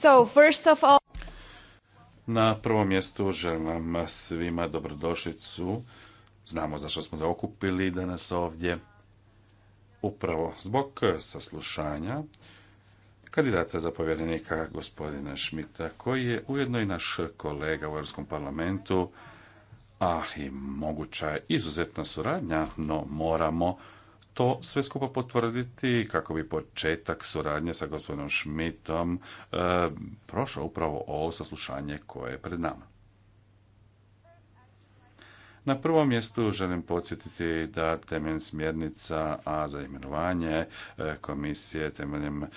So, first of all... Na prvom mjestu želim vam svima dobrodošlicu. Znamo zašto smo zaokupili danas ovdje. Upravo zbog saslušanja kandidata za povjerenika gospodina Šmita, koji je ujedno i naš kolega u Europskom parlamentu, a i moguća je izuzetna suradnja, no moramo to sve skupa potvrditi kako bi početak suradnje sa gospodinom Schmidtom e, prošao upravo ovo saslušanje koje je pred nama. Na prvom mjestu želim podsjetiti da temeljem smjernica A za imenovanje e, komisije temeljem e,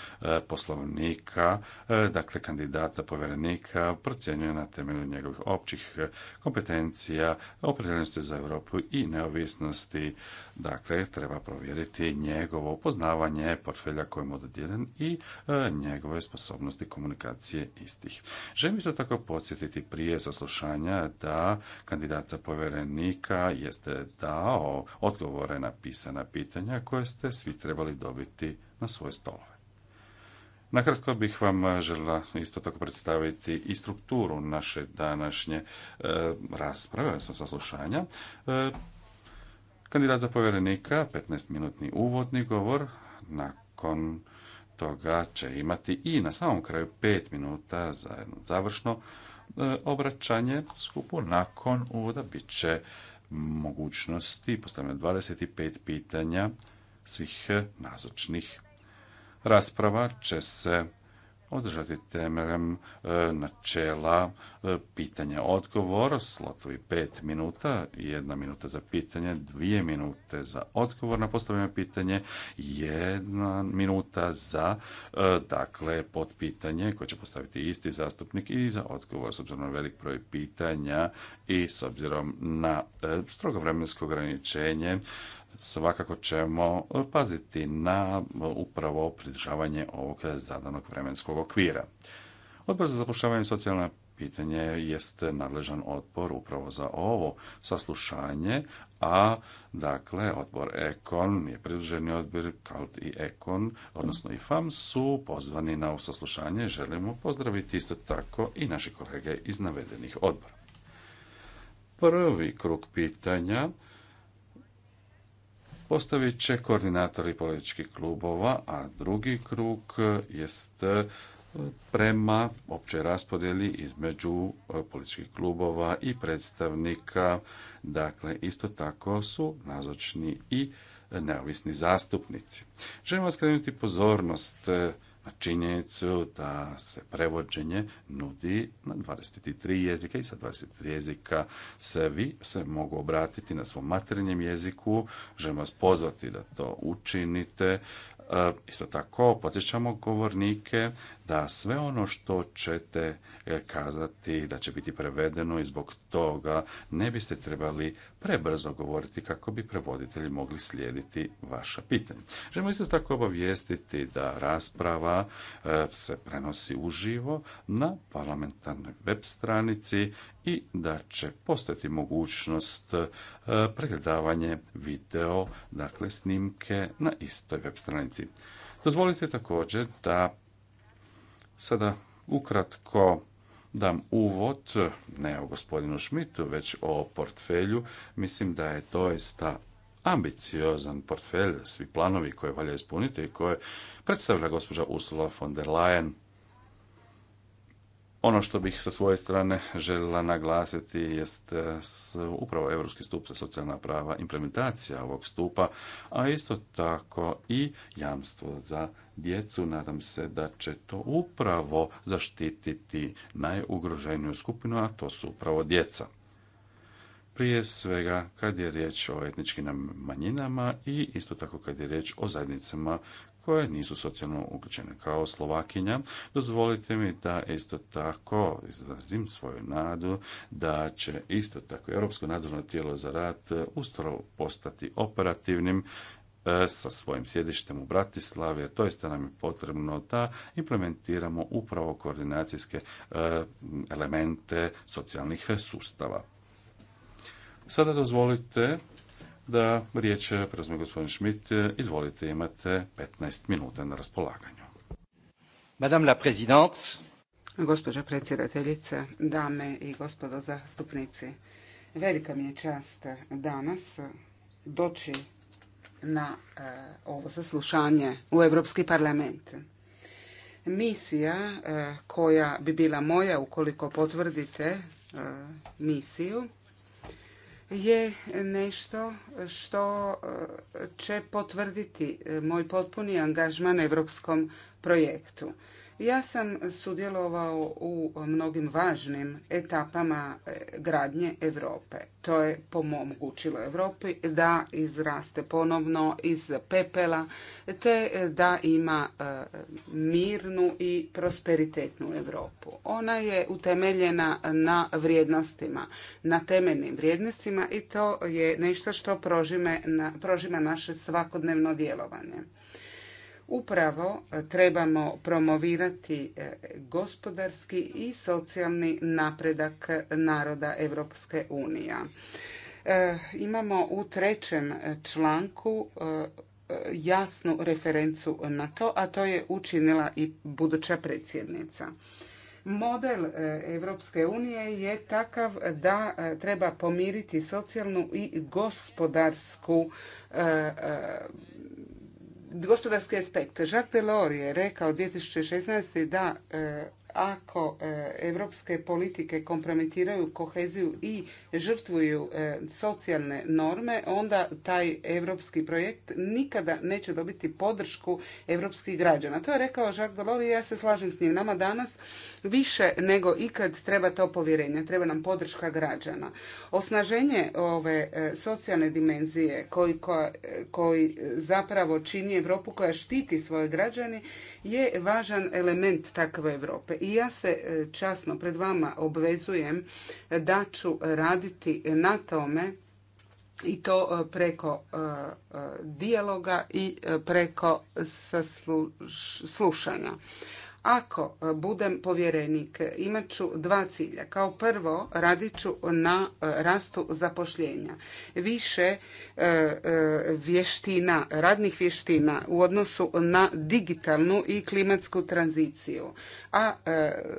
poslovnika, e, dakle kandidat za povjerenika procjenjuje na temelju njegovih općih kompetencija, opredjeljenosti za Europu i neovisnosti. Dakle, treba provjeriti njegovo poznavanje portfelja kojem je dodijeljen i njegove sposobnosti komunikacije istih. Želim se tako podsjetiti prije saslušanja da kandidat za povjerenika povjerenika jeste dao odgovore na pisana pitanja koje ste svi trebali dobiti na svoje stolove. Nakratko bih vam žela isto tako predstaviti i strukturu naše današnje e, rasprave, sa saslušanja. E, kandidat za povjerenika, 15-minutni uvodni govor, nakon toga će imati i na samom kraju 5 minuta za završno E, obraćanje skupu nakon uvoda bit će mogućnosti postavljanja 25 pitanja svih nazočnih. Rasprava će se održati temeljem e, načela e, pitanja odgovor, slotovi pet minuta, jedna minuta za pitanje, dvije minute za odgovor na postavljeno pitanje, jedna minuta za e, dakle potpitanje koje će postaviti isti zastupnik i za odgovor s obzirom na velik broj pitanja i s obzirom na strogo vremensko ograničenje svakako ćemo e, paziti na e, upravo pridržavanje ovog zadanog vremenskog okvira. Odbor za zapošljavanje i socijalna pitanje jest nadležan odbor upravo za ovo saslušanje, a dakle odbor Ekon je predloženi odbor Kalt i Ekon, odnosno i FAM su pozvani na ovo saslušanje. Želimo pozdraviti isto tako i naše kolege iz navedenih odbora. Prvi krug pitanja postavit će koordinatori političkih klubova, a drugi krug jest e, prema općoj raspodjeli između e, političkih klubova i predstavnika. Dakle, isto tako su nazočni i e, neovisni zastupnici. Želim vas skrenuti pozornost na činjenicu da se prevođenje nudi na 23 jezika i sa 23 jezika se vi se mogu obratiti na svom materinjem jeziku. Želim vas pozvati da to učinite. E, isto tako, podsjećamo govornike da sve ono što ćete e, kazati da će biti prevedeno i zbog toga ne biste trebali prebrzo govoriti kako bi prevoditelji mogli slijediti vaša pitanja. Želimo isto tako obavijestiti da rasprava e, se prenosi uživo na parlamentarnoj web stranici i da će postojati mogućnost e, pregledavanje video, dakle snimke na istoj web stranici. Dozvolite također da Sada ukratko dam uvod, ne o gospodinu Šmitu, već o portfelju. Mislim da je doista ambiciozan portfelj, svi planovi koje valja ispuniti i koje predstavlja gospođa Ursula von der Leyen ono što bih sa svoje strane željela naglasiti jest e, upravo Europski stup za socijalna prava, implementacija ovog stupa, a isto tako i jamstvo za djecu. Nadam se da će to upravo zaštititi najugroženiju skupinu, a to su upravo djeca. Prije svega kad je riječ o etničkim manjinama i isto tako kad je riječ o zajednicama koje nisu socijalno uključene. Kao Slovakinja, dozvolite mi da isto tako izrazim svoju nadu da će isto tako Europsko nadzorno tijelo za rad e, ustalo postati operativnim e, sa svojim sjedištem u Bratislavi, to jeste nam je potrebno da implementiramo upravo koordinacijske e, elemente socijalnih sustava. Sada dozvolite da riječ preuzme gospodin Schmidt. Izvolite, imate 15 minuta na raspolaganju. Madame la présidente. Gospođo predsjedateljice, dame i gospodo zastupnici, velika mi je čast danas doći na e, ovo saslušanje u Europski parlament. Misija e, koja bi bila moja ukoliko potvrdite e, misiju je nešto što e, će potvrditi e, moj potpuni angažman europskom projektu. Ja sam sudjelovao u mnogim važnim etapama e, gradnje Europe. To je po mom, učilo Europi da izraste ponovno iz pepela te e, da ima e, mirnu i prosperitetnu Europu. Ona je utemeljena na vrijednostima, na temeljnim vrijednostima i to je nešto što prožime, prožima naše svakodnevno djelovanje. Upravo e, trebamo promovirati e, gospodarski i socijalni napredak naroda Europske unije. E, imamo u trećem članku jasnu referencu na to, a to je učinila i buduća predsjednica. Model Europske unije je takav da treba pomiriti socijalnu i gospodarsku gospodarski aspekt. Jacques Delors je rekao 2016. da e, ako europske politike kompromitiraju koheziju i žrtvuju e, socijalne norme, onda taj europski projekt nikada neće dobiti podršku europskih građana. To je rekao Jacques Delors i ja se slažem s njim. Nama danas više nego ikad treba to povjerenje, treba nam podrška građana. Osnaženje ove e, socijalne dimenzije koji, e, koji zapravo čini Europu koja štiti svoje građani je važan element takve Europe i ja se e, časno pred vama obvezujem da ću raditi na tome i to e, preko e, dijaloga i preko slušanja. Ako e, budem povjerenik, imat ću dva cilja. Kao prvo, radit ću na e, rastu zapošljenja. Više e, vještina, radnih vještina u odnosu na digitalnu i klimatsku tranziciju. A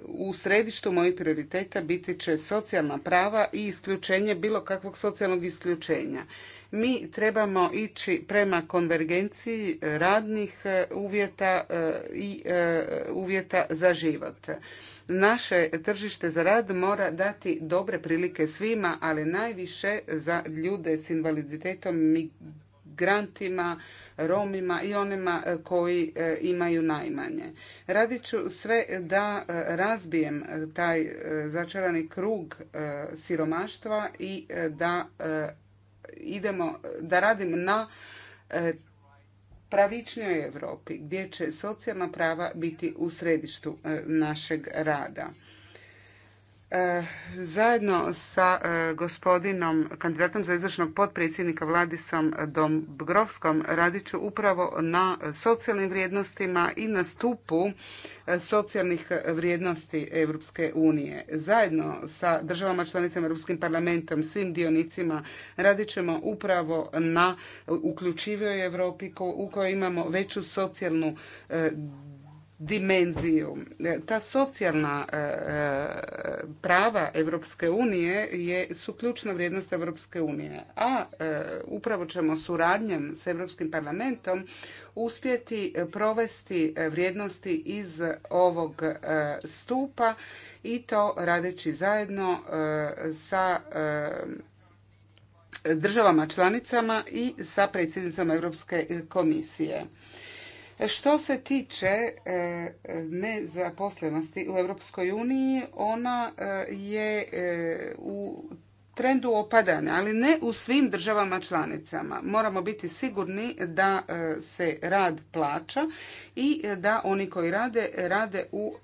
u središtu mojih prioriteta biti će socijalna prava i isključenje bilo kakvog socijalnog isključenja. Mi trebamo ići prema konvergenciji radnih e, uvjeta e, i e, uvjeta za život. Naše tržište za rad mora dati dobre prilike svima, ali najviše za ljude s invaliditetom, migrantima, Romima i onima koji imaju najmanje. Radit ću sve da razbijem taj začarani krug siromaštva i da idemo, da radim na e, pravičnijoj Europi gdje će socijalna prava biti u središtu e, našeg rada. Eh, zajedno sa eh, gospodinom kandidatom za izvršnog potpredsjednika Vladisom Dombrovskom radit ću upravo na socijalnim vrijednostima i na stupu eh, socijalnih vrijednosti Europske unije. Zajedno sa državama članicama Europskim parlamentom, svim dionicima radit ćemo upravo na uključivoj Europi u kojoj imamo veću socijalnu dimenziju. Ta socijalna e, e, prava Europske unije je, su ključna vrijednost Europske unije, a e, upravo ćemo suradnjom s Europskim parlamentom uspjeti provesti vrijednosti iz ovog stupa i to radeći zajedno sa državama članicama i sa predsjednicom Europske komisije. Što se tiče e, nezaposlenosti u Europskoj uniji, ona e, je e, u trendu opadanja, ali ne u svim državama članicama. Moramo biti sigurni da se rad plaća i da oni koji rade, rade u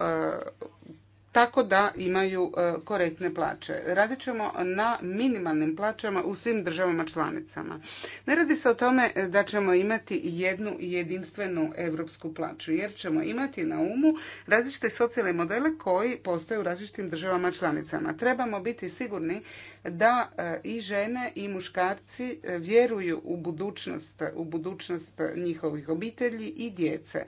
tako da imaju e, korektne plaće. Radit ćemo na minimalnim plaćama u svim državama članicama. Ne radi se o tome e, da ćemo imati jednu jedinstvenu europsku plaću, jer ćemo imati na umu različite socijalne modele koji postoje u različitim državama članicama. Trebamo biti sigurni da e, i žene i muškarci vjeruju u budućnost, u budućnost njihovih obitelji i djece.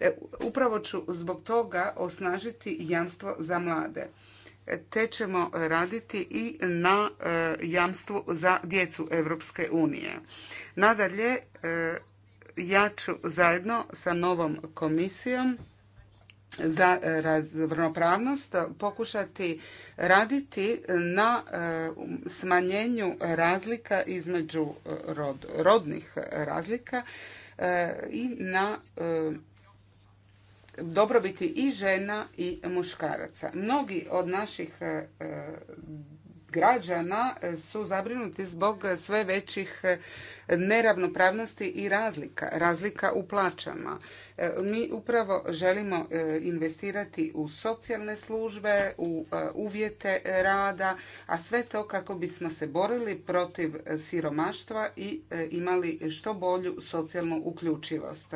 E, upravo ću zbog toga osnažiti jamstvo za mlade e, te ćemo raditi i na e, jamstvu za djecu Europske unije. Nadalje, ja ću zajedno sa novom komisijom za ravnopravnost pokušati raditi na smanjenju razlika između rodnih razlika i na dobrobiti i žena i muškaraca. Mnogi od naših e, e, građana e, su zabrinuti zbog sve većih neravnopravnosti i razlika, razlika u plaćama. Mi upravo želimo investirati u socijalne službe, u uvjete rada, a sve to kako bismo se borili protiv siromaštva i imali što bolju socijalnu uključivost.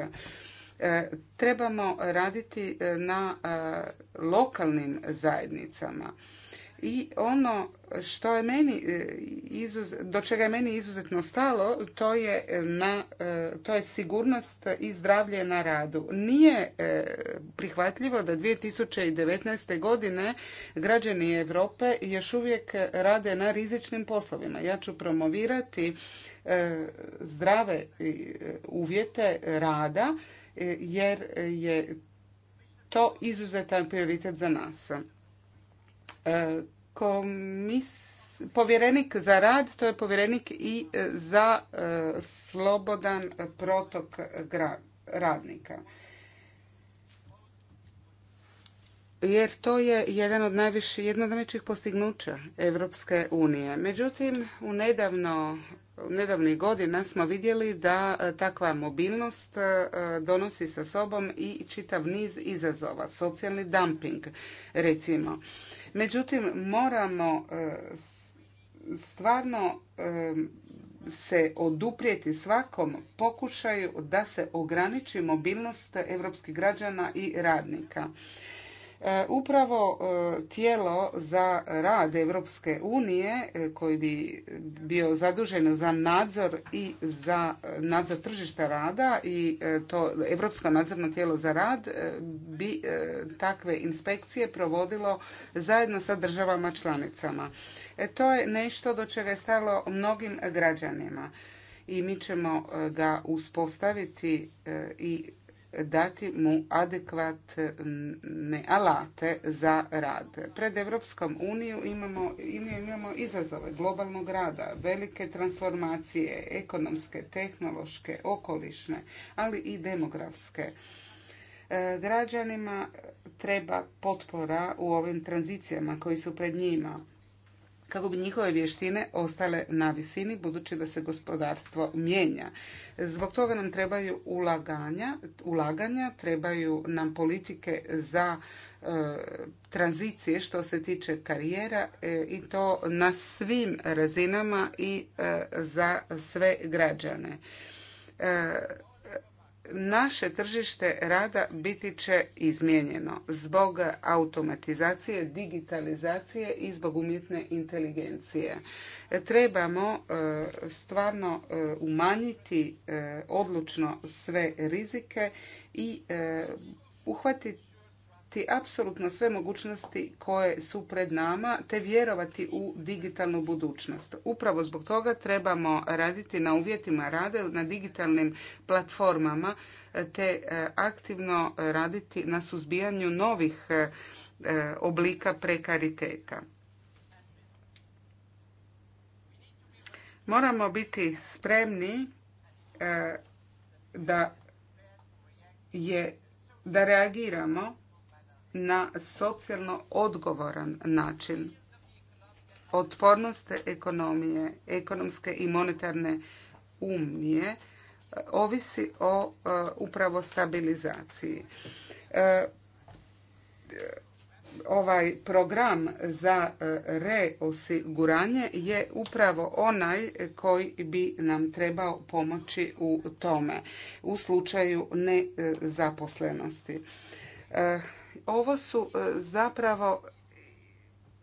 E, trebamo raditi e, na e, lokalnim zajednicama. I ono što je meni do čega je meni izuzetno stalo, to je, na, to je sigurnost i zdravlje na radu. Nije prihvatljivo da 2019. godine građani Europe još uvijek rade na rizičnim poslovima. Ja ću promovirati zdrave uvjete rada E, jer e, je to izuzetan prioritet za nas. E, povjerenik za rad, to je povjerenik i za slobodan protok radnika. jer to je jedan od najviše, jedno od najvećih postignuća Europske unije. Međutim, u nedavno nedavnih godina smo vidjeli da e, takva mobilnost e, donosi sa sobom i čitav niz izazova, socijalni dumping recimo. Međutim, moramo e, stvarno se oduprijeti svakom pokušaju da se ograniči mobilnost europskih građana i radnika. E, upravo e, tijelo za rad Europske unije e, koji bi bio zadužen za nadzor i za nadzor tržišta rada i to Europsko nadzorno tijelo za rad bi takve inspekcije provodilo zajedno sa državama članicama. To je nešto do čega je stalo mnogim građanima i mi ćemo ga uspostaviti i dati mu adekvatne alate za rad. Pred Evropskom uniju imamo, imamo izazove globalnog rada, velike transformacije, ekonomske, tehnološke, okolišne, ali i demografske. E, građanima treba potpora u ovim tranzicijama koji su pred njima kako bi njihove vještine ostale na visini budući da se gospodarstvo mijenja. Zbog toga nam trebaju ulaganja, ulaganja trebaju nam politike za e, tranzicije što se tiče karijera e, i to na svim razinama i e, za sve građane naše tržište rada biti će izmijenjeno zbog automatizacije, digitalizacije i zbog umjetne inteligencije. Trebamo e, stvarno e, umanjiti e, odlučno sve rizike i uhvatiti iskoristiti apsolutno sve mogućnosti koje su pred nama te vjerovati u digitalnu budućnost. Upravo zbog toga trebamo raditi na uvjetima rada na digitalnim platformama te e, aktivno raditi na suzbijanju novih e, e, oblika prekariteta. Moramo biti spremni da je da reagiramo na socijalno odgovoran način. Otpornost ekonomije, ekonomske i monetarne unije e, ovisi o e, upravo stabilizaciji. E, ovaj program za reosiguranje je upravo onaj koji bi nam trebao pomoći u tome u slučaju nezaposlenosti ovo su e, zapravo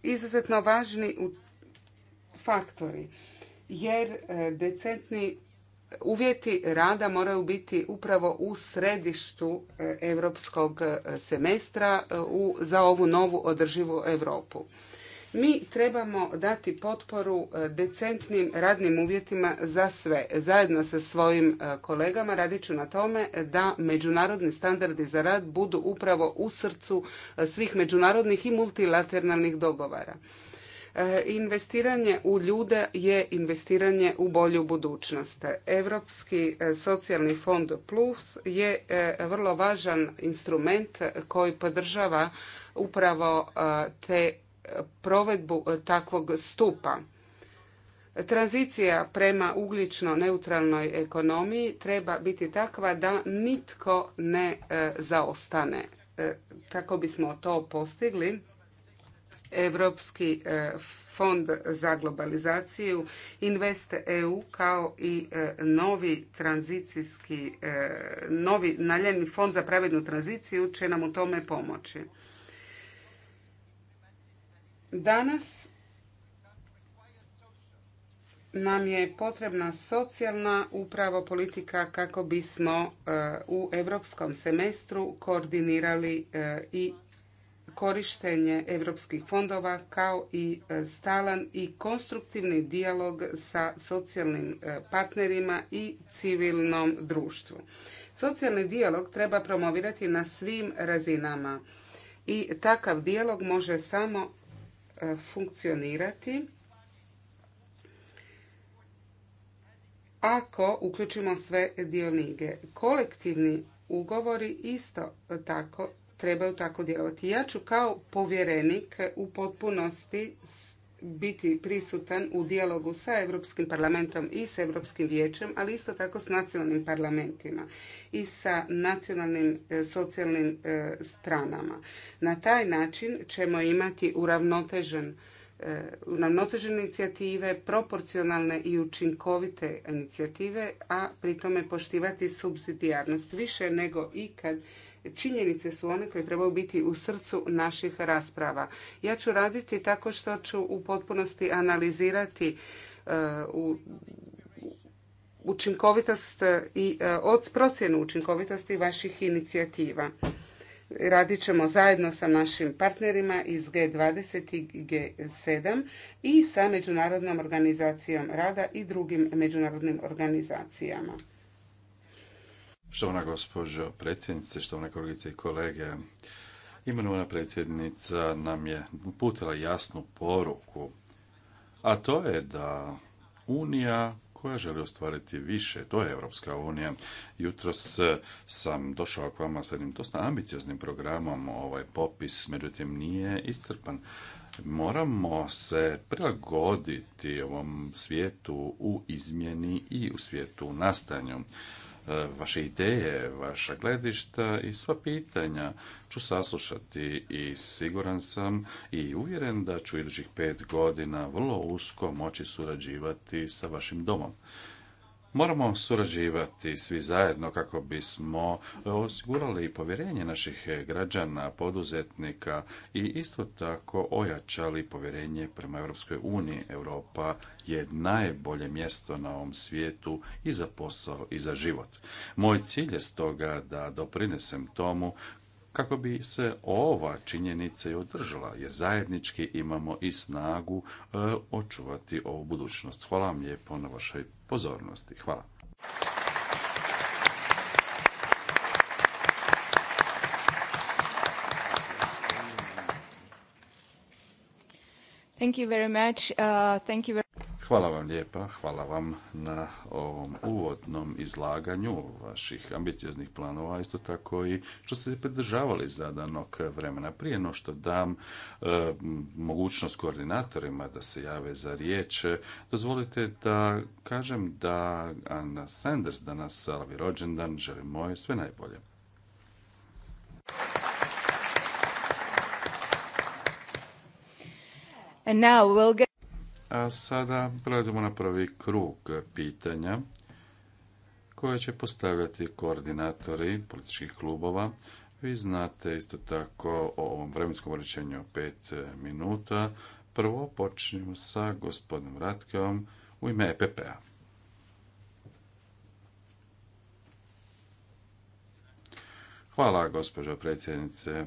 izuzetno važni faktori, jer e, decentni uvjeti rada moraju biti upravo u središtu europskog e, semestra za ovu novu održivu Europu. Mi trebamo dati potporu e, decentnim radnim uvjetima za sve. Zajedno sa svojim e, kolegama radit ću na tome da međunarodni standardi za rad budu upravo u srcu e, svih međunarodnih i multilateralnih dogovara investiranje u ljude je investiranje u bolju budućnost. Europski socijalni fond plus je vrlo važan instrument koji podržava upravo te provedbu e, takvog stupa. Tranzicija prema ugljično neutralnoj ekonomiji treba biti takva da nitko ne e, zaostane. Kako e, bismo to postigli, Europski fond za globalizaciju, Invest EU kao i novi tranzicijski, novi naljeni fond za pravednu tranziciju će nam u tome pomoći. Danas nam je potrebna socijalna upravo politika kako bismo eh, u europskom semestru koordinirali eh, i korištenje europskih fondova kao i eh, stalan i konstruktivni dijalog sa socijalnim partnerima i civilnom društvu. Socijalni dijalog treba promovirati na svim razinama i takav dijalog može samo E, funkcionirati ako uključimo sve dionike. Kolektivni ugovori isto tako trebaju tako djelovati. Ja ću kao povjerenik u potpunosti biti prisutan u dijalogu sa Europskim parlamentom i s Europskim vijećem, ali isto tako s nacionalnim parlamentima i sa nacionalnim e, socijalnim e, stranama. Na taj način ćemo imati uravnotežen e, uravnotežene inicijative, proporcionalne i učinkovite inicijative, a pri tome poštivati subsidijarnost više nego ikad činjenice su one koje trebaju biti u srcu naših rasprava. Ja ću raditi tako što ću u potpunosti analizirati e, učinkovitost i e, od procjenu učinkovitosti vaših inicijativa. Radit ćemo zajedno sa našim partnerima iz G20 i G7 i sa Međunarodnom organizacijom rada i drugim međunarodnim organizacijama. Štovana gospođo predsjednice, štovane kolegice i kolege, imenovana predsjednica nam je uputila jasnu poruku, a to je da Unija koja želi ostvariti više, to je Europska unija. Jutros sam došao k vama s jednim dosta ambicioznim programom, ovaj popis, međutim nije iscrpan. Moramo se prilagoditi ovom svijetu u izmjeni i u svijetu u nastanju vaše ideje, vaša gledišta i sva pitanja ću saslušati i siguran sam i uvjeren da ću idućih pet godina vrlo usko moći surađivati sa vašim domom. Moramo surađivati svi zajedno kako bismo osigurali povjerenje naših građana, poduzetnika i isto tako ojačali povjerenje prema Europskoj uniji. Europa je najbolje mjesto na ovom svijetu i za posao i za život. Moj cilj je stoga da doprinesem tomu kako bi se ova činjenica i održala, jer zajednički imamo i snagu e, očuvati ovu budućnost. Hvala vam lijepo na vašoj pozornosti. Hvala. Thank you very much. Uh, thank you very Hvala vam lijepa, hvala vam na ovom uvodnom izlaganju vaših ambicioznih planova, isto tako i što ste se pridržavali zadanog vremena. Prije no što dam e, mogućnost koordinatorima da se jave za riječ, dozvolite da kažem da Anna Sanders danas salavi rođendan, želim moje sve najbolje. And now we'll a sada prelazimo na prvi krug pitanja koje će postavljati koordinatori političkih klubova. Vi znate isto tako o ovom vremenskom ograničenju 5 minuta. Prvo počnemo sa gospodinom Ratkeom u ime EPP-a. Hvala, gospođo predsjednice.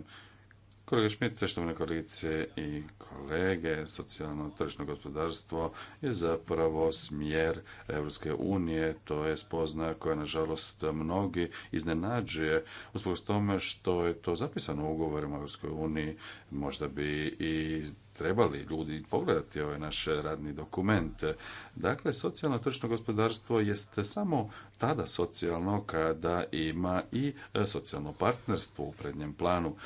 Kolega Šmit, poštovane kolegice i kolege, socijalno tržišno gospodarstvo je zapravo smjer Europske unije, to je spozna koja nažalost mnogi iznenađuje usprkos tome što je to zapisano u ugovorima Europskoj uniji, možda bi i trebali ljudi pogledati ovaj naš radni dokument. Dakle, socijalno tržišno gospodarstvo jest samo tada socijalno kada ima i socijalno partnerstvo u prednjem planu.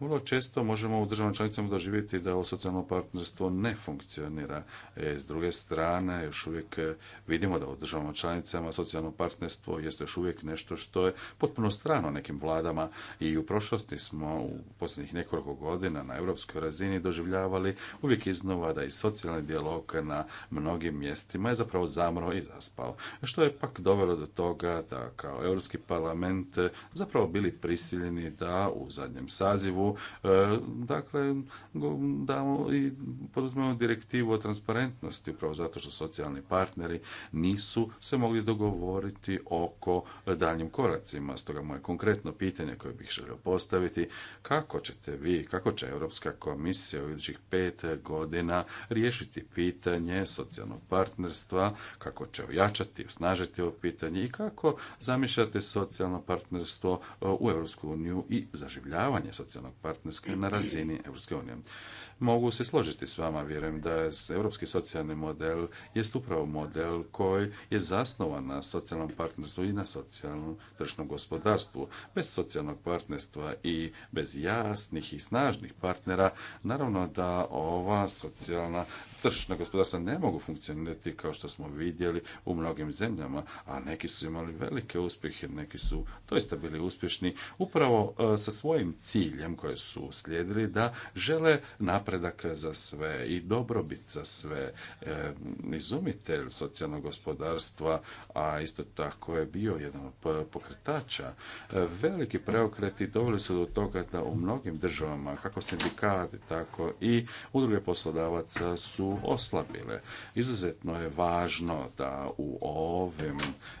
Vrlo često možemo u državnom članicama doživjeti da ovo socijalno partnerstvo ne funkcionira. E, s druge strane, još uvijek e, vidimo da u državama članicama socijalno partnerstvo jeste još uvijek nešto što je potpuno strano nekim vladama i u prošlosti smo u posljednjih nekoliko godina na europskoj razini doživljavali uvijek iznova da i socijalni dijalog na mnogim mjestima je zapravo zamro i zaspao. E, što je pak dovelo do toga da kao Europski parlament zapravo bili prisiljeni da u zadnjem sazivu E, dakle, damo i poduzmemo direktivu o transparentnosti, upravo zato što socijalni partneri nisu se mogli dogovoriti oko daljnjim koracima. Stoga moje konkretno pitanje koje bih želio postaviti, kako ćete vi, kako će Europska komisija u idućih pet godina riješiti pitanje socijalnog partnerstva, kako će ojačati, osnažiti ovo pitanje i kako zamišljate socijalno partnerstvo e, u Europsku uniju i zaživljavanje socijalnog partnerske na razini Europske unije. Mogu se složiti s vama, vjerujem da je europski socijalni model jest upravo model koji je zasnovan na socijalnom partnerstvu i na socijalnom tržišnom gospodarstvu. Bez socijalnog partnerstva i bez jasnih i snažnih partnera, naravno da ova socijalna tržišna gospodarstva ne mogu funkcionirati kao što smo vidjeli u mnogim zemljama, a neki su imali velike uspjehe, neki su doista bili uspješni upravo e, sa svojim ciljem koje su slijedili da žele napraviti napredak za sve i dobrobit za sve. E, izumitelj socijalnog gospodarstva, a isto tako je bio jedan od pokretača. E, veliki preokreti doveli su do toga da u mnogim državama, kako sindikati, tako i udruge poslodavaca su oslabile. Izuzetno je važno da u ovim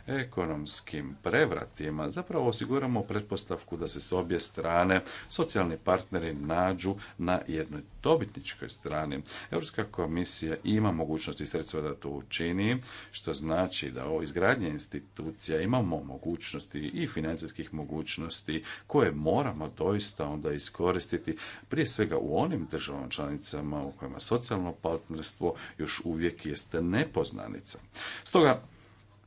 ekonomskim prevratima zapravo osiguramo pretpostavku da se s obje strane socijalni partneri nađu na jednoj dobroj dobitničkoj strani. Europska komisija ima mogućnosti sredstva da to učini, što znači da o izgradnje institucija imamo mogućnosti i financijskih mogućnosti koje moramo doista onda iskoristiti prije svega u onim državama članicama u kojima socijalno partnerstvo još uvijek jeste nepoznanica. Stoga,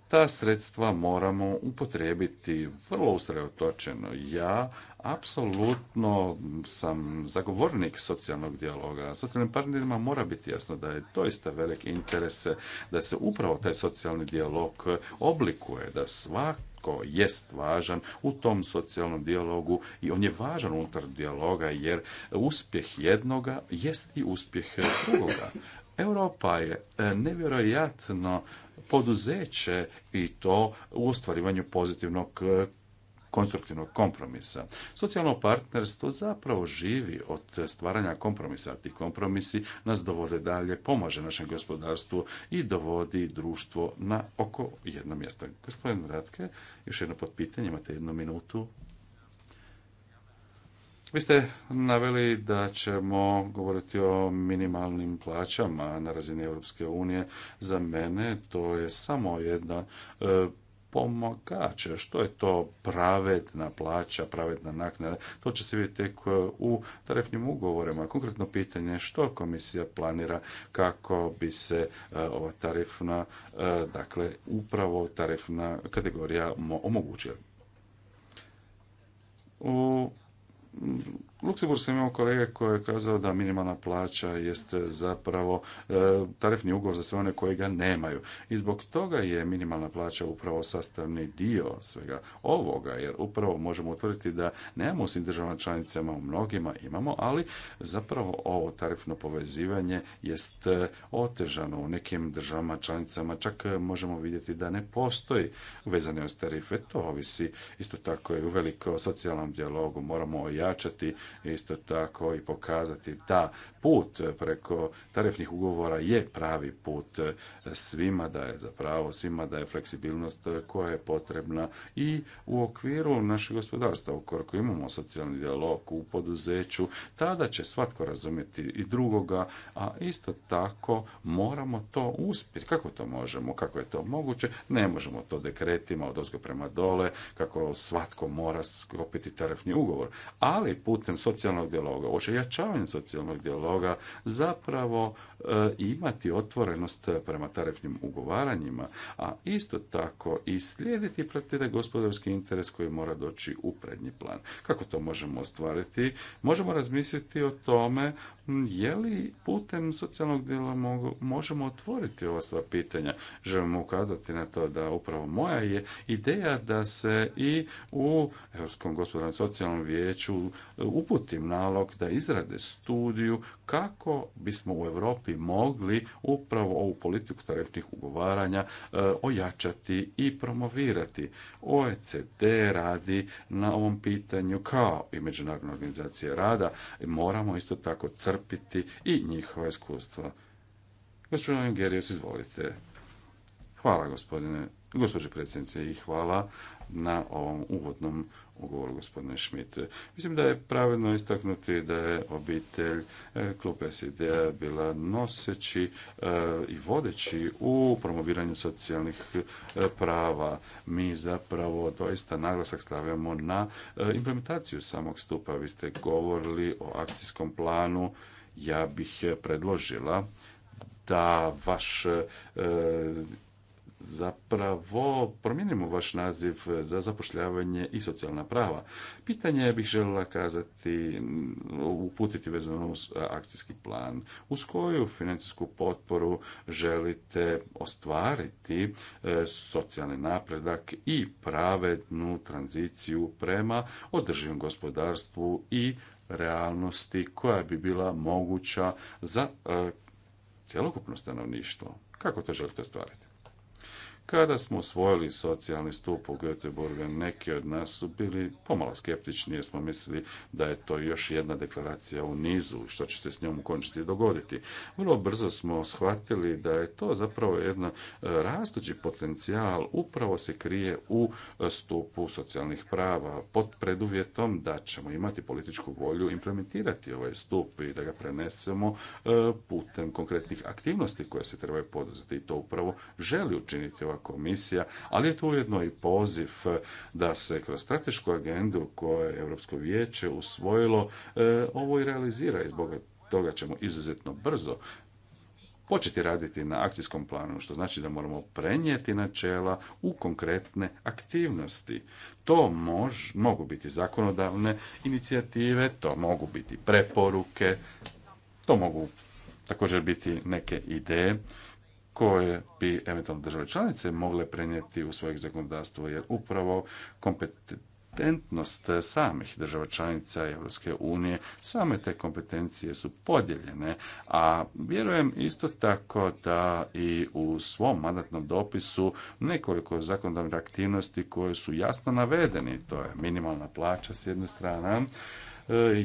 ta sredstva moramo upotrijebiti vrlo usredotočeno. Ja Apsolutno sam zagovornik socijalnog dijaloga. Socijalnim partnerima mora biti jasno da je doista velik interes da se upravo taj socijalni dijalog oblikuje, da svak jest važan u tom socijalnom dijalogu i on je važan unutar dijaloga jer uspjeh jednoga jest i uspjeh drugoga. Europa je e, nevjerojatno poduzeće i to u ostvarivanju pozitivnog e, konstruktivnog kompromisa. Socijalno partnerstvo zapravo živi od stvaranja kompromisa. Ti kompromisi nas dovode dalje, pomaže našem gospodarstvu i dovodi društvo na oko jedno mjesto. Gospodin Radke, još jedno potpitanje, imate jednu minutu. Vi ste naveli da ćemo govoriti o minimalnim plaćama na razini Europske unije. Za mene to je samo jedna e, pomagače Što je to pravedna plaća, pravedna naknada? To će se vidjeti tek e, u tarifnim ugovorima. Konkretno pitanje što komisija planira kako bi se e, ova tarifna, e, dakle upravo tarifna kategorija omogućila. U Luksemburg sam imao kolege koji je kazao da minimalna plaća jest zapravo e, tarifni ugovor za sve one koji ga nemaju. I zbog toga je minimalna plaća upravo sastavni dio svega ovoga, jer upravo možemo utvrditi da nemamo u svim državama članicama, u mnogima imamo, ali zapravo ovo tarifno povezivanje jest e, otežano u nekim državama članicama. Čak e, možemo vidjeti da ne postoji vezane uz tarife. To ovisi isto tako i u veliko socijalnom dijalogu. Moramo ojačati isto tako i pokazati da put preko tarifnih ugovora je pravi put svima da je zapravo, svima da je fleksibilnost koja je potrebna i u okviru našeg gospodarstva, ukoliko imamo socijalni dijalog u poduzeću, tada će svatko razumjeti i drugoga, a isto tako moramo to uspjeti. Kako to možemo? Kako je to moguće? Ne možemo to dekretima od ozgo prema dole, kako svatko mora sklopiti tarifni ugovor. Ali putem socijalnog dijaloga, očajačavanjem socijalnog dijaloga, toga zapravo e, imati otvorenost prema tarifnim ugovaranjima, a isto tako i slijediti da gospodarski interes koji mora doći u prednji plan. Kako to možemo ostvariti? Možemo razmisliti o tome je li putem socijalnog dijela možemo otvoriti ova sva pitanja? Želimo ukazati na to da upravo moja je ideja da se i u Europskom gospodarnom socijalnom vijeću uputim nalog da izrade studiju kako bismo u Europi mogli upravo ovu politiku tarifnih ugovaranja eh, ojačati i promovirati. OECD radi na ovom pitanju kao i Međunarodna organizacija rada. Moramo isto tako crpiti iscrpiti i njihova iskustva. Gospodin se izvolite. Hvala gospodine, gospođe predsjednice i hvala na ovom uvodnom ugovoru gospodine Schmidt. Mislim da je pravedno istaknuti da je obitelj e, klub sid bila noseći e, i vodeći u promoviranju socijalnih e, prava. Mi zapravo doista naglasak stavljamo na implementaciju samog stupa. Vi ste govorili o akcijskom planu. Ja bih predložila da vaš zapravo promijenimo vaš naziv za zapošljavanje i socijalna prava. Pitanje bih željela kazati, uputiti vezano uz akcijski plan. Uz koju financijsku potporu želite ostvariti e, socijalni napredak i pravednu tranziciju prema održivom gospodarstvu i realnosti koja bi bila moguća za e, cjelokupno stanovništvo. Kako to želite ostvariti? Kada smo osvojili socijalni stup u Göteborgu, neki od nas su bili pomalo skeptični jer smo mislili da je to još jedna deklaracija u nizu, što će se s njom u konačnici dogoditi. Vrlo brzo smo shvatili da je to zapravo jedan e, rastući potencijal, upravo se krije u e, stupu socijalnih prava pod preduvjetom da ćemo imati političku volju implementirati ovaj stup i da ga prenesemo e, putem konkretnih aktivnosti koje se trebaju poduzeti i to upravo želi učiniti ova komisija, ali je to ujedno i poziv eh, da se kroz stratešku agendu koje je Europsko vijeće usvojilo eh, ovo i realizira i zbog toga ćemo izuzetno brzo početi raditi na akcijskom planu, što znači da moramo prenijeti načela u konkretne aktivnosti. To mogu biti zakonodavne inicijative, to mogu biti preporuke, to mogu također biti neke ideje koje bi eventualno države članice mogle prenijeti u svojeg zakonodavstvo, jer upravo kompetentnost samih država članica Europske unije, same te kompetencije su podijeljene, a vjerujem isto tako da i u svom mandatnom dopisu nekoliko zakonodavnih aktivnosti koje su jasno navedeni, to je minimalna plaća s jedne strane, e,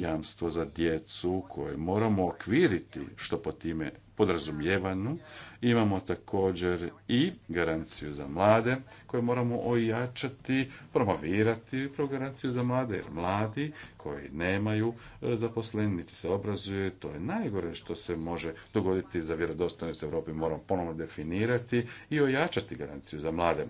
jamstvo za djecu koje moramo okviriti što po time podrazumijevanu. Imamo također i garanciju za mlade koje moramo ojačati, promovirati garanciju za mlade, jer mladi koji nemaju e, zaposlenici se obrazuje. to je najgore što se može dogoditi za vjerodostojnost Europi. Moramo ponovno definirati i ojačati garanciju za mlade.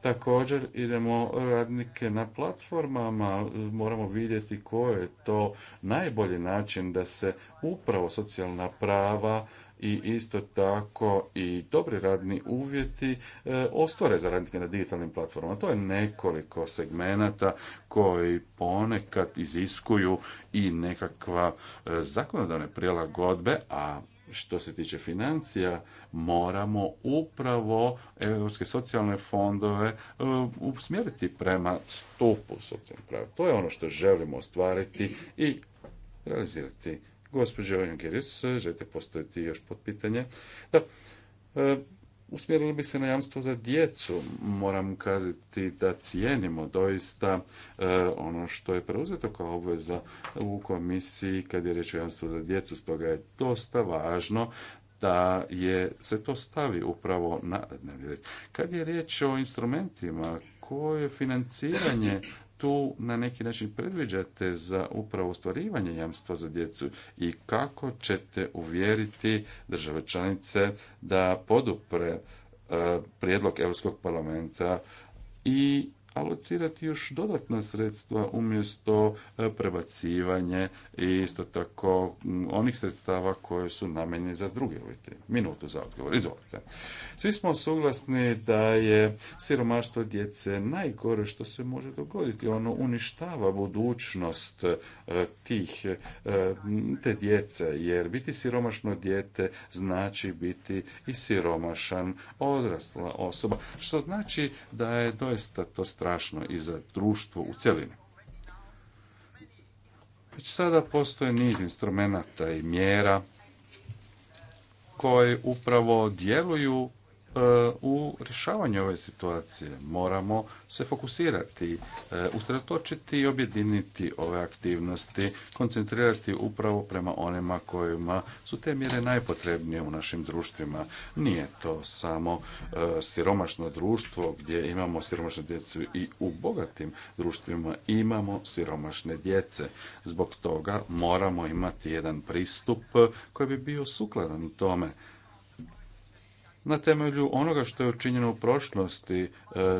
Također idemo radnike na platformama, moramo vidjeti koji je to najbolji način da se upravo socijalna prava i isto tako i dobri radni uvjeti e, ostvare za radnike na digitalnim platformama. To je nekoliko segmenata koji ponekad iziskuju i nekakva e, zakonodavne prilagodbe, a što se tiče financija, moramo upravo europske socijalne fondove e, usmjeriti prema stupu socijalnih prava. To je ono što želimo ostvariti i realizirati Gospođo geris želite postaviti još potpitanje? Da, e, usmjerili bi se na jamstvo za djecu. Moram kazati da cijenimo doista e, ono što je preuzeto kao obveza u komisiji kad je riječ o jamstvu za djecu. Stoga je dosta važno da je se to stavi upravo na Kad je riječ o instrumentima koje financiranje tu na neki način predviđate za upravo ostvarivanje jamstva za djecu i kako ćete uvjeriti države članice da podupre e, prijedlog Europskog parlamenta i alocirati još dodatna sredstva umjesto e, prebacivanje i isto tako mm, onih sredstava koje su namenjene za druge uvjete. Minutu za odgovor, izvolite. Svi smo suglasni da je siromaštvo djece najgore što se može dogoditi. Ono uništava budućnost e, tih, e, te djece, jer biti siromašno dijete znači biti i siromašan odrasla osoba, što znači da je doista to strašno i za društvo u cjelini. Već sada postoje niz instrumenata i mjera koje upravo djeluju u rješavanju ove situacije moramo se fokusirati, e, usredotočiti i objediniti ove aktivnosti, koncentrirati upravo prema onima kojima su te mjere najpotrebnije u našim društvima. Nije to samo e, siromašno društvo gdje imamo siromašnu djecu i u bogatim društvima imamo siromašne djece. Zbog toga moramo imati jedan pristup koji bi bio sukladan tome na temelju onoga što je učinjeno u prošlosti e,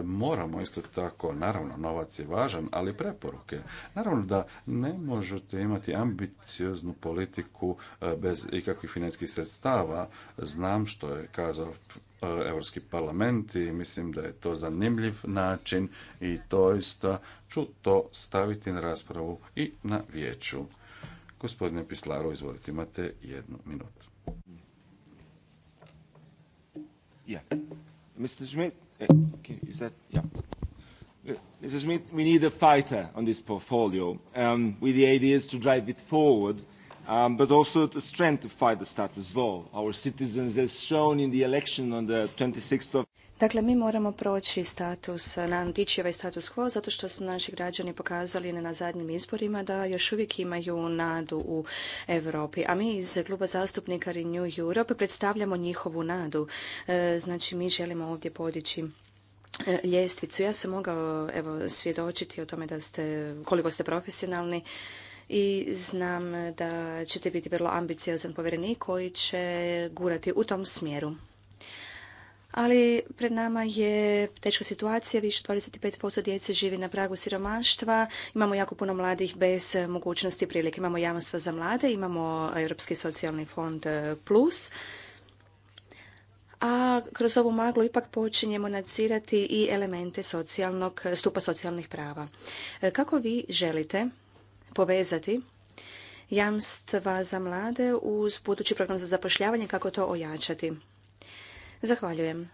moramo isto tako, naravno novac je važan, ali preporuke. Naravno da ne možete imati ambicioznu politiku e, bez ikakvih financijskih sredstava. Znam što je kazao e, Europski parlament i mislim da je to zanimljiv način i doista ću to staviti na raspravu i na vijeću. Gospodine Pislaru, izvolite, imate jednu minutu. Yeah. Mr. Schmidt, eh, okay, is that, yeah. Eh, Mr. Schmidt, we need a fighter on this portfolio um, with the ideas to drive it forward um, but also the strength to fight the status quo. Our citizens have shown in the election on the 26th of Dakle, mi moramo proći status, nam dići ovaj status quo, zato što su naši građani pokazali na zadnjim izborima da još uvijek imaju nadu u Europi. A mi iz kluba zastupnika Renew Europe predstavljamo njihovu nadu. Uh, znači, mi želimo ovdje podići uh, ljestvicu. Ja sam mogao evo, svjedočiti o tome da ste, koliko ste profesionalni, i znam da ćete biti vrlo ambiciozan povjerenik koji će gurati u tom smjeru. Ali pred nama je teška situacija, više 25% djece živi na pragu siromaštva, imamo jako puno mladih bez mogućnosti prilike. Imamo jamstva za mlade, imamo Europski socijalni fond eh, plus, a kroz ovu maglu ipak počinjemo nadzirati i elemente socijalnog, stupa socijalnih prava. Eh, kako vi želite povezati jamstva za mlade uz budući program za zapošljavanje kako to ojačati. Zahvaljujem.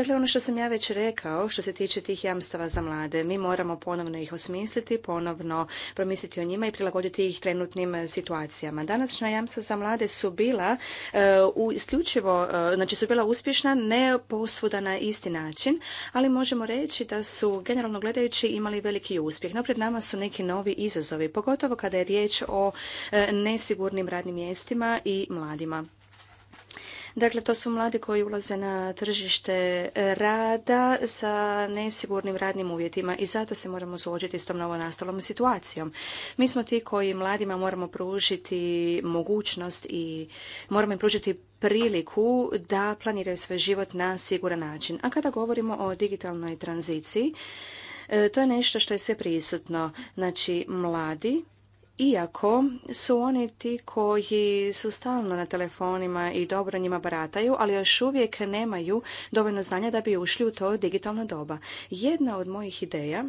Dakle, ono što sam ja već rekao, što se tiče tih jamstava za mlade, mi moramo ponovno ih osmisliti, ponovno promisliti o njima i prilagoditi ih trenutnim situacijama. Današnja jamstva za mlade su bila eh, u isključivo, eh, znači su bila uspješna, ne posvuda na isti način, ali možemo reći da su generalno gledajući imali veliki uspjeh. No, pred nama su neki novi izazovi, pogotovo kada je riječ o eh, nesigurnim radnim mjestima i mladima. Dakle, to su mladi koji ulaze na tržište rada sa nesigurnim radnim uvjetima i zato se moramo suočiti s tom novonastalom situacijom. Mi smo ti koji mladima moramo pružiti mogućnost i moramo im pružiti priliku da planiraju svoj život na siguran način. A kada govorimo o digitalnoj tranziciji, e, to je nešto što je sve prisutno. Znači, mladi iako su oni ti koji su stalno na telefonima i dobro njima barataju, ali još uvijek nemaju dovoljno znanja da bi ušli u to digitalno doba. Jedna od mojih ideja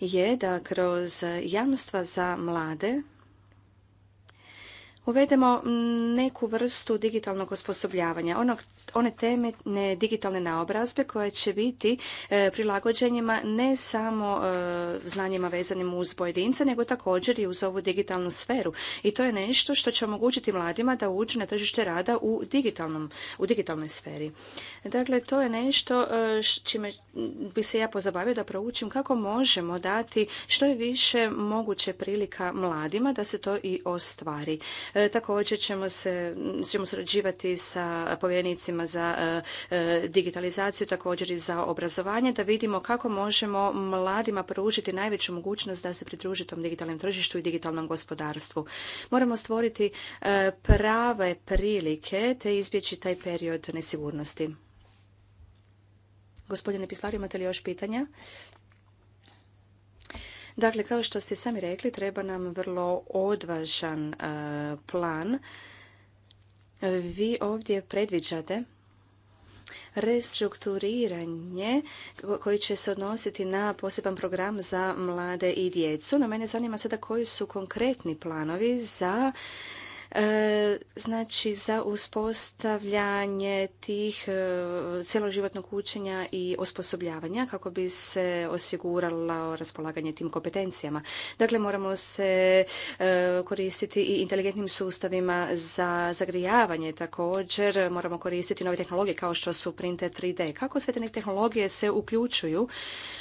je da kroz jamstva za mlade uvedemo neku vrstu digitalnog osposobljavanja, onog one temeljne digitalne naobrazbe koje će biti e, prilagođenjima ne samo e, znanjima vezanim uz pojedinca, nego također i uz ovu digitalnu sferu. I to je nešto što će omogućiti mladima da uđu na tržište rada u, digitalnom, u digitalnoj sferi. Dakle, to je nešto e, čime bi se ja pozabavio da proučim kako možemo dati što je više moguće prilika mladima da se to i ostvari. također ćemo se ćemo surađivati sa povjerenicima za e, e, digitalizaciju, također i za obrazovanje, da vidimo kako možemo mladima pružiti najveću mogućnost da se pridruži tom digitalnom tržištu i digitalnom gospodarstvu. Moramo stvoriti e, prave prilike te izbjeći taj period nesigurnosti. Gospodine Pislar, imate li još pitanja? Dakle, kao što ste sami rekli, treba nam vrlo odvažan plan vi ovdje predviđate restrukturiranje koji će se odnositi na poseban program za mlade i djecu. No mene zanima sada koji su konkretni planovi za E, znači za uspostavljanje tih e, cjeloživotnog učenja i osposobljavanja kako bi se osiguralo raspolaganje tim kompetencijama. Dakle, moramo se e, koristiti i inteligentnim sustavima za zagrijavanje također, moramo koristiti nove tehnologije kao što su printe 3D. Kako sve te tehnologije se uključuju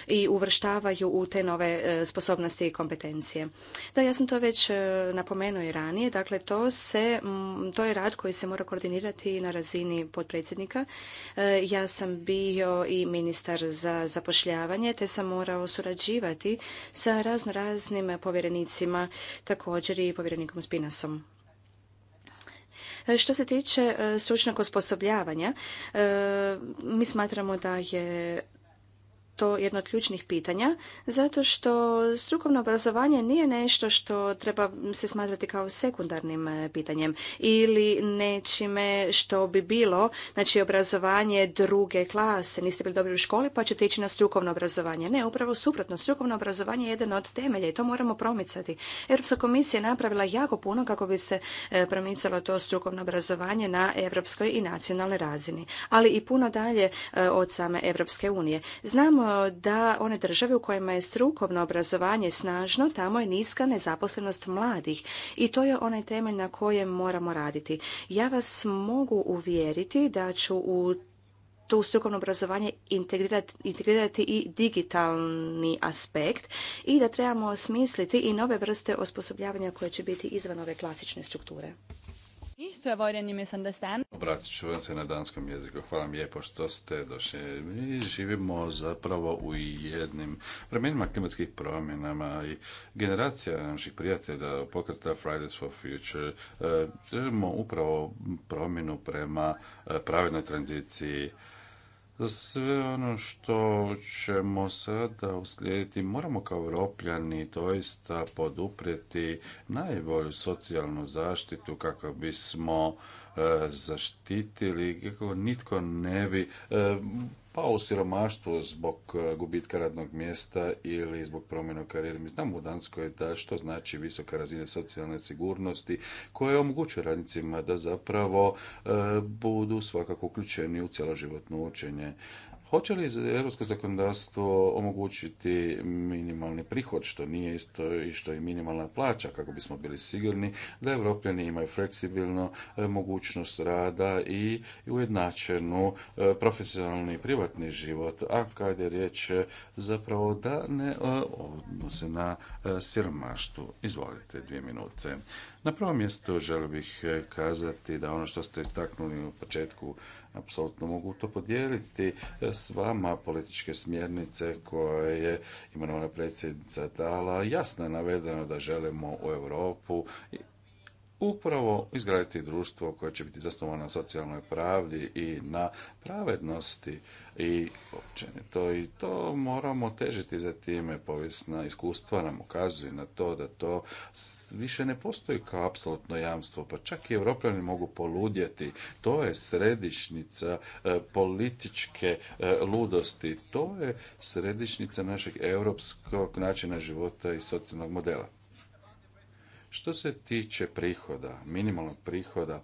i uvrštavaju u te nove sposobnosti i kompetencije? Da, ja sam to već napomenuo i ranije, dakle to se, mm, to je rad koji se mora koordinirati na razini potpredsjednika. E, ja sam bio i ministar za zapošljavanje, te sam morao surađivati sa razno raznim povjerenicima, također i povjerenikom Spinasom. E, što se tiče e, stručnog osposobljavanja, mi smatramo da je to jedno od ključnih pitanja, zato što strukovno obrazovanje nije nešto što treba se smatrati kao sekundarnim e, pitanjem ili nečime što bi bilo, znači obrazovanje druge klase, niste bili dobri u školi pa ćete ići na strukovno obrazovanje. Ne, upravo suprotno, strukovno obrazovanje je jedan od temelja i to moramo promicati. Europska komisija je napravila jako puno kako bi se e, promicalo to strukovno obrazovanje na europskoj i nacionalnoj razini, ali i puno dalje e, od same Europske unije. Znamo da one države u kojima je strukovno obrazovanje snažno, tamo je niska nezaposlenost mladih i to je onaj temelj na kojem moramo raditi. Ja vas mogu uvjeriti da ću u to strukovno obrazovanje integrirati, integrirati i digitalni aspekt i da trebamo osmisliti i nove vrste osposobljavanja koje će biti izvan ove klasične strukture je Obratit ću vam se na danskom jeziku. Hvala vam lijepo što ste došli. Mi živimo zapravo u jednim vremenima klimatskih promjenama i generacija naših prijatelja pokreta Fridays for Future eh, želimo upravo promjenu prema eh, pravednoj tranziciji sve ono što ćemo sada uslijediti, moramo kao europljani doista poduprijeti najbolju socijalnu zaštitu kako bismo e, zaštitili kako nitko ne bi e, pa u siromaštvu zbog e, gubitka radnog mjesta ili zbog promjena u karijeri. Mi znamo u Danskoj da što znači visoka razina socijalne sigurnosti koja omogućuje radnicima da zapravo e, budu svakako uključeni u cjeloživotno učenje. Hoće li europsko zakonodavstvo omogućiti minimalni prihod, što nije isto i što je minimalna plaća, kako bismo bili sigurni da evropljani imaju fleksibilno e, mogućnost rada i ujednačenu e, profesionalni i privatni život, a kada je riječ e, zapravo da ne odnose na siromaštvo. Izvolite, dvije minute. Na prvom mjestu želio bih kazati da ono što ste istaknuli u početku apsolutno mogu to podijeliti e, s vama političke smjernice koje je imenovana predsjednica dala. Jasno je navedeno da želimo u Europu upravo izgraditi društvo koje će biti zasnovano na socijalnoj pravdi i na pravednosti i općenito i to moramo težiti za time povijesna iskustva nam ukazuje na to da to više ne postoji kao apsolutno jamstvo pa čak i evropljani mogu poludjeti to je središnica e, političke e, ludosti to je središnica našeg europskog načina života i socijalnog modela što se tiče prihoda, minimalnog prihoda,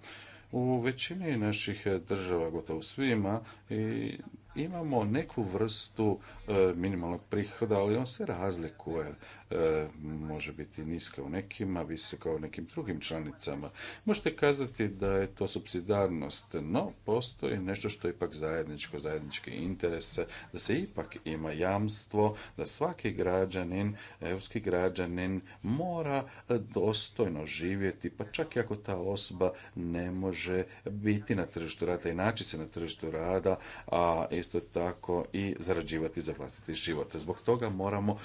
u većini naših država, gotovo svima, i imamo neku vrstu e, minimalnog prihoda, ali on se razlikuje. E, može biti niska u nekim, a visoka u nekim drugim članicama. Možete kazati da je to subsidarnost, no postoji nešto što je ipak zajedničko, zajedničke interese, da se ipak ima jamstvo, da svaki građanin, europski građanin mora e, dostojno živjeti, pa čak i ako ta osoba ne može biti na tržištu rada i naći se na tržištu rada, a i isto tako i zarađivati za vlastiti život. Zbog toga moramo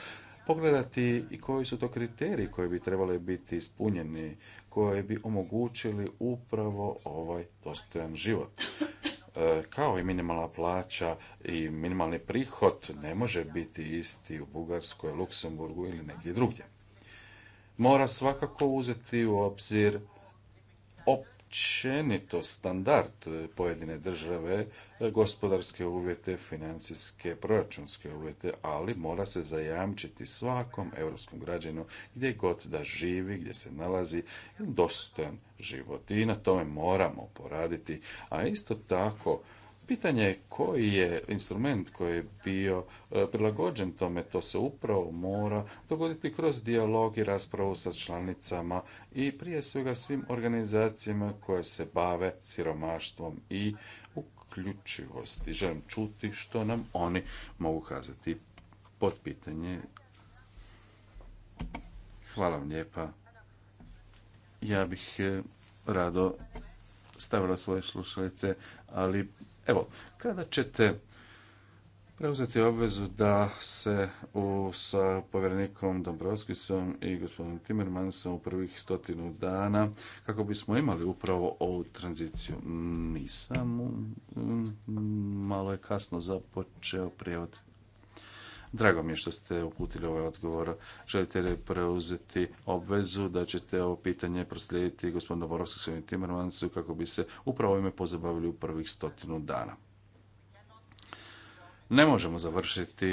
pogledati i koji su to kriteriji koji bi trebali biti ispunjeni, koji bi omogućili upravo ovaj dostojan život e, kao i minimalna plaća i minimalni prihod ne može biti isti u Bugarskoj, Luksemburgu ili negdje drugdje. Mora svakako uzeti u obzir općenito standard pojedine države, e, gospodarske uvjete, financijske, proračunske uvjete, ali mora se zajamčiti svakom europskom građanu gdje god da živi, gdje se nalazi dostojan život. I na tome moramo poraditi, a isto tako Pitanje je koji je instrument koji je bio e, prilagođen tome, to se upravo mora dogoditi kroz dijalog i raspravu sa članicama i prije svega svim organizacijama koje se bave siromaštvom i uključivosti. Želim čuti što nam oni mogu kazati pod pitanje. Hvala vam lijepa. Ja bih e, rado stavila svoje slušalice, ali Evo, kada ćete preuzeti obvezu da se u, sa povjerenikom Dombrovskisom i gospodinom Timmermansom u prvih stotinu dana kako bismo imali upravo ovu tranziciju. Nisam, mm, malo je kasno započeo prijevod. Drago mi je što ste uputili ovaj odgovor. Želite li preuzeti obvezu da ćete ovo pitanje proslijediti gospodinu Borovsku svojim Timmermansu kako bi se upravo ime pozabavili u prvih stotinu dana? Ne možemo završiti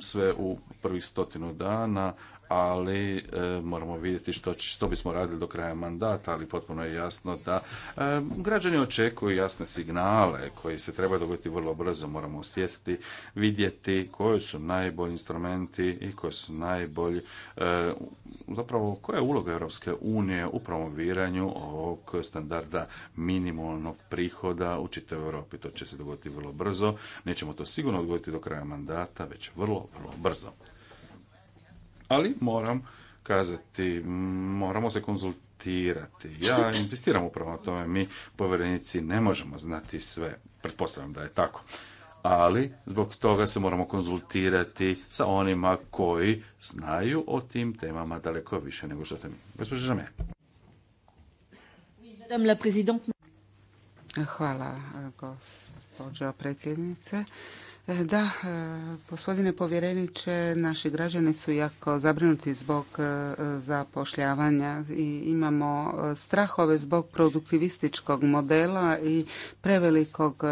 sve u prvih stotinu dana, ali e, moramo vidjeti što, što bismo radili do kraja mandata, ali potpuno je jasno da e, građani očekuju jasne signale koji se trebaju dogoditi vrlo brzo. Moramo sjesti, vidjeti koji su najbolji instrumenti i koji su najbolji, e, zapravo koja je uloga Europske unije u promoviranju ovog standarda minimalnog prihoda u čitavoj Europi. To će se dogoditi vrlo brzo. Nećemo to sigurno odgoditi do kraja mandata, već vrlo, vrlo brzo ali moram kazati, moramo se konzultirati. Ja insistiram upravo na tome, mi povjerenici ne možemo znati sve, pretpostavljam da je tako. Ali zbog toga se moramo konzultirati sa onima koji znaju o tim temama daleko više nego što to mi. Gospođa Žame. Hvala, gospođo predsjednice. Da, e, gospodine povjereniče, naši građani su jako zabrinuti zbog e, zapošljavanja i imamo e, strahove zbog produktivističkog modela i prevelikog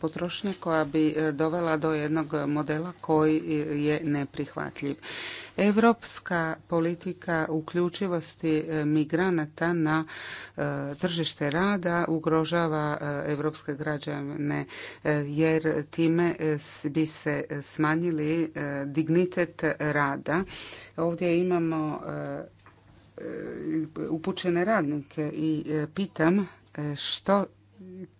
potrošnje koja bi dovela do jednog modela koji je neprihvatljiv. Europska politika uključivosti e, migranata na e, tržište rada ugrožava europske građane e, jer time bi se smanjili dignitet rada. Ovdje imamo upućene radnike i pitam što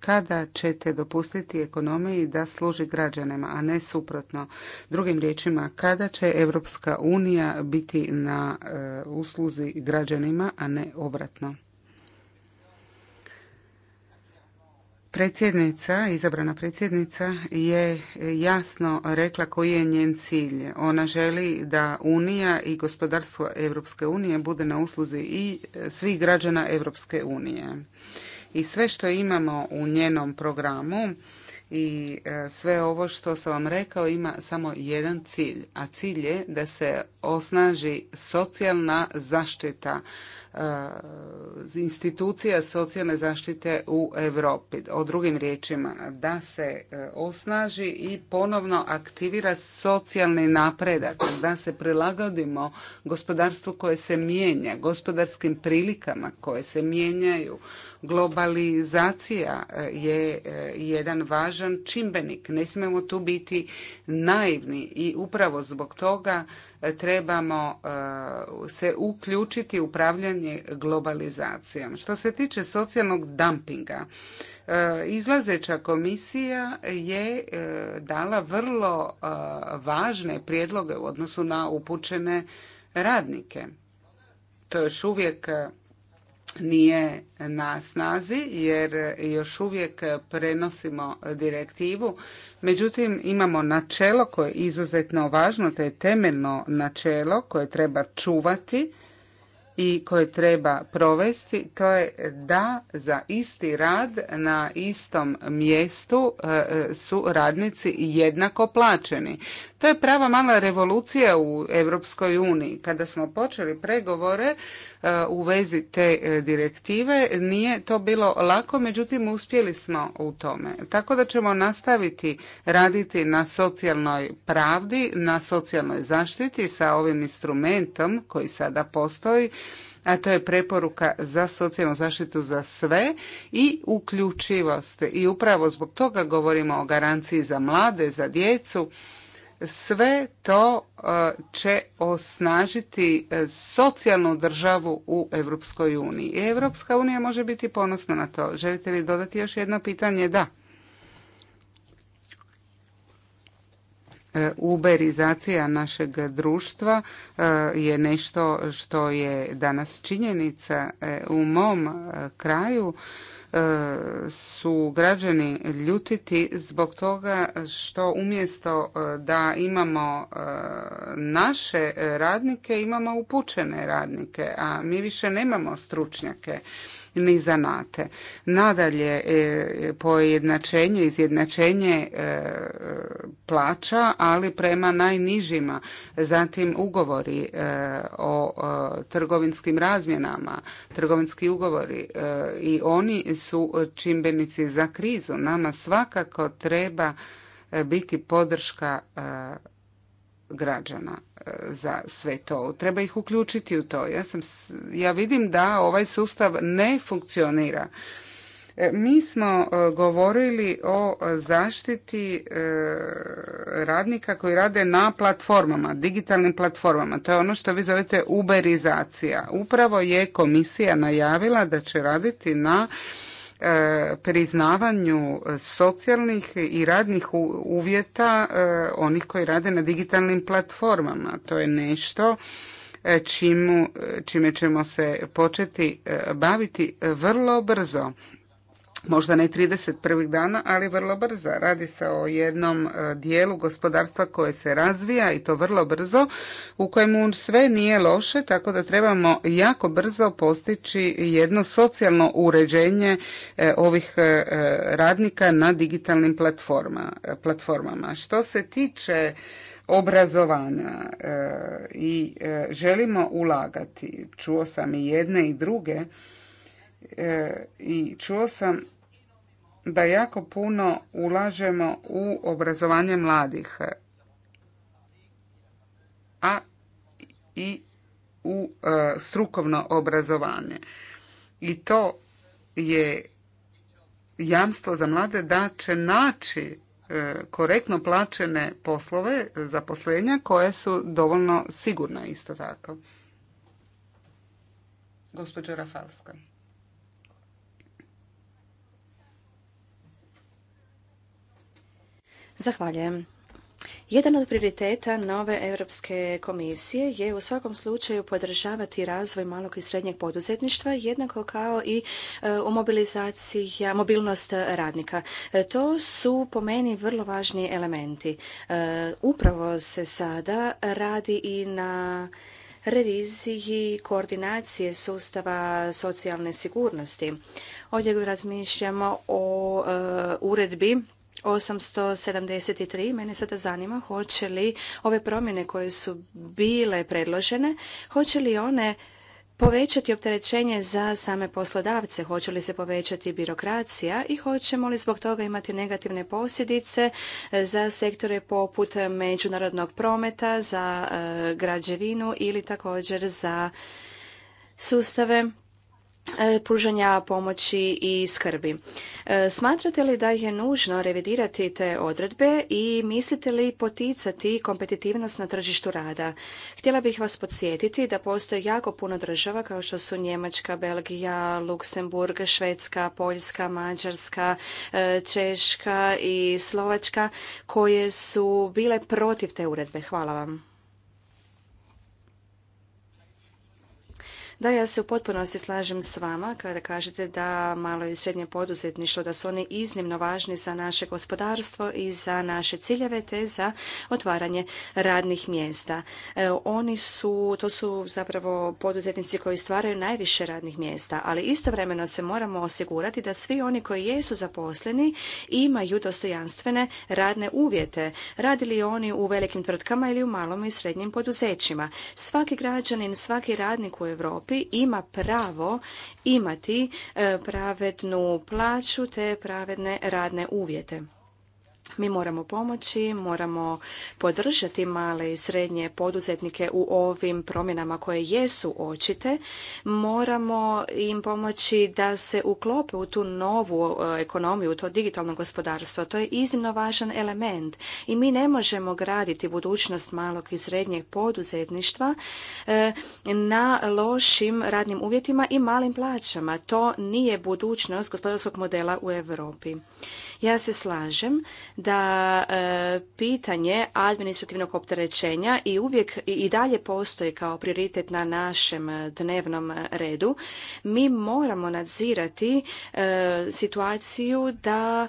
kada ćete dopustiti ekonomiji da služi građanima, a ne suprotno. Drugim riječima, kada će Europska unija biti na e, usluzi građanima, a ne obratno? Predsjednica, izabrana predsjednica je jasno rekla koji je njen cilj. Ona želi da Unija i gospodarstvo Europske unije bude na usluzi i svih građana Europske unije i sve što imamo u njenom programu i e, sve ovo što sam vam rekao ima samo jedan cilj, a cilj je da se osnaži socijalna zaštita E, institucija socijalne zaštite u Europi. O drugim riječima, da se e, osnaži i ponovno aktivira socijalni napredak, da se prilagodimo gospodarstvu koje se mijenja, gospodarskim prilikama koje se mijenjaju. Globalizacija e, je jedan važan čimbenik. Ne smijemo tu biti naivni i upravo zbog toga trebamo e, se uključiti u upravljanje globalizacijom. Što se tiče socijalnog dumpinga, e, izlazeća komisija je e, dala vrlo važne prijedloge u odnosu na upućene radnike. To je još uvijek nije na snazi jer još uvijek prenosimo direktivu. Međutim, imamo načelo koje je izuzetno važno, to je temeljno načelo koje treba čuvati i koje treba provesti, to je da za isti rad na istom mjestu e, e, su radnici jednako plaćeni. To je prava mala revolucija u Europskoj uniji. Kada smo počeli pregovore e, u vezi te e, direktive, nije to bilo lako, međutim uspjeli smo u tome. Tako da ćemo nastaviti raditi na socijalnoj pravdi, na socijalnoj zaštiti sa ovim instrumentom koji sada postoji, a to je preporuka za socijalnu zaštitu za sve i uključivost. I upravo zbog toga govorimo o garanciji za mlade, za djecu, sve to e, će osnažiti e, socijalnu državu u Europskoj uniji. I Europska unija može biti ponosna na to. Želite li dodati još jedno pitanje? Da. E, uberizacija našeg društva je nešto što je danas činjenica u mom kraju. E, su građani ljutiti zbog toga što umjesto e, da imamo e, naše radnike imamo upućene radnike, a mi više nemamo stručnjake ni zanate. Nadalje, e, pojednačenje, izjednačenje e, plaća, ali prema najnižima. Zatim ugovori e, o trgovinskim razmjenama, trgovinski ugovori i oni su čimbenici za krizu. Nama svakako treba biti podrška građana e, za sve to. Treba ih uključiti u to. Ja, sam, ja vidim da ovaj sustav ne funkcionira. E, mi smo e, govorili o zaštiti radnika koji rade na platformama, digitalnim platformama. To je ono što vi zovete uberizacija. Upravo je komisija najavila da će raditi na E, priznavanju socijalnih i radnih uvjeta e, onih koji rade na digitalnim platformama. To je nešto e, čime ćemo se početi baviti vrlo brzo možda ne 31. dana, ali vrlo brzo. Radi se o jednom e, dijelu gospodarstva koje se razvija i to vrlo brzo, u kojemu sve nije loše, tako da trebamo jako brzo postići jedno socijalno uređenje e, ovih e, radnika na digitalnim platformama. Što se tiče obrazovanja i želimo ulagati, čuo sam i jedne i druge, i čuo sam da jako puno ulažemo u obrazovanje mladih, a i u e, strukovno obrazovanje. I to je jamstvo za mlade da će naći e, korektno plaćene poslove zaposlenja koje su dovoljno sigurne isto tako. Gospođa Rafalska. Zahvaljujem. Jedan od prioriteta nove Europske komisije je u svakom slučaju podržavati razvoj malog i srednjeg poduzetništva, jednako kao i e, u mobilizacija, mobilnost radnika. E, to su po meni vrlo važni elementi. E, upravo se sada radi i na reviziji koordinacije sustava socijalne sigurnosti. Ovdje razmišljamo o uredbi 873. Mene sada zanima hoće li ove promjene koje su bile predložene, hoće li one povećati opterećenje za same poslodavce, hoće li se povećati birokracija i hoćemo li zbog toga imati negativne posljedice e, za sektore poput međunarodnog prometa, za e, građevinu ili također za sustave E, pružanja pomoći i skrbi. E, smatrate li da je nužno revidirati te odredbe i mislite li poticati kompetitivnost na tržištu rada? Htjela bih vas podsjetiti da postoje jako puno država kao što su Njemačka, Belgija, Luksemburg, Švedska, Poljska, Mađarska, e, Češka i Slovačka koje su bile protiv te uredbe. Hvala vam. Da, ja se u potpunosti slažem s vama kada kažete da malo i srednje poduzetništvo, da su oni iznimno važni za naše gospodarstvo i za naše ciljeve te za otvaranje radnih mjesta. E, oni su, to su zapravo poduzetnici koji stvaraju najviše radnih mjesta, ali istovremeno se moramo osigurati da svi oni koji jesu zaposleni imaju dostojanstvene radne uvjete, radili oni u velikim tvrtkama ili u malom i srednjim poduzećima. Svaki građanin, svaki radnik u Europi ima pravo imati e, pravednu plaću te pravedne radne uvjete. Mi moramo pomoći, moramo podržati male i srednje poduzetnike u ovim promjenama koje jesu očite. Moramo im pomoći da se uklope u tu novu e, ekonomiju, u to digitalno gospodarstvo. To je iznimno važan element i mi ne možemo graditi budućnost malog i srednjeg poduzetništva e, na lošim radnim uvjetima i malim plaćama. To nije budućnost gospodarskog modela u Europi. Ja se slažem da e, pitanje administrativnog opterećenja i uvijek i dalje postoji kao prioritet na našem dnevnom redu. Mi moramo nadzirati e, situaciju da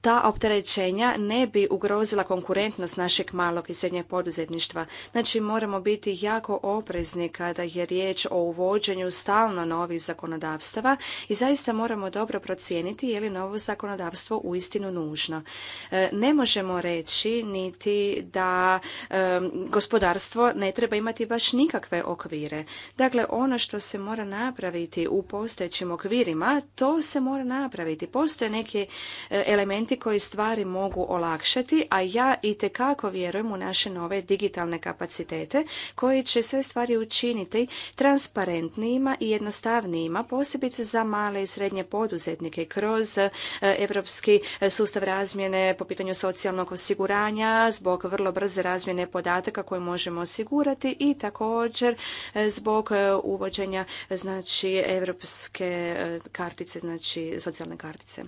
ta opterećenja ne bi ugrozila konkurentnost našeg malog i srednjeg poduzetništva. Znači moramo biti jako oprezni kada je riječ o uvođenju stalno novih zakonodavstava i zaista moramo dobro procijeniti je li novo zakonodavstvo uistinu nužno. E, ne možemo reći niti da e, gospodarstvo ne treba imati baš nikakve okvire. Dakle, ono što se mora napraviti u postojećim okvirima, to se mora napraviti. Postoje neki e, elementi elementi koji stvari mogu olakšati, a ja i tekako vjerujem u naše nove digitalne kapacitete koji će sve stvari učiniti transparentnijima i jednostavnijima, posebice za male i srednje poduzetnike kroz europski sustav razmjene po pitanju socijalnog osiguranja, zbog vrlo brze razmjene podataka koje možemo osigurati i također e, zbog e, uvođenja znači europske e, kartice, znači socijalne kartice.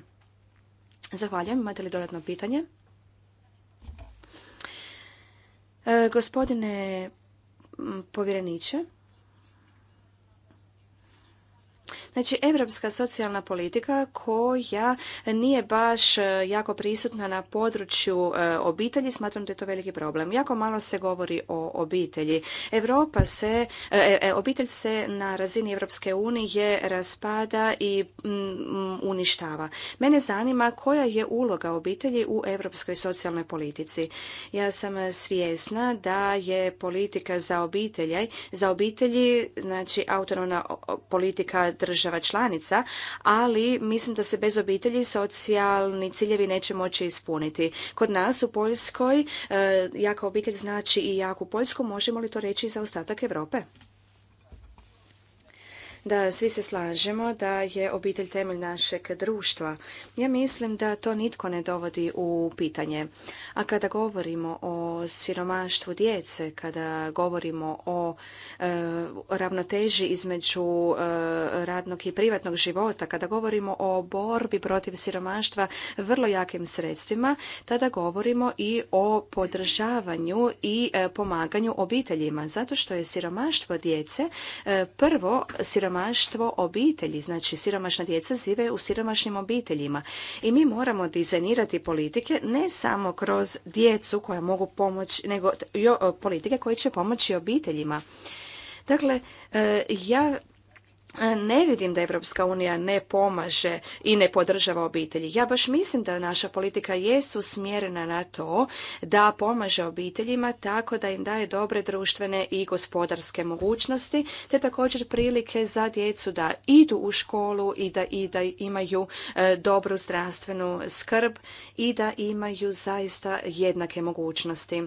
Zahvaljujem. Imate li dodatno pitanje? E, gospodine povjereniče, Znači, evropska socijalna politika koja nije baš e, jako prisutna na području e, obitelji, smatram da je to veliki problem. Jako malo se govori o obitelji. Europa se, e, obitelj se na razini Evropske unije raspada i mm, uništava. Mene zanima koja je uloga obitelji u europskoj socijalnoj politici. Ja sam svjesna da je politika za obitelji, za obitelji, znači autonomna politika država država članica, ali mislim da se bez obitelji socijalni ciljevi neće moći ispuniti. Kod nas u Poljskoj e, jaka obitelj znači i jaku Poljsku, možemo li to reći za ostatak Europe? da svi se slažemo da je obitelj temelj našeg društva. Ja mislim da to nitko ne dovodi u pitanje. A kada govorimo o siromaštvu djece, kada govorimo o e, ravnoteži između e, radnog i privatnog života, kada govorimo o borbi protiv siromaštva vrlo jakim sredstvima, tada govorimo i o podržavanju i e, pomaganju obiteljima, zato što je siromaštvo djece prvo siromaštvo siromaštvo obitelji. Znači, siromašna djeca zive u siromašnim obiteljima. I mi moramo dizajnirati politike ne samo kroz djecu koja mogu pomoći, nego politike koje će pomoći obiteljima. Dakle, e, ja ne vidim da Evropska unija ne pomaže i ne podržava obitelji. Ja baš mislim da naša politika jest usmjerena na to da pomaže obiteljima tako da im daje dobre društvene i gospodarske mogućnosti te također prilike za djecu da idu u školu i da, i da imaju e, dobru zdravstvenu skrb i da imaju zaista jednake mogućnosti.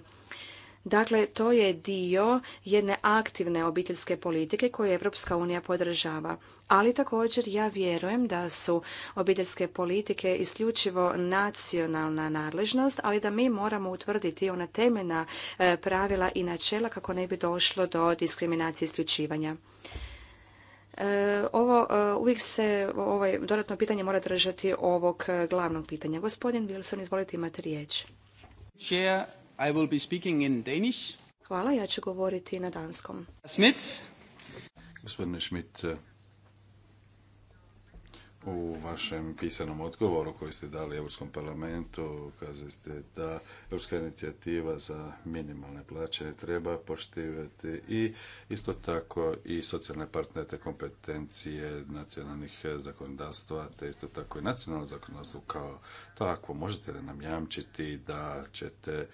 Dakle, to je dio jedne aktivne obiteljske politike koju Europska unija podržava. Ali također ja vjerujem da su obiteljske politike isključivo nacionalna nadležnost, ali da mi moramo utvrditi ona temeljna e, pravila i načela kako ne bi došlo do diskriminacije isključivanja. E, ovo e, uvijek se ovaj dodatno pitanje mora držati ovog glavnog pitanja. Gospodin Wilson, izvolite imati riječ. I will be speaking in Danish. Hvala, ja ću govoriti na danskom. Schmidt. Gospodine Schmidt, u vašem pisanom odgovoru koji ste dali Europskom parlamentu kazali ste da Europska inicijativa za minimalne plaće treba poštivati i isto tako i socijalne partnere kompetencije nacionalnih zakonodavstva te isto tako i nacionalno zakonodavstvo kao takvo. Možete li nam jamčiti da ćete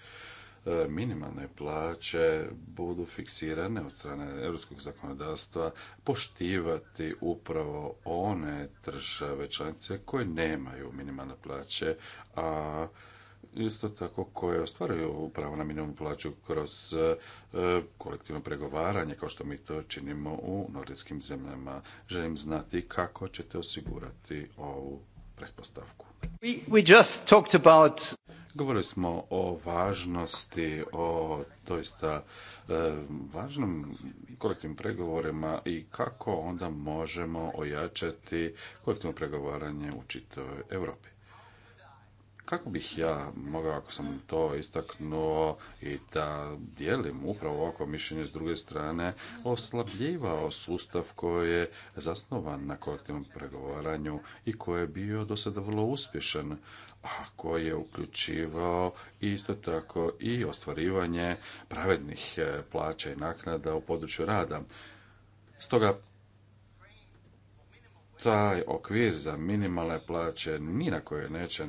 E, minimalne plaće budu fiksirane od strane europskog zakonodavstva poštivati upravo one države članice koje nemaju minimalne plaće, a isto tako koje ostvaruju pravo na minimalnu plaću kroz e, kolektivno pregovaranje, kao što mi to činimo u nordijskim zemljama. Želim znati kako ćete osigurati ovu pretpostavku. We, Govorili smo o važnosti, o doista e, važnom kolektivnim pregovorima i kako onda možemo ojačati kolektivno pregovaranje u čitoj Europi kako bih ja mogao, ako sam to istaknuo i da dijelim upravo ovako mišljenje s druge strane, oslabljivao sustav koji je zasnovan na kolektivnom pregovaranju i koji je bio do sada vrlo uspješan, a koji je uključivao isto tako i ostvarivanje pravednih eh, plaća i naknada u području rada. Stoga taj okvir za minimalne plaće ni na koje neće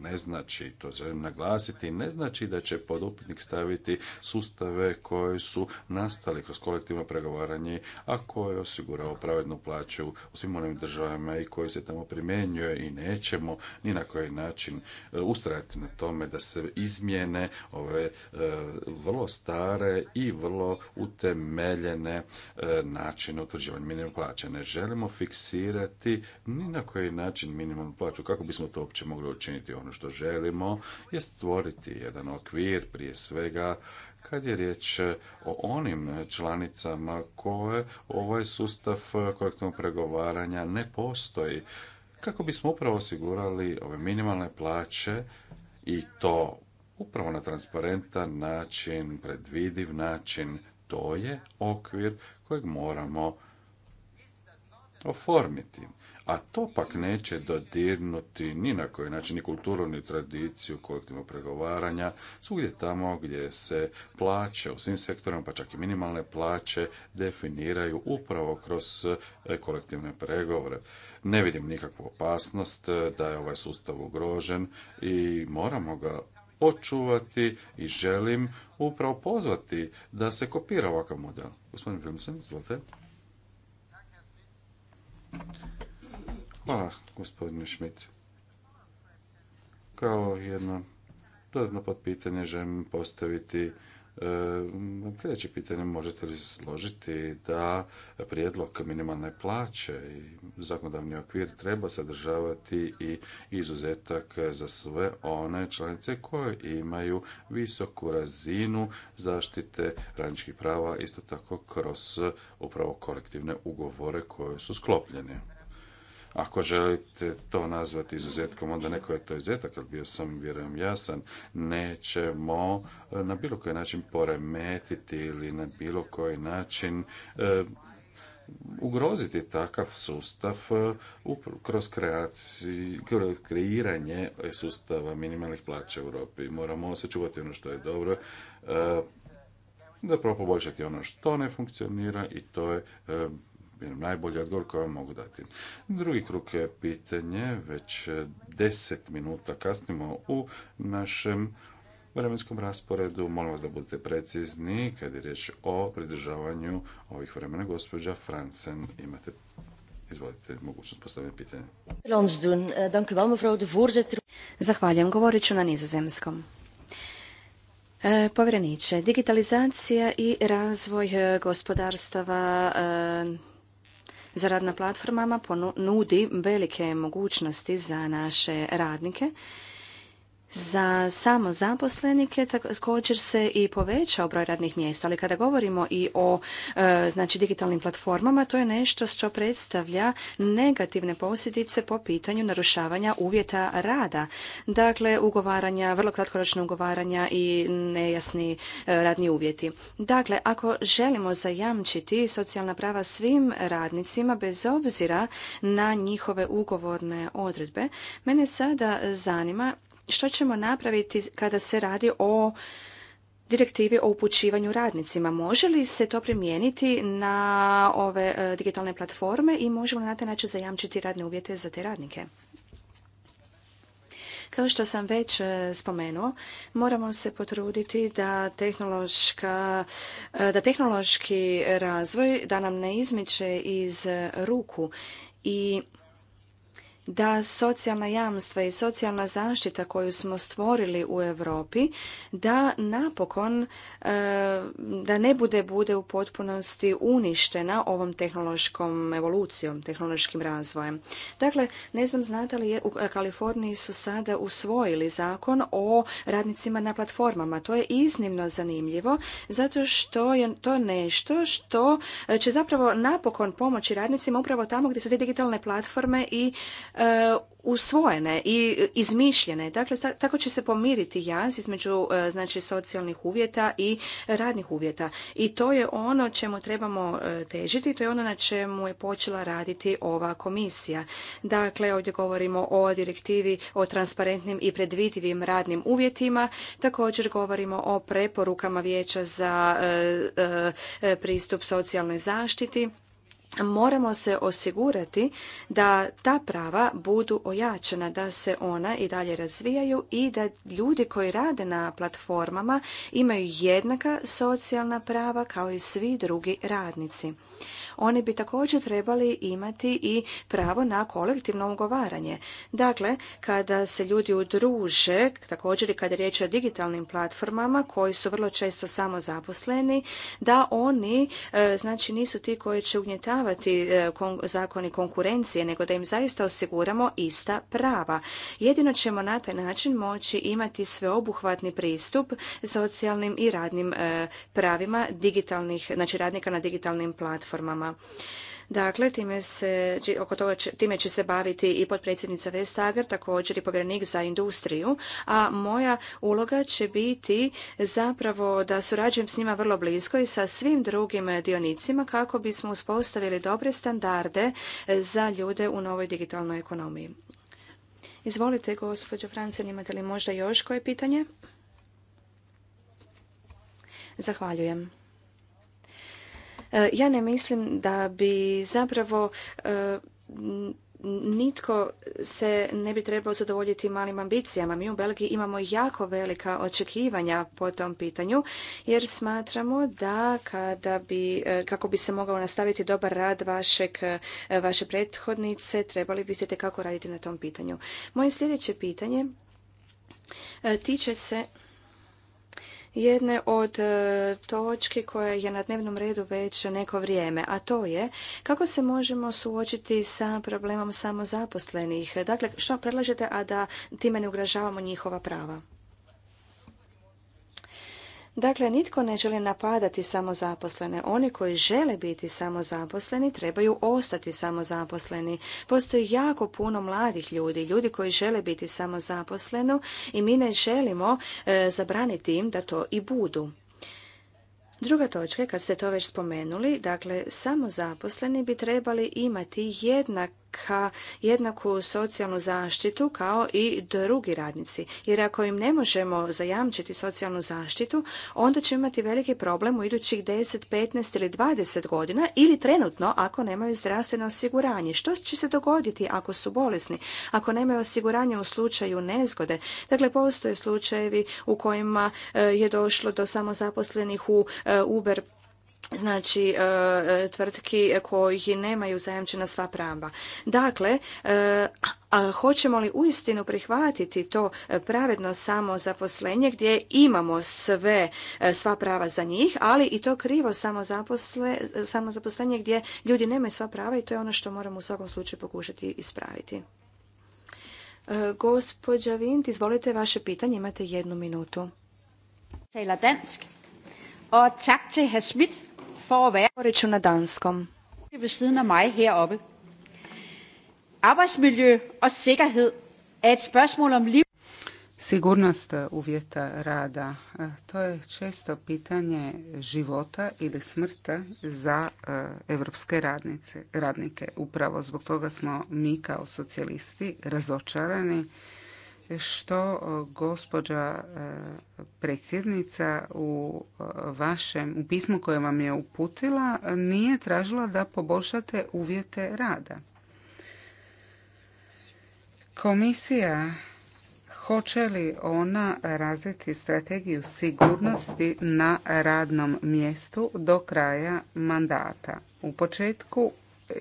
ne znači, to želim naglasiti, ne znači da će podupnik staviti sustave koji su nastali kroz kolektivno pregovaranje, a koje osigurao pravednu plaću u svim onim državama i koji se tamo primjenjuje i nećemo ni na koji način e, ustrajati na tome da se izmijene ove e, vrlo stare i vrlo utemeljene e, načine utvrđivanja minimalne plaće. Ne želimo fiksirati ni na koji način minimalnu plaću. Kako bismo to uopće mogli učiniti? Ono što želimo je stvoriti jedan okvir prije svega kad je riječ o onim članicama koje ovaj sustav kolektivnog pregovaranja ne postoji. Kako bismo upravo osigurali ove minimalne plaće i to upravo na transparentan način, predvidiv način, to je okvir kojeg moramo oformiti. A to pak neće dodirnuti ni na koji način ni kulturu, ni tradiciju kolektivnog pregovaranja, svugdje tamo gdje se plaće u svim sektorima, pa čak i minimalne plaće, definiraju upravo kroz e, kolektivne pregovore. Ne vidim nikakvu opasnost e, da je ovaj sustav ugrožen i moramo ga očuvati i želim upravo pozvati da se kopira ovakav model. Gospodin Filmsen, izvolite. Hvala, gospodine Šmit. Kao jedno dodatno potpitanje želim postaviti E, sljedeće pitanje, možete li se složiti da prijedlog minimalne plaće i zakonodavni okvir treba sadržavati i izuzetak za sve one članice koje imaju visoku razinu zaštite radničkih prava, isto tako kroz upravo kolektivne ugovore koje su sklopljene? Ako želite to nazvati izuzetkom, onda neko je to izuzetak, ali bio sam, vjerujem, jasan. Nećemo e, na bilo koji način poremetiti ili na bilo koji način e, ugroziti takav sustav e, kroz kreiranje sustava minimalnih plaća u Europi. Moramo sačuvati ono što je dobro, da poboljšati ono što ne funkcionira i to je najbolji odgovor koji vam mogu dati. Drugi krug je pitanje, već deset minuta kasnimo u našem vremenskom rasporedu. Molim vas da budete precizni kad je riječ o pridržavanju ovih vremena. Gospođa Fransen, imate Izvolite, mogućnost postavljanja pitanja. Eh, Zahvaljujem, govorit ću na nizozemskom. Eh, povjereniče, digitalizacija i razvoj eh, gospodarstava za rad na platformama nudi velike mogućnosti za naše radnike za samo zaposlenike također se i povećao broj radnih mjesta, ali kada govorimo i o e, znači, digitalnim platformama, to je nešto što predstavlja negativne posljedice po pitanju narušavanja uvjeta rada. Dakle, ugovaranja, vrlo kratkoročnog ugovaranja i nejasni e, radni uvjeti. Dakle, ako želimo zajamčiti socijalna prava svim radnicima, bez obzira na njihove ugovorne odredbe, mene sada zanima što ćemo napraviti kada se radi o direktivi o upućivanju radnicima. Može li se to primijeniti na ove e, digitalne platforme i možemo li na taj način zajamčiti radne uvjete za te radnike? Kao što sam već e, spomenuo, moramo se potruditi da, tehnološka, e, da tehnološki razvoj da nam ne izmiče iz ruku i da socijalna jamstva i socijalna zaštita koju smo stvorili u Europi da napokon e, da ne bude bude u potpunosti uništena ovom tehnološkom evolucijom, tehnološkim razvojem. Dakle, ne znam znate li u Kaliforniji su sada usvojili zakon o radnicima na platformama. To je iznimno zanimljivo zato što je to nešto što će zapravo napokon pomoći radnicima upravo tamo gdje su te digitalne platforme i E, usvojene i izmišljene. Dakle, tako će se pomiriti jaz između e, znači, socijalnih uvjeta i radnih uvjeta. I to je ono čemu trebamo e, težiti, to je ono na čemu je počela raditi ova komisija. Dakle, ovdje govorimo o direktivi o transparentnim i predvidivim radnim uvjetima, također govorimo o preporukama vijeća za pristup socijalnoj zaštiti moramo se osigurati da ta prava budu ojačena, da se ona i dalje razvijaju i da ljudi koji rade na platformama imaju jednaka socijalna prava kao i svi drugi radnici. Oni bi također trebali imati i pravo na kolektivno ugovaranje. Dakle, kada se ljudi udruže, također i kada je riječ o digitalnim platformama koji su vrlo često samozaposleni, da oni e, znači nisu ti koji će ugnjetavati e, zakoni konkurencije, nego da im zaista osiguramo ista prava. Jedino ćemo na taj način moći imati sveobuhvatni pristup socijalnim i radnim e, pravima digitalnih, znači radnika na digitalnim platformama. Dakle, time se, oko toga će, time će se baviti i potpredsjednica Vestager, također i povjerenik za industriju, a moja uloga će biti zapravo da surađujem s njima vrlo blisko i sa svim drugim dionicima kako bismo uspostavili dobre standarde za ljude u novoj digitalnoj ekonomiji. Izvolite, gospođo Francen, imate li možda još koje pitanje? Zahvaljujem. E, ja ne mislim da bi zapravo e, nitko se ne bi trebao zadovoljiti malim ambicijama. Mi u Belgiji imamo jako velika očekivanja po tom pitanju jer smatramo da kada bi, e, kako bi se mogao nastaviti dobar rad vašeg, vaše prethodnice, trebali biste kako raditi na tom pitanju. Moje sljedeće pitanje tiče se jedne od e, točki koja je na dnevnom redu već neko vrijeme, a to je kako se možemo suočiti sa problemom samozaposlenih. Dakle, što predlažete, a da time ne ugražavamo njihova prava? Dakle, nitko ne želi napadati samozaposlene. Oni koji žele biti samozaposleni trebaju ostati samozaposleni. Postoji jako puno mladih ljudi, ljudi koji žele biti samozaposleno i mi ne želimo e, zabraniti im da to i budu. Druga točka, kad ste to već spomenuli, dakle, samozaposleni bi trebali imati jednak ka jednaku socijalnu zaštitu kao i drugi radnici. Jer ako im ne možemo zajamčiti socijalnu zaštitu, onda će imati veliki problem u idućih 10, 15 ili 20 godina ili trenutno ako nemaju zdravstveno osiguranje. Što će se dogoditi ako su bolesni, ako nemaju osiguranje u slučaju nezgode? Dakle, postoje slučajevi u kojima e, je došlo do samozaposlenih u e, Uber znači e, e, tvrtki koji nemaju zajamčena sva prava. Dakle, e, hoćemo li uistinu prihvatiti to pravedno samozaposlenje gdje imamo sve, sva prava za njih, ali i to krivo samozaposlenje gdje ljudi nemaju sva prava i to je ono što moramo u svakom slučaju pokušati ispraviti. Gospođa Vint, izvolite vaše pitanje, imate jednu minutu. Taler dansk. tak for at være... det ću na danskom. ...ved siden af mig heroppe. Arbejdsmiljø og sikkerhed er et spørgsmål om liv. Sigurnost uvjeta rada, eh, to je često pitanje života ili smrta za eh, evropske radnice, radnike. Upravo zbog toga smo mi kao socijalisti razočarani što e, gospođa e, predsjednica u e, vašem pismu koje vam je uputila nije tražila da poboljšate uvjete rada. Komisija hoće li ona razviti strategiju sigurnosti na radnom mjestu do kraja mandata. U početku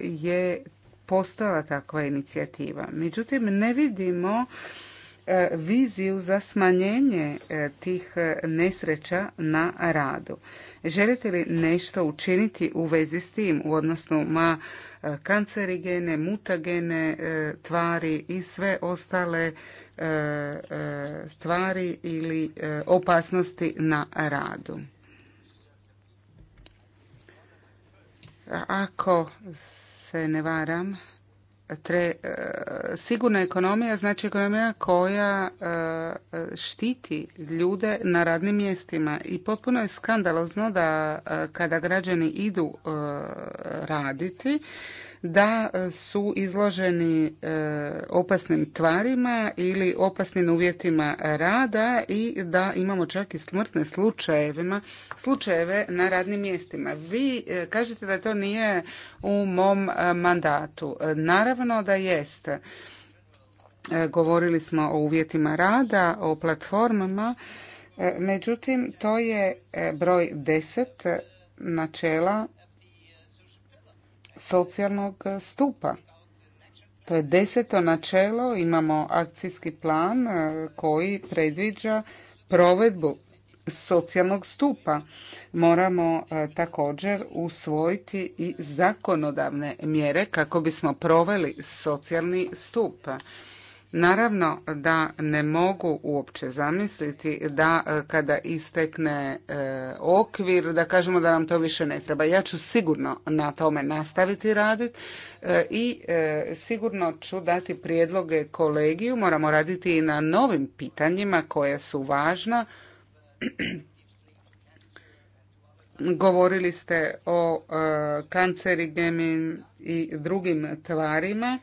je postojala takva inicijativa. Međutim, ne vidimo E, viziju za smanjenje e, tih e, nesreća na radu. Želite li nešto učiniti u vezi s tim, odnosno ma kancerigene, mutagene tvari i sve ostale stvari ili opasnosti na radu? Ako se ne varam, Tre, e, sigurna ekonomija znači ekonomija koja e, štiti ljude na radnim mjestima i potpuno je skandalozno da e, kada građani idu raditi da su izloženi e, opasnim tvarima ili opasnim uvjetima rada i da imamo čak i smrtne slučajevima, slučajeve na radnim mjestima. Vi e, kažete da to nije u mom e, mandatu. Naravno da jeste. Govorili smo o uvjetima rada, o platformama. Međutim, to je broj deset načela socijalnog e, stupa. To je deseto načelo, imamo akcijski plan e, koji predviđa provedbu socijalnog stupa. Moramo e, također usvojiti i zakonodavne mjere kako bismo proveli socijalni stup. Naravno da ne mogu uopće zamisliti da e, kada istekne e, okvir da kažemo da nam to više ne treba. Ja ću sigurno na tome nastaviti raditi e, i sigurno ću dati prijedloge kolegiju. Moramo raditi i na novim pitanjima koja su važna. Govorili ste o gemin i drugim tvarima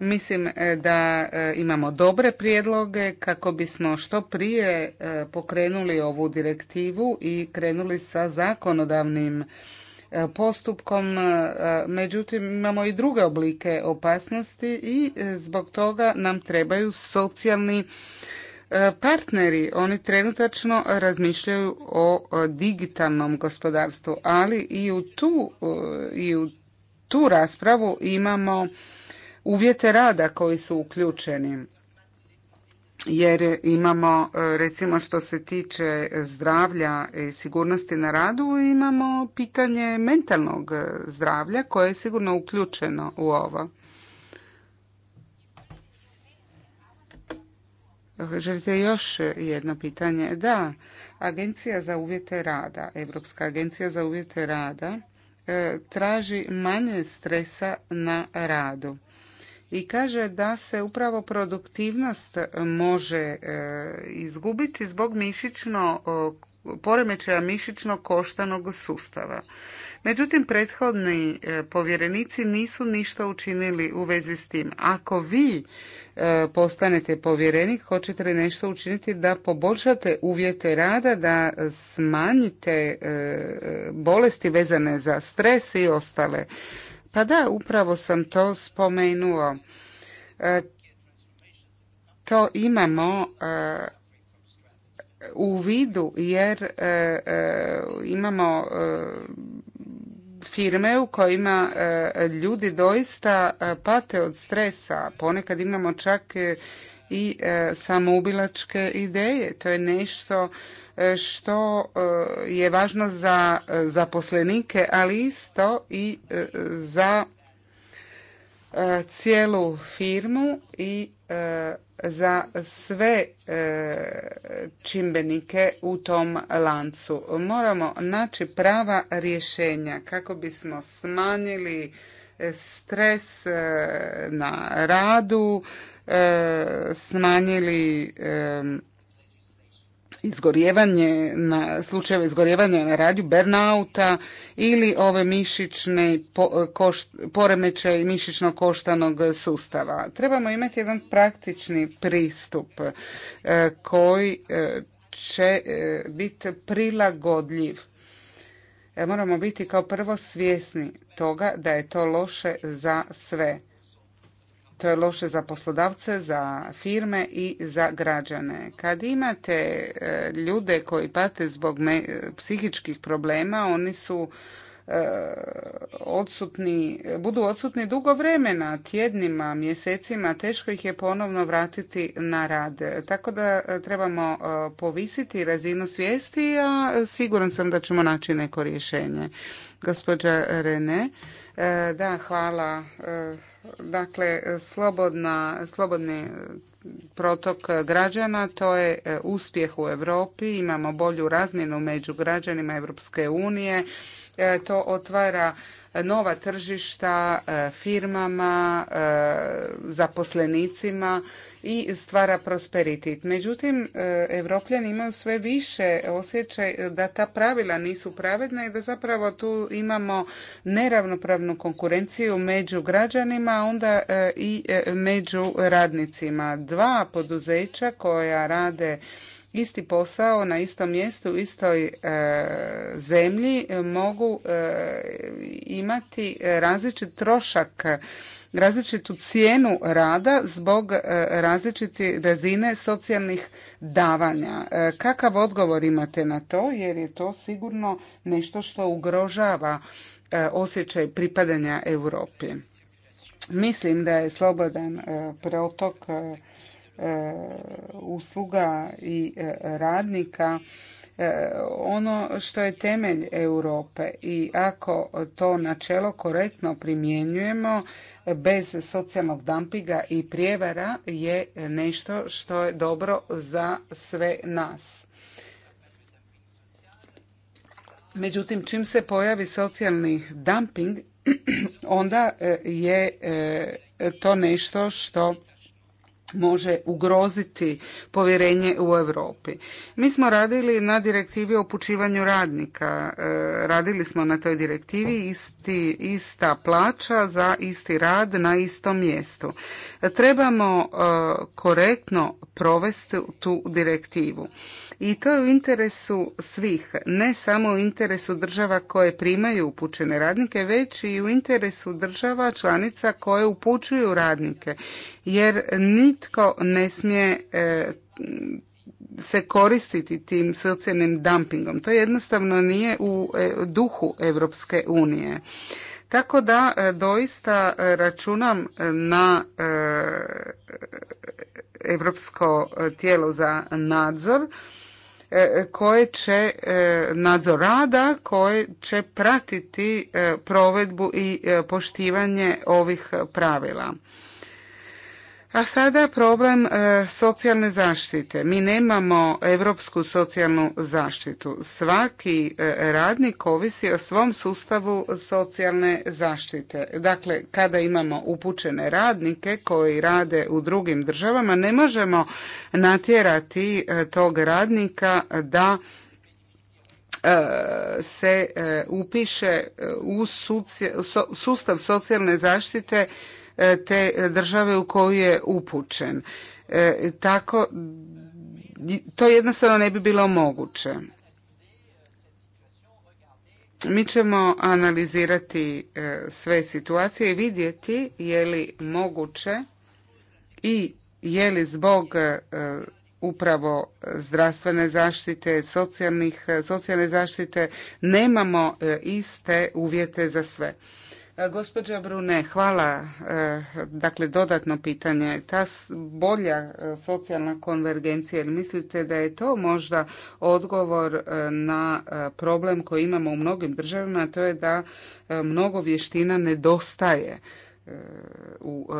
Mislim e, da e, imamo dobre prijedloge kako bismo što prije e, pokrenuli ovu direktivu i krenuli sa zakonodavnim postupkom, međutim imamo i druge oblike opasnosti i zbog toga nam trebaju socijalni partneri. Oni trenutačno razmišljaju o digitalnom gospodarstvu, ali i u tu, i u tu raspravu imamo uvjete rada koji su uključeni jer imamo e, recimo što se tiče zdravlja i sigurnosti na radu imamo pitanje mentalnog e, zdravlja koje je sigurno uključeno u ovo. Želite još jedno pitanje? Da, Agencija za uvjete rada, Europska agencija za uvjete rada e, traži manje stresa na radu i kaže da se upravo produktivnost može e, izgubiti zbog mišićno poremećaja mišićno koštanog sustava. Međutim, prethodni e, povjerenici nisu ništa učinili u vezi s tim. Ako vi e, postanete povjerenik, hoćete li nešto učiniti da poboljšate uvjete rada, da smanjite bolesti vezane za stres i ostale pa da, upravo sam to spomenuo. E, to imamo e, u vidu jer e, imamo firme u kojima ljudi doista pate od stresa. Ponekad imamo čak i e, samoubilačke ideje. To je nešto e, što e, je važno za zaposlenike, ali isto i za cijelu firmu i za sve čimbenike u tom lancu. Moramo naći prava rješenja kako bismo smanjili stres e, na radu, e, smanjili e, izgorjevanje na slučajeve izgorjevanja na radju burnouta ili ove mišićne po, i poremećaje mišićno koštanog sustava. Trebamo imati jedan praktični pristup koji će biti prilagodljiv. Moramo biti kao prvo svjesni toga da je to loše za sve. To je loše za poslodavce, za firme i za građane. Kad imate e, ljude koji pate zbog e, psihičkih problema, oni su e, odsutni, budu odsutni dugo vremena, tjednima, mjesecima, teško ih je ponovno vratiti na rad. Tako da trebamo povisiti razinu svijesti, a siguran sam da ćemo naći neko rješenje. Gospođa Rene, e, da, hvala. E, dakle, slobodna, slobodni protok građana, to je e, uspjeh u Europi, imamo bolju razmjenu među građanima Europske unije, to otvara nova tržišta firmama, zaposlenicima i stvara prosperitet. Međutim, e, evropljani imaju sve više osjećaj da ta pravila nisu pravedna i da zapravo tu imamo neravnopravnu konkurenciju među građanima, onda e, i e, među radnicima. Dva poduzeća koja rade isti posao na istom mjestu, u istoj zemlji mogu imati različit trošak različitu cijenu rada zbog e, različite razine socijalnih davanja. E, kakav odgovor imate na to jer je to sigurno nešto što ugrožava e, osjećaj pripadanja Europi. Mislim da je slobodan protok usluga i radnika E, ono što je temelj Europe i ako to načelo korektno primjenjujemo bez socijalnog dumpinga i prijevara je nešto što je dobro za sve nas. Međutim, čim se pojavi socijalni dumping, onda e, je e, to nešto što može ugroziti povjerenje u Europi. Mi smo radili na direktivi o upućivanju radnika. E, radili smo na toj direktivi isti, ista plaća za isti rad na istom mjestu. E, trebamo e, korektno provesti tu direktivu i to je u interesu svih, ne samo u interesu država koje primaju upućene radnike, već i u interesu država članica koje upućuju radnike, jer nitko ne smije e, se koristiti tim socijalnim dumpingom. To jednostavno nije u e, duhu Europske unije. Tako da e, doista računam na Europsko tijelo za nadzor E, koje će e, nadzor rada koje će pratiti e, provedbu i poštivanje ovih pravila. A sada problem e, socijalne zaštite. Mi nemamo europsku socijalnu zaštitu. Svaki e, radnik ovisi o svom sustavu socijalne zaštite. Dakle, kada imamo upućene radnike koji rade u drugim državama, ne možemo natjerati e, tog radnika da se upiše u sustav socijalne zaštite E, te države u koju je upućen. E, tako, to jednostavno ne bi bilo moguće. Mi ćemo analizirati e, sve situacije i vidjeti je li moguće i je li zbog upravo zdravstvene zaštite, socijalnih, socijalne zaštite nemamo iste uvjete za sve. E, gospođa Brune, hvala. E, dakle, dodatno pitanje. Ta bolja e, socijalna konvergencija, jer mislite da je to možda odgovor na problem koji imamo u mnogim državama, a to je da mnogo vještina nedostaje u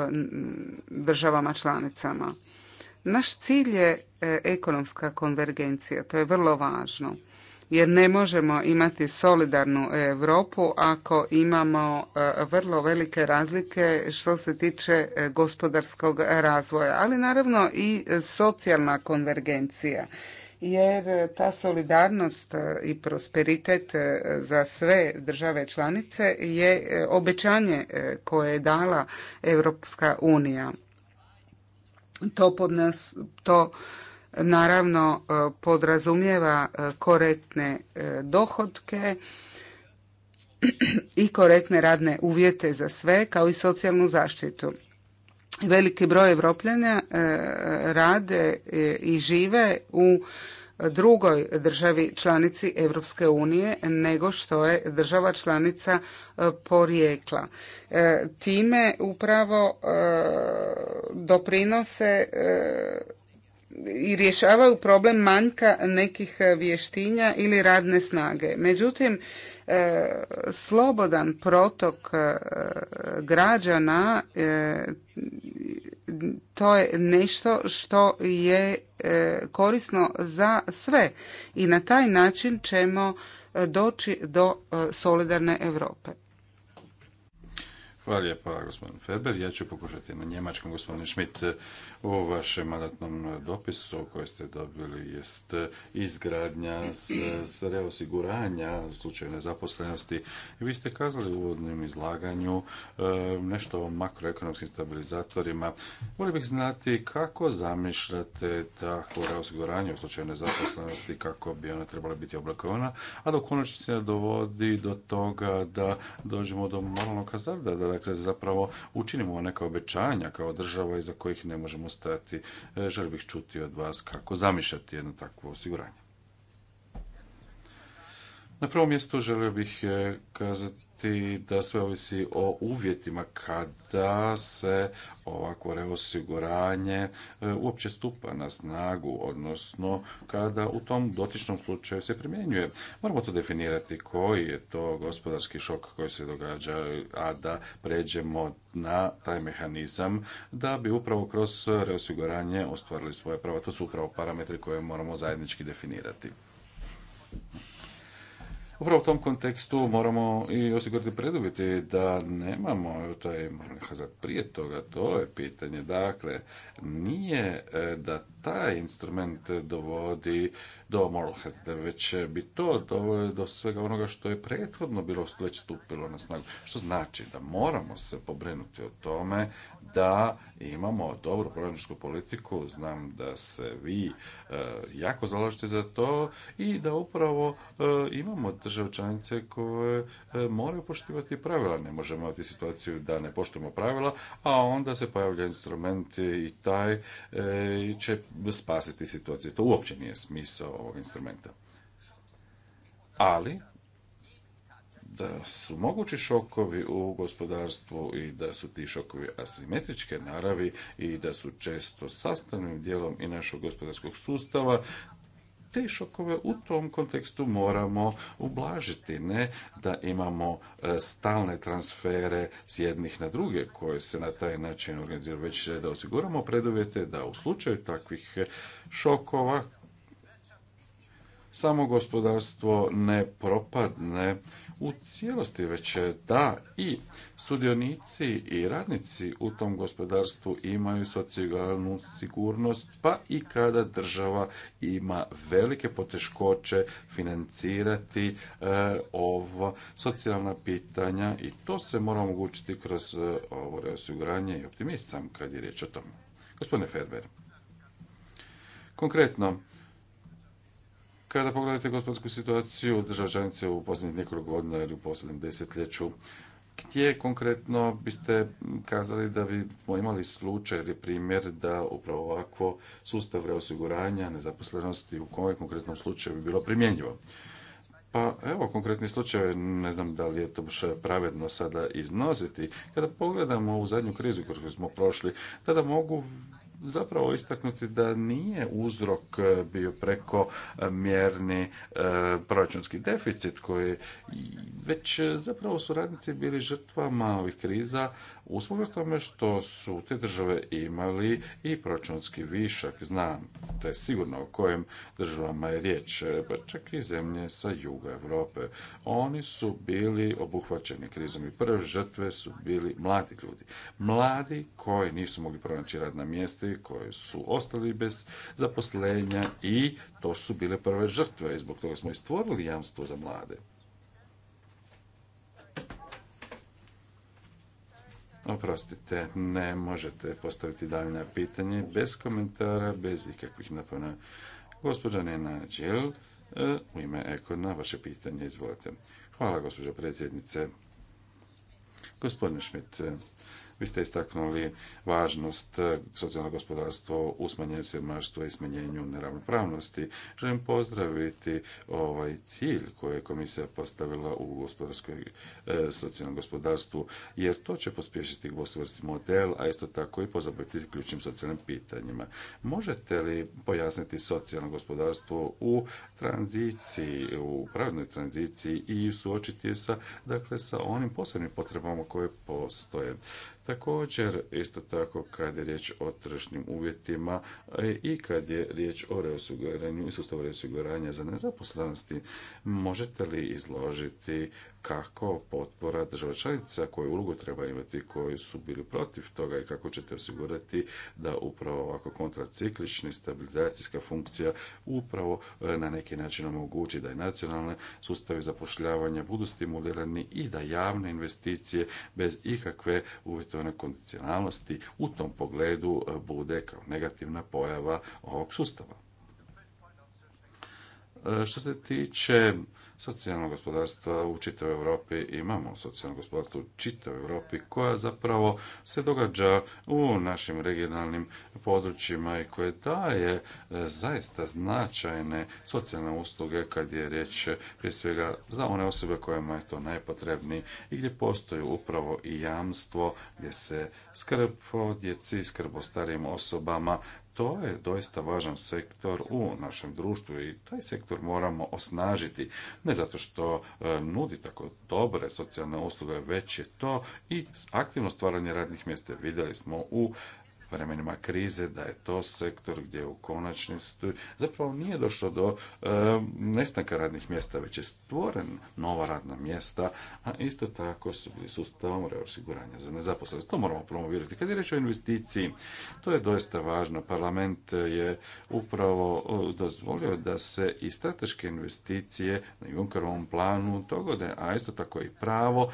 državama članicama. Naš cilj je ekonomska konvergencija, to je vrlo važno jer ne možemo imati solidarnu Europu ako imamo e, vrlo velike razlike što se tiče e, gospodarskog razvoja, ali naravno i socijalna konvergencija jer ta solidarnost e, i prosperitet za sve države članice je obećanje koje je dala Europska unija. To, podnos, to naravno e, podrazumijeva e, korektne e, dohodke i korektne radne uvjete za sve kao i socijalnu zaštitu. Veliki broj Evropljana rade i žive u drugoj državi članici Europske unije nego što je država članica porijekla. Time upravo doprinose i rješavaju problem manjka nekih e, vještinja ili radne snage. Međutim, e, slobodan protok e, građana to je nešto što je korisno za sve i na taj način ćemo doći do solidarne Europe. Hvala lijepa, gospodin Ferber. Ja ću pokušati na njemačkom, gospodin Schmidt. U vašem mandatnom dopisu koje ste dobili jest izgradnja s, reosiguranja u slučaju nezaposlenosti. Vi ste kazali u uvodnom izlaganju e, nešto o makroekonomskim stabilizatorima. Volim bih znati kako zamišljate tako reosiguranje u slučaju nezaposlenosti, kako bi ona trebala biti oblikovana, a do se dovodi do toga da dođemo do moralnog hazarda, da dakle zapravo učinimo neka obećanja kao država iza kojih ne možemo stati. E, Želim bih čuti od vas kako zamišljati jedno takvo osiguranje. Na prvom mjestu želio bih e, kazati i da sve ovisi o uvjetima kada se ovako reosiguranje e, uopće stupa na snagu, odnosno kada u tom dotičnom slučaju se primjenjuje. Moramo to definirati koji je to gospodarski šok koji se događa, a da pređemo na taj mehanizam da bi upravo kroz reosiguranje ostvarili svoje prava. To su upravo parametri koje moramo zajednički definirati. Upravo u tom kontekstu moramo i osigurati preduvjeti da nemamo taj hazard prije toga, to je pitanje. Dakle, nije e, da taj instrument dovodi do moral hazarda, već bi to dovelo do svega onoga što je prethodno bilo već stupilo na snagu. Što znači da moramo se pobrinuti o tome da imamo dobru proračunsku politiku. Znam da se vi e, jako zalažete za to i da upravo e, imamo države članice koje e, moraju poštivati pravila. Ne možemo imati situaciju da ne poštujemo pravila, a onda se pojavlja instrument i taj će spasiti situaciju. To uopće nije smisao ovog instrumenta. Ali da su mogući šokovi u gospodarstvu i da su ti šokovi asimetričke naravi i da su često sastavnim dijelom i našog gospodarskog sustava, te šokove u tom kontekstu moramo ublažiti, ne da imamo e, stalne transfere s jednih na druge koje se na taj način organiziraju, već da osiguramo preduvjete da u slučaju takvih e, šokova samo gospodarstvo ne propadne u cijelosti, već da i sudionici i radnici u tom gospodarstvu imaju socijalnu sigurnost, pa i kada država ima velike poteškoće financirati e, socijalna pitanja i to se mora omogućiti kroz e, ovo reosiguranje i optimist kad je riječ o tome. Gospodine Ferber, konkretno, kada pogledate gospodarsku situaciju država u posljednjih nekoliko godina ili u posljednjem desetljeću, gdje konkretno biste kazali da bi imali slučaj ili primjer da upravo ovako sustav reosiguranja nezaposlenosti u kojem konkretnom slučaju bi bilo primjenjivo? Pa evo, konkretni slučaj, ne znam da li je to baš pravedno sada iznositi. Kada pogledamo ovu zadnju krizu koju smo prošli, tada mogu zapravo istaknuti da nije uzrok e, bio preko e, mjerni e, proračunski deficit koji već zapravo su radnici bili žrtvama ovih kriza Uspog tome što su te države imali i proračunski višak. Znam da je sigurno o kojem državama je riječ, pa čak i zemlje sa juga Europe. Oni su bili obuhvaćeni krizom i prve žrtve su bili mladi ljudi. Mladi koji nisu mogli pronaći radna mjesta i koji su ostali bez zaposlenja i to su bile prve žrtve i zbog toga smo i stvorili jamstvo za mlade. Oprostite, ne možete postaviti daljnja pitanje bez komentara, bez ikakvih napona. Gospođa Nena Đel, e, u ime Eko, na vaše pitanje, izvolite. Hvala, gospođo predsjednice. Gospodine Šmit, vi ste istaknuli važnost eh, socijalno gospodarstva u smanjenju siromaštva i smanjenju neravnopravnosti. Želim pozdraviti ovaj cilj koji je komisija postavila u gospodarskoj eh, socijalnom gospodarstvu, jer to će pospješiti gospodarski model, a isto tako i pozabaviti ključnim socijalnim pitanjima. Možete li pojasniti socijalno gospodarstvo u tranziciji, u pravednoj tranziciji i suočiti je dakle, sa onim posebnim potrebama koje postoje. Također, isto tako kad je riječ o tržišnim uvjetima e, i kad je riječ o reosiguranju i sustavu reosiguranja za nezaposlenosti, možete li izložiti kako potpora država članica koju ulogu treba imati, koji su bili protiv toga i kako ćete osigurati da upravo ovako kontraciklični stabilizacijska funkcija upravo e, na neki način omogući da i nacionalne sustave zapošljavanja budu stimulirani i da javne investicije bez ikakve uvjetovane kondicionalnosti u tom pogledu e, bude kao negativna pojava ovog sustava. E, što se tiče socijalno gospodarstva u čitavoj Europi. Imamo socijalno gospodarstvo u čitavoj Europi koja zapravo se događa u našim regionalnim područjima i koje daje e, zaista značajne socijalne usluge kad je riječ e, prije svega za one osobe kojima je to najpotrebniji i gdje postoji upravo i jamstvo gdje se skrb o djeci, skrb o starijim osobama to je doista važan sektor u našem društvu i taj sektor moramo osnažiti. Ne zato što e, nudi tako dobre socijalne usluge, već je to i aktivno stvaranje radnih mjesta. Vidjeli smo u vremenima krize, da je to sektor gdje u konačnosti zapravo nije došlo do e, nestanka radnih mjesta, već je stvoren nova radna mjesta, a isto tako su bili sustavom reosiguranja za nezaposlenost. To moramo promovirati. Kad je reč o investiciji, to je doista važno. Parlament je upravo e, dozvolio da se i strateške investicije na Junkerovom planu dogode, a isto tako i pravo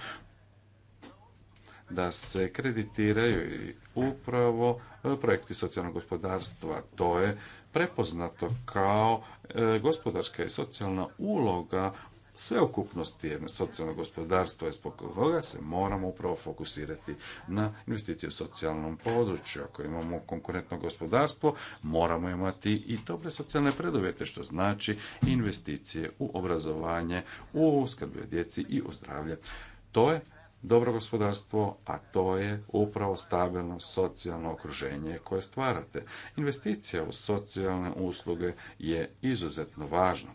da se kreditiraju i upravo e, projekti socijalnog gospodarstva. To je prepoznato kao e, gospodarska i socijalna uloga sveukupnosti jedne gospodarstva gospodarstva i zbog koga se moramo upravo fokusirati na investicije u socijalnom području. Ako imamo konkurentno gospodarstvo, moramo imati i dobre socijalne preduvjete, što znači investicije u obrazovanje, u skrbi o djeci i o zdravlje. To je dobro gospodarstvo, a to je upravo stabilno socijalno okruženje koje stvarate. Investicija u socijalne usluge je izuzetno važna.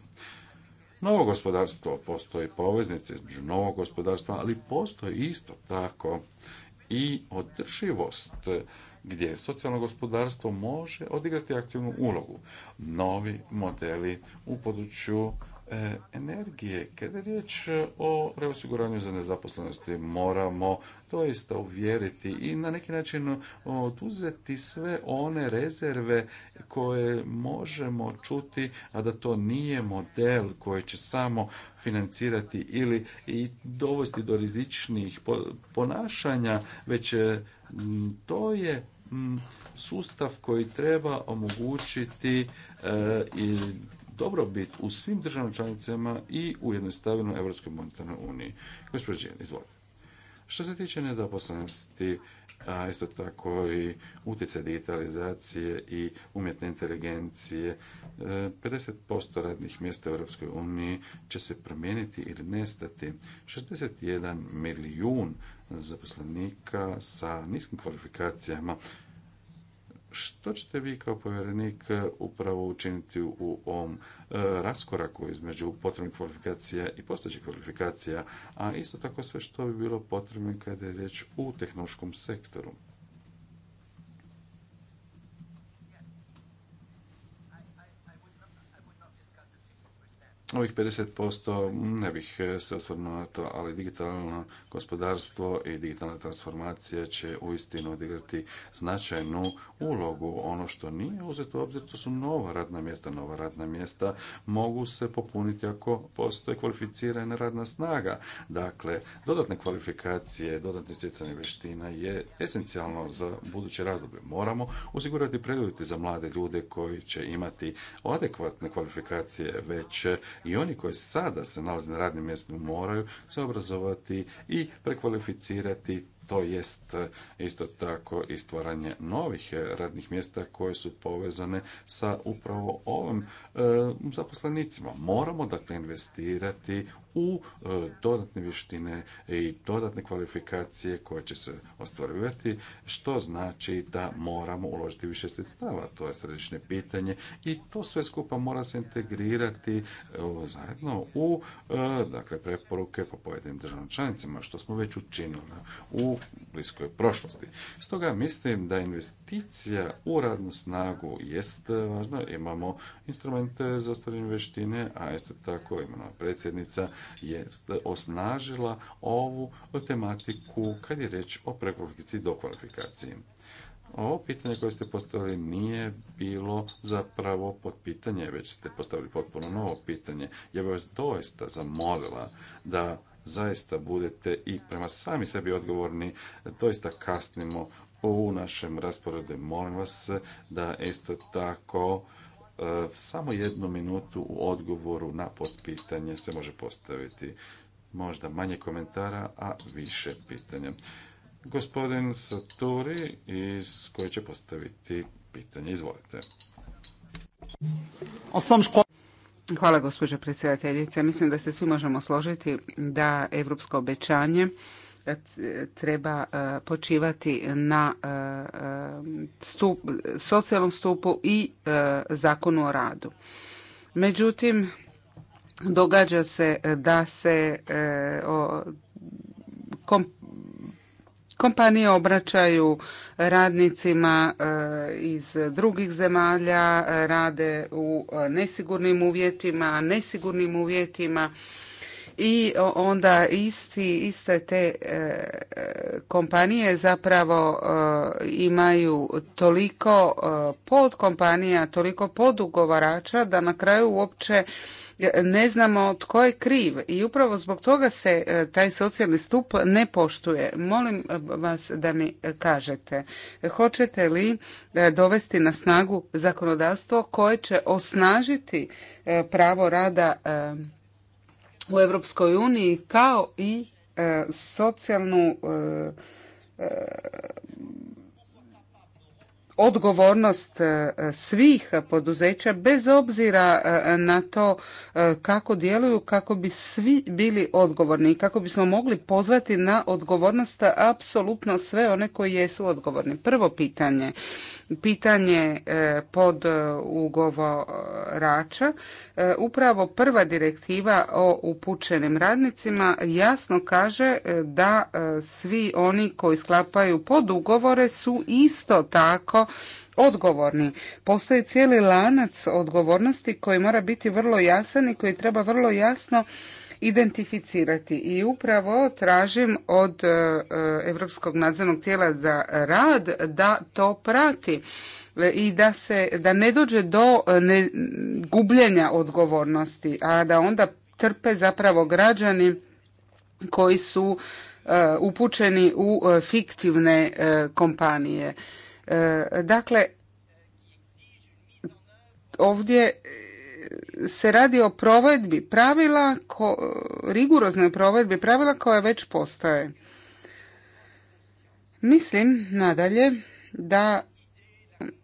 Novo gospodarstvo postoji poveznice između novog gospodarstva, ali postoji isto tako i održivost gdje socijalno gospodarstvo može odigrati aktivnu ulogu. Novi modeli u području E, energije. Kada je riječ e, o reosiguranju za nezaposlenosti, moramo doista uvjeriti i na neki način oduzeti sve one rezerve koje možemo čuti, a da to nije model koji će samo financirati ili i dovesti do rizičnih ponašanja, već e, to je sustav koji treba omogućiti i dobrobit u svim državnim članicama i u jednostavnoj Europskoj monetarnoj uniji. Gospodin, izvolite. Što se tiče nezaposlenosti, a isto tako i utjecaj digitalizacije i umjetne inteligencije. 50% e, radnih mjesta u Europskoj uniji će se promijeniti ili nestati. 61 milijun zaposlenika sa niskim kvalifikacijama što ćete vi kao povjerenik e, upravo učiniti u ovom e, raskoraku između potrebnih kvalifikacija i postojećih kvalifikacija, a isto tako sve što bi bilo potrebno kada je riječ u tehnološkom sektoru? ovih 50% ne bih e, se osvrnuo na to, ali digitalno gospodarstvo i digitalna transformacija će uistinu odigrati značajnu ulogu. Ono što nije uzeto u obzir, to su nova radna mjesta. Nova radna mjesta mogu se popuniti ako postoje kvalificirana radna snaga. Dakle, dodatne kvalifikacije, dodatne stjecanje veština je esencijalno za buduće razdoblje. Moramo osigurati preduvjete za mlade ljude koji će imati adekvatne kvalifikacije već i oni koji sada se nalaze na radnim mjestima moraju se obrazovati i prekvalificirati to jest e, isto tako i stvaranje novih e, radnih mjesta koje su povezane sa upravo ovim e, zaposlenicima. Moramo dakle investirati u e, dodatne vještine i dodatne kvalifikacije koje će se ostvarivati, što znači da moramo uložiti više sredstava. To je središnje pitanje i to sve skupa mora se integrirati e, zajedno u e, dakle, preporuke po pojedinim državnim članicama, što smo već učinili u bliskoj prošlosti. Stoga mislim da investicija u radnu snagu jest važna. Imamo instrumente za ostvarivanje vještine, a isto tako imamo predsjednica je osnažila ovu tematiku kad je reč o prekvalifikaciji i dokvalifikaciji. Ovo pitanje koje ste postavili nije bilo zapravo pod pitanje, već ste postavili potpuno novo pitanje. Ja bih vas doista zamolila da zaista budete i prema sami sebi odgovorni, doista kasnimo u našem rasporedu. Molim vas da isto tako E, samo jednu minutu u odgovoru na potpitanje se može postaviti možda manje komentara, a više pitanja. Gospodin Saturi iz koje će postaviti pitanje. Izvolite. Hvala gospođo predsjedateljice. Mislim da se svi možemo složiti da evropsko obećanje treba e, počivati na e, e, socijalnom stupu i zakonu o radu. Međutim, događa se da se kompanije obraćaju radnicima iz drugih zemalja, rade u nesigurnim uvjetima, nesigurnim uvjetima i onda isti, iste te e, kompanije zapravo e, imaju toliko e, podkompanija, toliko podugovarača da na kraju uopće ne znamo tko je kriv i upravo zbog toga se taj socijalni stup ne poštuje. Molim vas da mi kažete, hoćete li dovesti na snagu zakonodavstvo koje će osnažiti pravo rada u Europskoj uniji kao i e, socijalnu e, e, odgovornost svih poduzeća bez obzira na to kako djeluju kako bi svi bili odgovorni i kako bismo mogli pozvati na odgovornost apsolutno sve one koji jesu odgovorni. Prvo pitanje, pitanje pod ugovorača. E, upravo prva direktiva o upućenim radnicima jasno kaže e, da e, svi oni koji sklapaju podugovore su isto tako odgovorni. Postoji cijeli lanac odgovornosti koji mora biti vrlo jasan i koji treba vrlo jasno identificirati i upravo tražim od Europskog nadzornog tijela za rad da to prati i da se da ne dođe do e, ne, gubljenja odgovornosti, a da onda trpe zapravo građani koji su e, upućeni u e, fiktivne kompanije. dakle, ovdje se radi o provedbi pravila, ko, provedbi pravila koja već postoje. Mislim nadalje da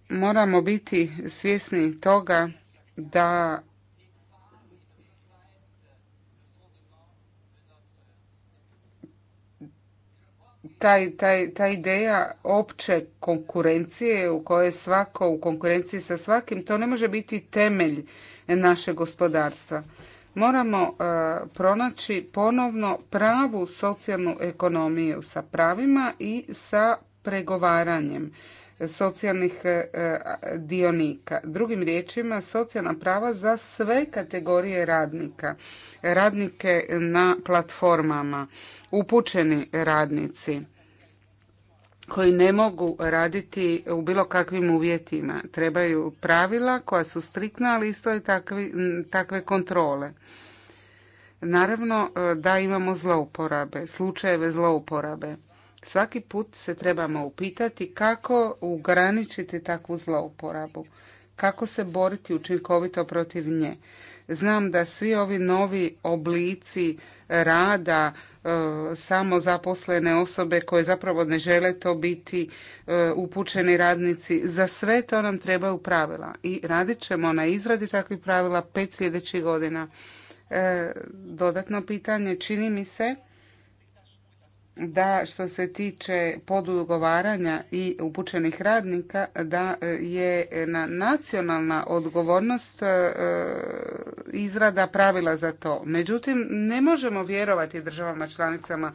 moramo biti svjesni toga da taj, taj, ta ideja opće konkurencije u kojoj svako u konkurenciji sa svakim, to ne može biti temelj našeg gospodarstva. Moramo e, pronaći ponovno pravu socijalnu ekonomiju sa pravima i sa pregovaranjem socijalnih e, e, dionika. Drugim riječima, socijalna prava za sve kategorije radnika. Radnike na platformama, upućeni radnici koji ne mogu raditi u bilo kakvim uvjetima. Trebaju pravila koja su striktna, ali isto i takve kontrole. Naravno e, da imamo zlouporabe, slučajeve zlouporabe. Svaki put se trebamo upitati kako ugraničiti takvu zlouporabu, kako se boriti učinkovito protiv nje. Znam da svi ovi novi oblici rada, e, samo zaposlene osobe koje zapravo ne žele to biti e, upućeni radnici. Za sve to nam trebaju pravila i radit ćemo na izradi takvih pravila pet sljedećih godina. E, dodatno pitanje, čini mi se da što se tiče podugovaranja i upućenih radnika da e, je na nacionalna odgovornost e, izrada pravila za to. Međutim, ne možemo vjerovati državama članicama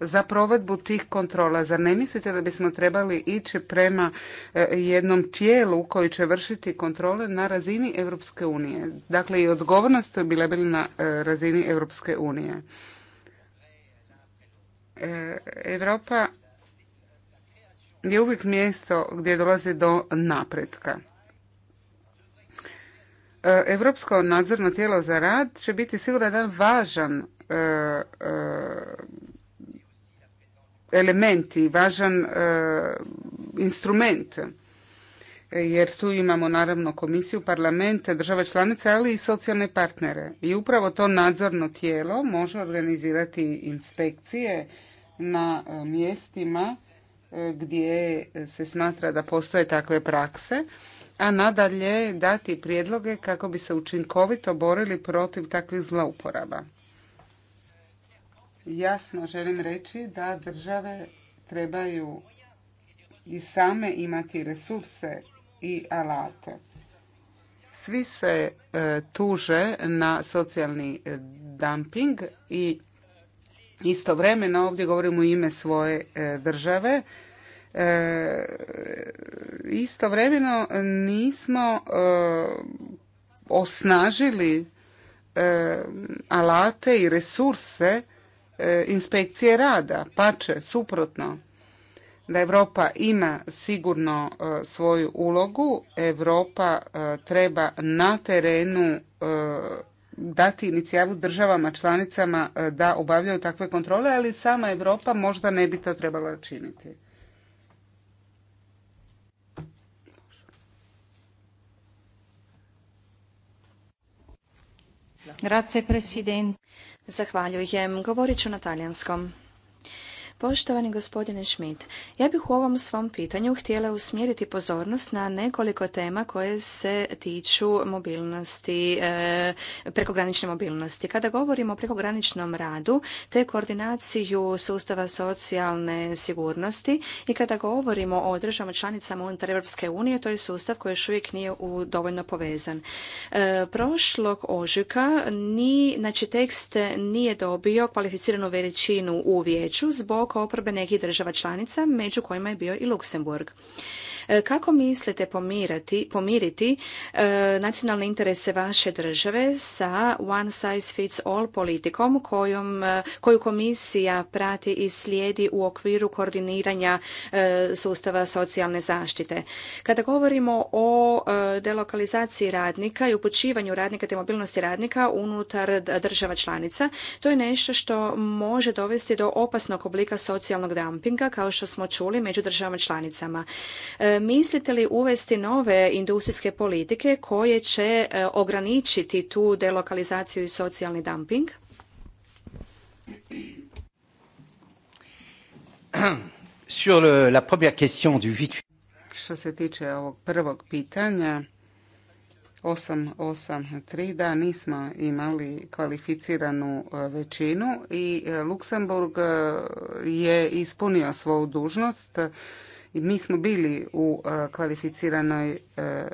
za provedbu tih kontrola. Zar ne mislite da bismo trebali ići prema e, jednom tijelu koji će vršiti kontrole na razini Europske unije? Dakle, i odgovornost bila bi na razini Europske unije. Europa je uvijek mjesto gdje dolazi do napretka. E, Europsko nadzorno tijelo za rad će biti sigurno jedan važan e, e, element i važan instrument jer tu imamo naravno komisiju, parlament, države članice, ali i socijalne partnere. I upravo to nadzorno tijelo može organizirati inspekcije, na e, mjestima e, gdje se smatra da postoje takve prakse, a nadalje dati prijedloge kako bi se učinkovito borili protiv takvih zlouporaba. Jasno želim reći da države trebaju i same imati resurse i alate. Svi se e, tuže na socijalni dumping i Istovremeno ovdje govorimo u ime svoje e, države. E, istovremeno nismo e, osnažili alate i resurse inspekcije rada. Pače, suprotno, da Europa ima sigurno svoju ulogu. Europa treba na terenu dati inicijavu državama članicama e, da obavljaju takve kontrole, ali sama Europa možda ne bi to trebala činiti. Grazie, Zahvaljujem. Govorit ću na talijanskom. Poštovani gospodine Schmidt, ja bih u ovom svom pitanju htjela usmjeriti pozornost na nekoliko tema koje se tiču mobilnosti, e, prekogranične mobilnosti. Kada govorimo o prekograničnom radu, te koordinaciju sustava socijalne sigurnosti i kada govorimo o državama članicama unutar Europske unije, to je sustav koji još uvijek nije dovoljno povezan. E, prošlog ožujka ni, znači tekst nije dobio kvalificiranu veličinu u vijeću zbog oporbe nekih država članica, među kojima je bio i Luksemburg. E, kako mislite pomirati, pomiriti e, nacionalne interese vaše države sa one size fits all politikom kojom, e, koju komisija prati i slijedi u okviru koordiniranja sustava socijalne zaštite? Kada govorimo o delokalizaciji radnika i upućivanju radnika te mobilnosti radnika unutar država članica, to je nešto što može dovesti do opasnog oblika socijalnog dampinga kao što smo čuli među državama članicama. Mislite li uvesti nove industrijske politike koje će e, ograničiti tu delokalizaciju i socijalni dumping? Sur Što se tiče ovog prvog pitanja, 883, da nismo imali kvalificiranu e, većinu i e, Luksemburg je ispunio svoju dužnost mi smo bili u e, kvalificiranoj e, e,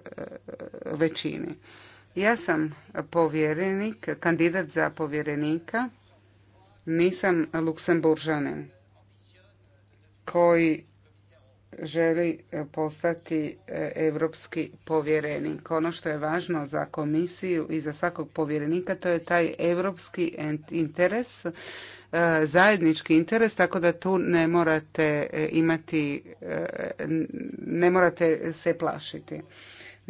većini. Ja sam povjerenik, kandidat za povjerenika, nisam luksemburžanin koji želi e, postati europski povjerenik. Ono što je važno za komisiju i za svakog povjerenika to je taj europski interes, e, zajednički interes, tako da tu ne morate e, imati, ne morate se plašiti.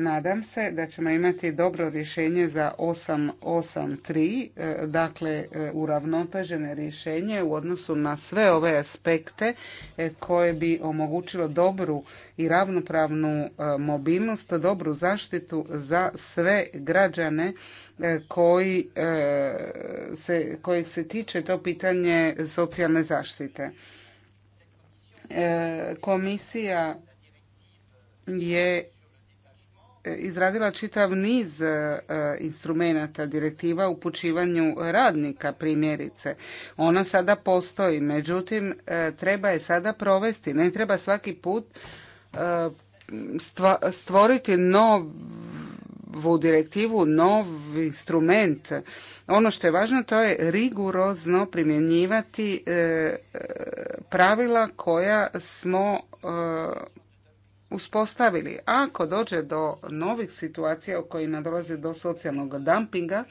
Nadam se da ćemo imati dobro rješenje za 883, e, dakle e, uravnotežene rješenje u odnosu na sve ove aspekte e, koje bi omogućilo dobru i ravnopravnu mobilnost, dobru zaštitu za sve građane koji se, koji se tiče to pitanje socijalne zaštite. Komisija je izradila čitav niz e, instrumenata direktiva upućivanju radnika primjerice. Ona sada postoji, međutim e, treba je sada provesti. Ne treba svaki put e, stvoriti novu direktivu, nov instrument. Ono što je važno to je rigurozno primjenjivati pravila koja smo uspostavili. Ako dođe do novih situacija u kojima dolazi do socijalnog dumpinga,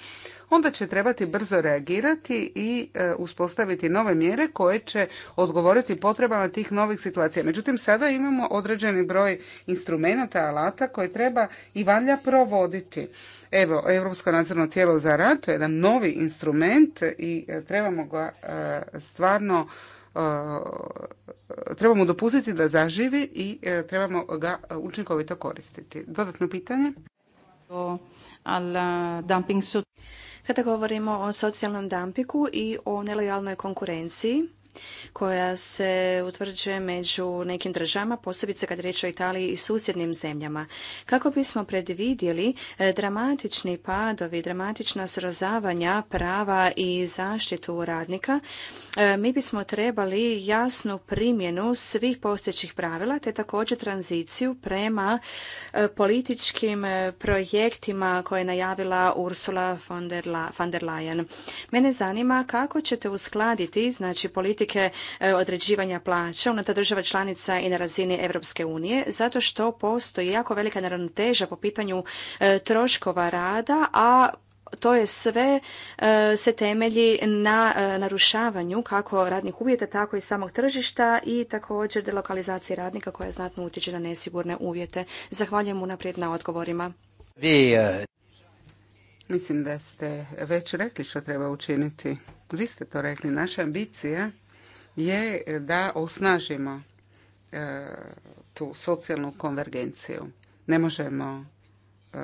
onda će trebati brzo reagirati i e, uspostaviti nove mjere koje će odgovoriti potrebama tih novih situacija. Međutim, sada imamo određeni broj instrumenata, alata koje treba i valja provoditi. Evo, Europsko nadzorno tijelo za rad, to je jedan novi instrument i e, trebamo ga e, stvarno E, trebamo dopustiti da zaživi i e, trebamo ga e, učinkovito koristiti. Dodatno pitanje? Kada govorimo o socijalnom dampiku i o nelojalnoj konkurenciji, koja se utvrđuje među nekim državama, posebice kad riječ o Italiji i susjednim zemljama. Kako bismo predvidjeli e, dramatični padovi, dramatična srozavanja prava i zaštitu radnika, e, mi bismo trebali jasnu primjenu svih postojećih pravila, te također tranziciju prema e, političkim projektima koje je najavila Ursula von der Leyen. Mene zanima kako ćete uskladiti znači politike politike e, određivanja plaća unutar država članica i na razini Europske unije, zato što postoji jako velika neravnoteža po pitanju e, troškova rada, a to je sve e, se temelji na narušavanju kako radnih uvjeta, tako i samog tržišta i također delokalizacije radnika koja znatno utječe na nesigurne uvjete. Zahvaljujem unaprijed na odgovorima. Mislim da ste već rekli što treba učiniti. Vi ste to rekli. Naša ambicija je da osnažimo e, tu socijalnu konvergenciju. Ne možemo e,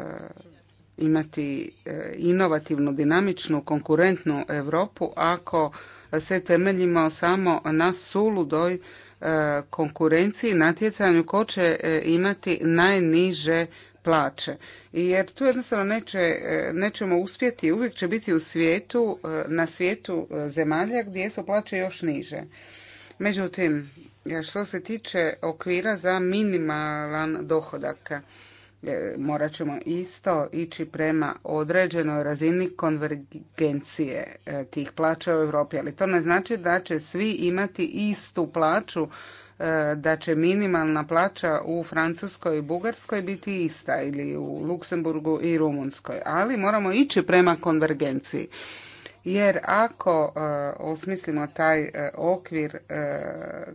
imati e, inovativnu, dinamičnu, konkurentnu Europu ako se temeljimo samo na suludoj konkurenciji, natjecanju ko će imati najniže plaće. Jer tu jednostavno neće, e, nećemo uspjeti, uvijek će biti u svijetu, e, na svijetu e, zemalja gdje su plaće još niže. Međutim, što se tiče okvira za minimalan dohodak, morat ćemo isto ići prema određenoj razini konvergencije tih plaća u Europi, ali to ne znači da će svi imati istu plaću E, da će minimalna plaća u Francuskoj i Bugarskoj biti ista ili u Luksemburgu i Rumunskoj, ali moramo ići prema konvergenciji. Jer ako e, osmislimo taj e, okvir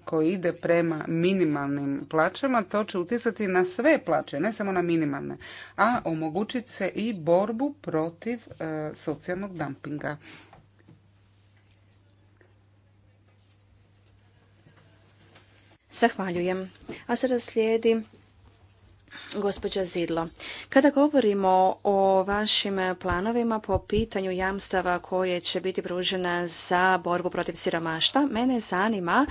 koji ide prema minimalnim plaćama, to će utjecati na sve plaće, ne samo na minimalne, a omogućit se i borbu protiv socijalnog dumpinga. Zahvaljujem. A sada slijedi Gospođa Zidlo, kada govorimo o vašim planovima po pitanju jamstava koje će biti pružena za borbu protiv siromaštva, mene zanima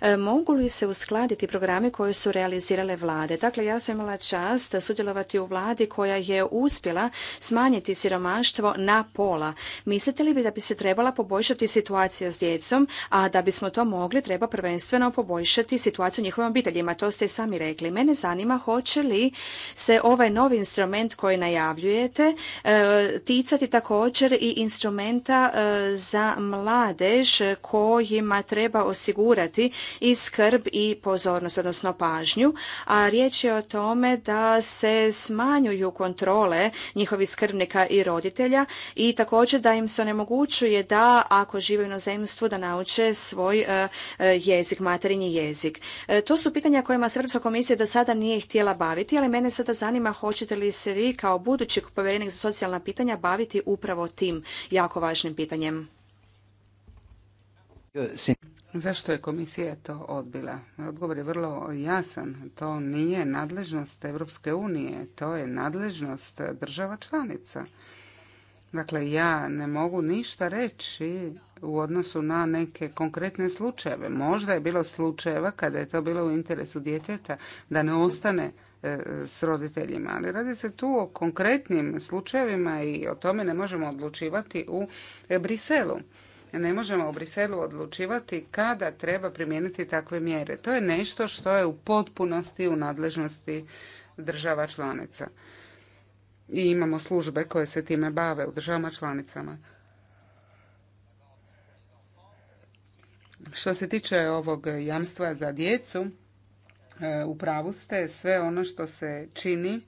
e, mogu li se uskladiti programi koje su realizirale vlade. Dakle, ja sam imala čast sudjelovati u vladi koja je uspjela smanjiti siromaštvo na pola. Mislite li bi da bi se trebala poboljšati situacija s djecom, a da bismo to mogli treba prvenstveno poboljšati situaciju njihovim obiteljima? To ste i sami rekli. Mene zanima hoće li se ovaj novi instrument koji najavljujete e, ticati također i instrumenta e, za mladež kojima treba osigurati i skrb i pozornost, odnosno pažnju, a riječ je o tome da se smanjuju kontrole njihovih skrbnika i roditelja i također da im se onemogućuje da ako žive u inozemstvu da nauče svoj e, jezik, materinji jezik. To su pitanja kojima Srpska komisija do sada nije htjela baviti, ali mene sada zanima hoćete li se vi kao budući povjerenik za socijalna pitanja baviti upravo tim jako važnim pitanjem. Zašto je komisija to odbila? Odgovor je vrlo jasan. To nije nadležnost Europske unije, to je nadležnost država članica. Dakle, ja ne mogu ništa reći u odnosu na neke konkretne slučajeve. Možda je bilo slučajeva kada je to bilo u interesu djeteta da ne ostane E, s roditeljima. Ali radi se tu o konkretnim slučajevima i o tome ne možemo odlučivati u e, Briselu. Ne možemo u Briselu odlučivati kada treba primijeniti takve mjere. To je nešto što je u potpunosti u nadležnosti država članica. I imamo službe koje se time bave u državama članicama. Što se tiče ovog jamstva za djecu, E, u pravu ste, sve ono što se čini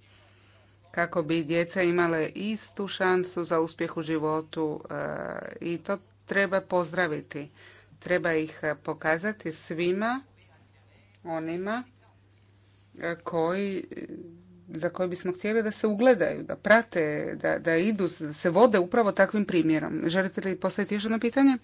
kako bi djeca imale istu šansu za uspjeh u životu e, i to treba pozdraviti. Treba ih pokazati svima onima e, koji, za koje bismo htjeli da se ugledaju, da prate, da, da idu, da se vode upravo takvim primjerom. Želite li postaviti još jedno pitanje?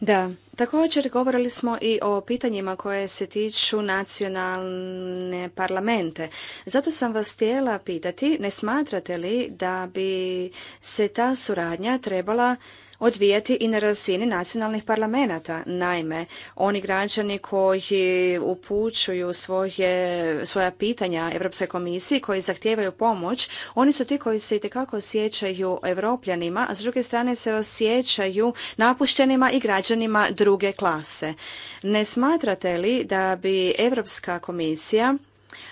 Da, također govorili smo i o pitanjima koje se tiču nacionalne parlamente. Zato sam vas htjela pitati, ne smatrate li da bi se ta suradnja trebala odvijati i na razini nacionalnih parlamenata. Naime, oni građani koji upućuju svoje, svoja pitanja Europskoj komisiji, koji zahtijevaju pomoć, oni su ti koji se itekako osjećaju evropljanima, a s druge strane se osjećaju napuštenima i građanima druge klase. Ne smatrate li da bi Europska komisija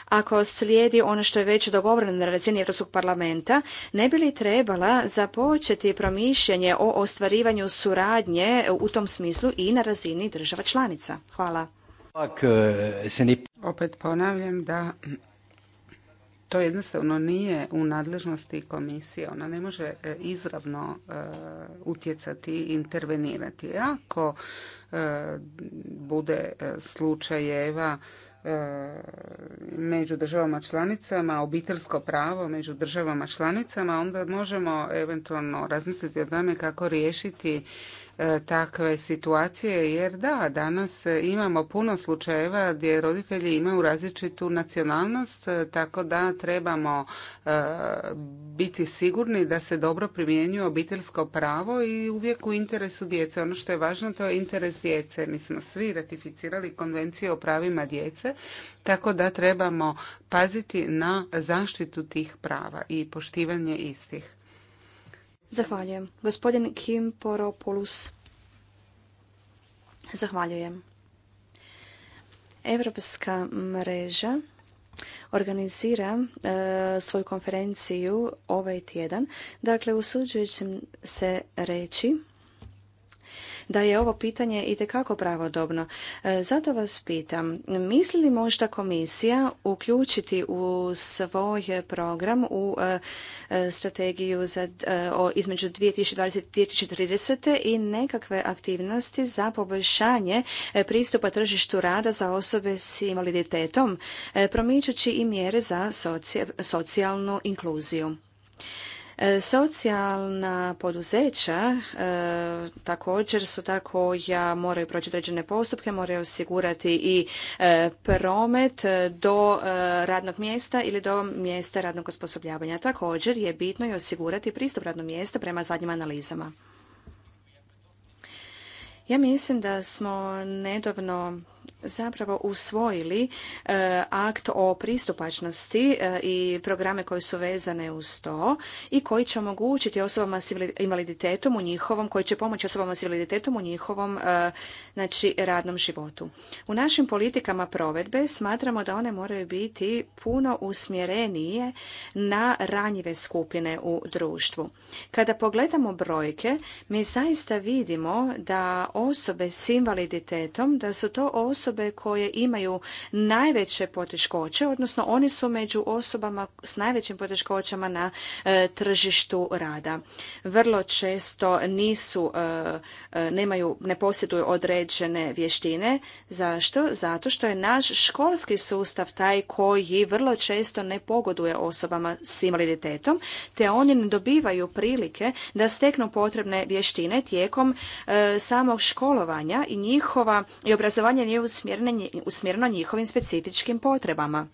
ako slijedi ono što je već dogovoreno na razini Europskog parlamenta, ne bi li trebala započeti promišljanje o ostvarivanju suradnje u tom smislu i na razini država članica? Hvala. E, Opet ponavljam da to jednostavno nije u nadležnosti komisije. Ona ne može e, izravno e, utjecati i intervenirati. Ako bude slučajeva među državama članicama, obiteljsko pravo među državama članicama, onda možemo eventualno razmisliti o tome kako riješiti E, takve situacije jer da, danas imamo puno slučajeva gdje roditelji imaju različitu nacionalnost, e, tako da trebamo e, biti sigurni da se dobro primjenjuje obiteljsko pravo i uvijek u interesu djece. Ono što je važno to je interes djece. Mi smo svi ratificirali konvenciju o pravima djece, tako da trebamo paziti na zaštitu tih prava i poštivanje istih. Zahvaljujem. Gospodin Kim Zahvaljujem. Europska mreža organizira e, svoju konferenciju ovaj tjedan. Dakle, usuđujući se reći da je ovo pitanje itekako pravodobno. E, zato vas pitam, misli li možda komisija uključiti u svoj program u e, e, strategiju za, između 2020 i 2030 i nekakve aktivnosti za poboljšanje pristupa tržištu rada za osobe s invaliditetom, promičući i mjere za socijalnu inkluziju. E, socijalna poduzeća e, također su ta koja moraju proći određene postupke, moraju osigurati i e, promet do radnog mjesta ili do mjesta radnog osposobljavanja. Također je bitno i osigurati pristup radnog mjesta prema zadnjim analizama. Ja mislim da smo nedavno zapravo usvojili e, akt o pristupačnosti e, i programe koje su vezane uz to i koji će omogućiti osobama s invaliditetom u njihovom, koji će pomoći osobama s invaliditetom u njihovom e, znači radnom životu. U našim politikama provedbe smatramo da one moraju biti puno usmjerenije na ranjive skupine u društvu. Kada pogledamo brojke, mi zaista vidimo da osobe s invaliditetom, da su to osobe koje imaju najveće poteškoće, odnosno oni su među osobama s najvećim poteškoćama na e, tržištu rada. Vrlo često nisu, e, e, nemaju, ne posjeduju određene određene vještine. Zašto? Zato što je naš školski sustav taj koji vrlo često ne pogoduje osobama s invaliditetom, te oni ne dobivaju prilike da steknu potrebne vještine tijekom e, samog školovanja i njihova i obrazovanje nije usmjereno njihovim specifičkim potrebama.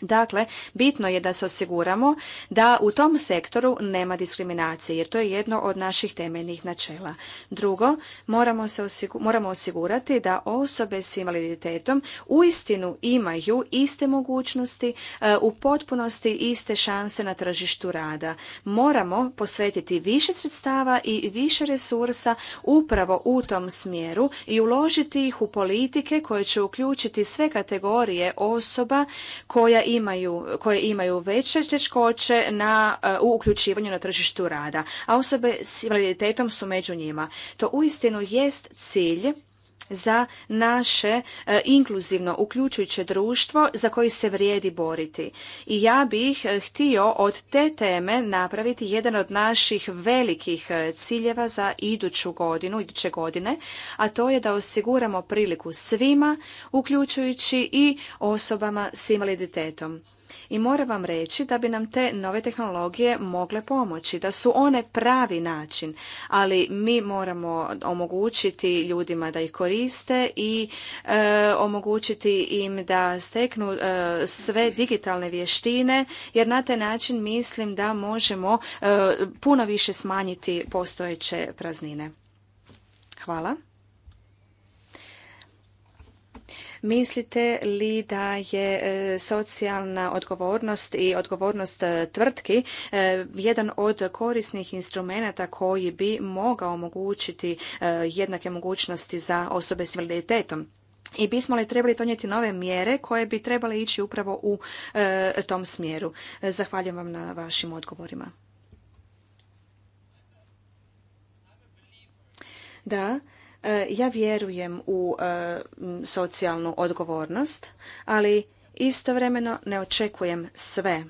Dakle, bitno je da se osiguramo da u tom sektoru nema diskriminacije, jer to je jedno od naših temeljnih načela. Drugo, moramo, se moramo osigurati da osobe s invaliditetom uistinu imaju iste mogućnosti, e, u potpunosti iste šanse na tržištu rada. Moramo posvetiti više sredstava i više resursa upravo u tom smjeru i uložiti ih u politike koje će uključiti sve kategorije osoba koja imaju, koje imaju veće teškoće na, e, u uključivanju na tržištu rada, a osobe s invaliditetom su među njima. To uistinu jest cilj za naše e, inkluzivno uključujuće društvo za koje se vrijedi boriti. I ja bih e, htio od te teme napraviti jedan od naših velikih e, ciljeva za iduću godinu, iduće godine, a to je da osiguramo priliku svima, uključujući i osobama s invaliditetom. I moram vam reći da bi nam te nove tehnologije mogle pomoći, da su one pravi način, ali mi moramo omogućiti ljudima da ih koriste i e, omogućiti im da steknu e, sve digitalne vještine, jer na taj način mislim da možemo e, puno više smanjiti postojeće praznine. Hvala. Mislite li da je e, socijalna odgovornost i odgovornost e, tvrtki e, jedan od korisnih instrumenata koji bi mogao omogućiti jednake mogućnosti za osobe s invaliditetom? i bismo li trebali donijeti nove mjere koje bi trebale ići upravo u tom smjeru. Zahvaljujem vam na vašim odgovorima. Da, E, ja vjerujem u e, socijalnu odgovornost, ali istovremeno ne očekujem sve.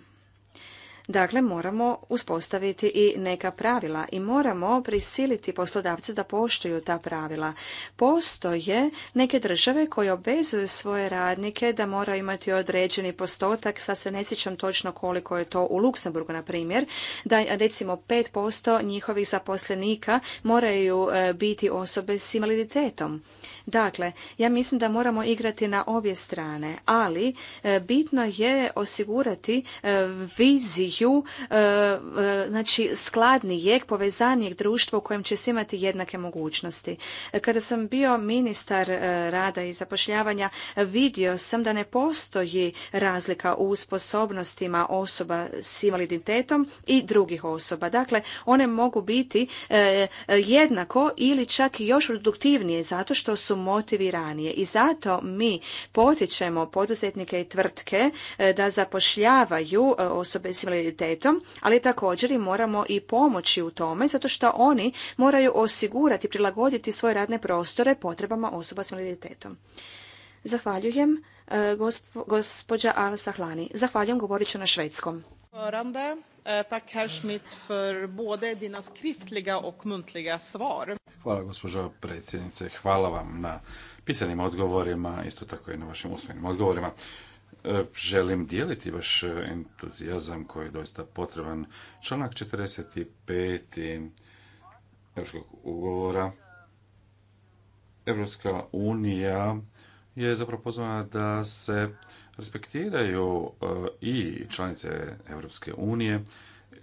Dakle, moramo uspostaviti i neka pravila i moramo prisiliti poslodavce da poštuju ta pravila. Postoje neke države koje obvezuju svoje radnike da moraju imati određeni postotak, sad se ne sjećam točno koliko je to u Luksemburgu, na primjer, da recimo 5% njihovih zaposlenika moraju e, biti osobe s invaliditetom. Dakle, ja mislim da moramo igrati na obje strane, ali e, bitno je osigurati e, viziju e, znači skladnijeg, povezanijeg društva u kojem će se imati jednake mogućnosti. Kada sam bio ministar rada i zapošljavanja, vidio sam da ne postoji razlika u sposobnostima osoba s invaliditetom i drugih osoba. Dakle, one mogu biti jednako ili čak i još produktivnije zato što su motiviranije. I zato mi potičemo poduzetnike i tvrtke e, da zapošljavaju e, osobe s invaliditetom, ali također i moramo i pomoći u tome zato što oni moraju osigurati, prilagoditi svoje radne prostore potrebama osoba s invaliditetom. Zahvaljujem e, gospođa Al Sahlani. Zahvaljujem, govorit ću na švedskom. Eh, tack herr Schmidt för både dina och muntliga svar. Hvala gospođo predsjednice, hvala vam na pisanim odgovorima, isto tako i na vašim usmenim odgovorima. Eh, želim dijeliti vaš eh, entuzijazam koji je doista potreban. Članak 45. Europskog ugovora. Europska unija je zapravo pozvana da se respektiraju e, i članice Europske unije,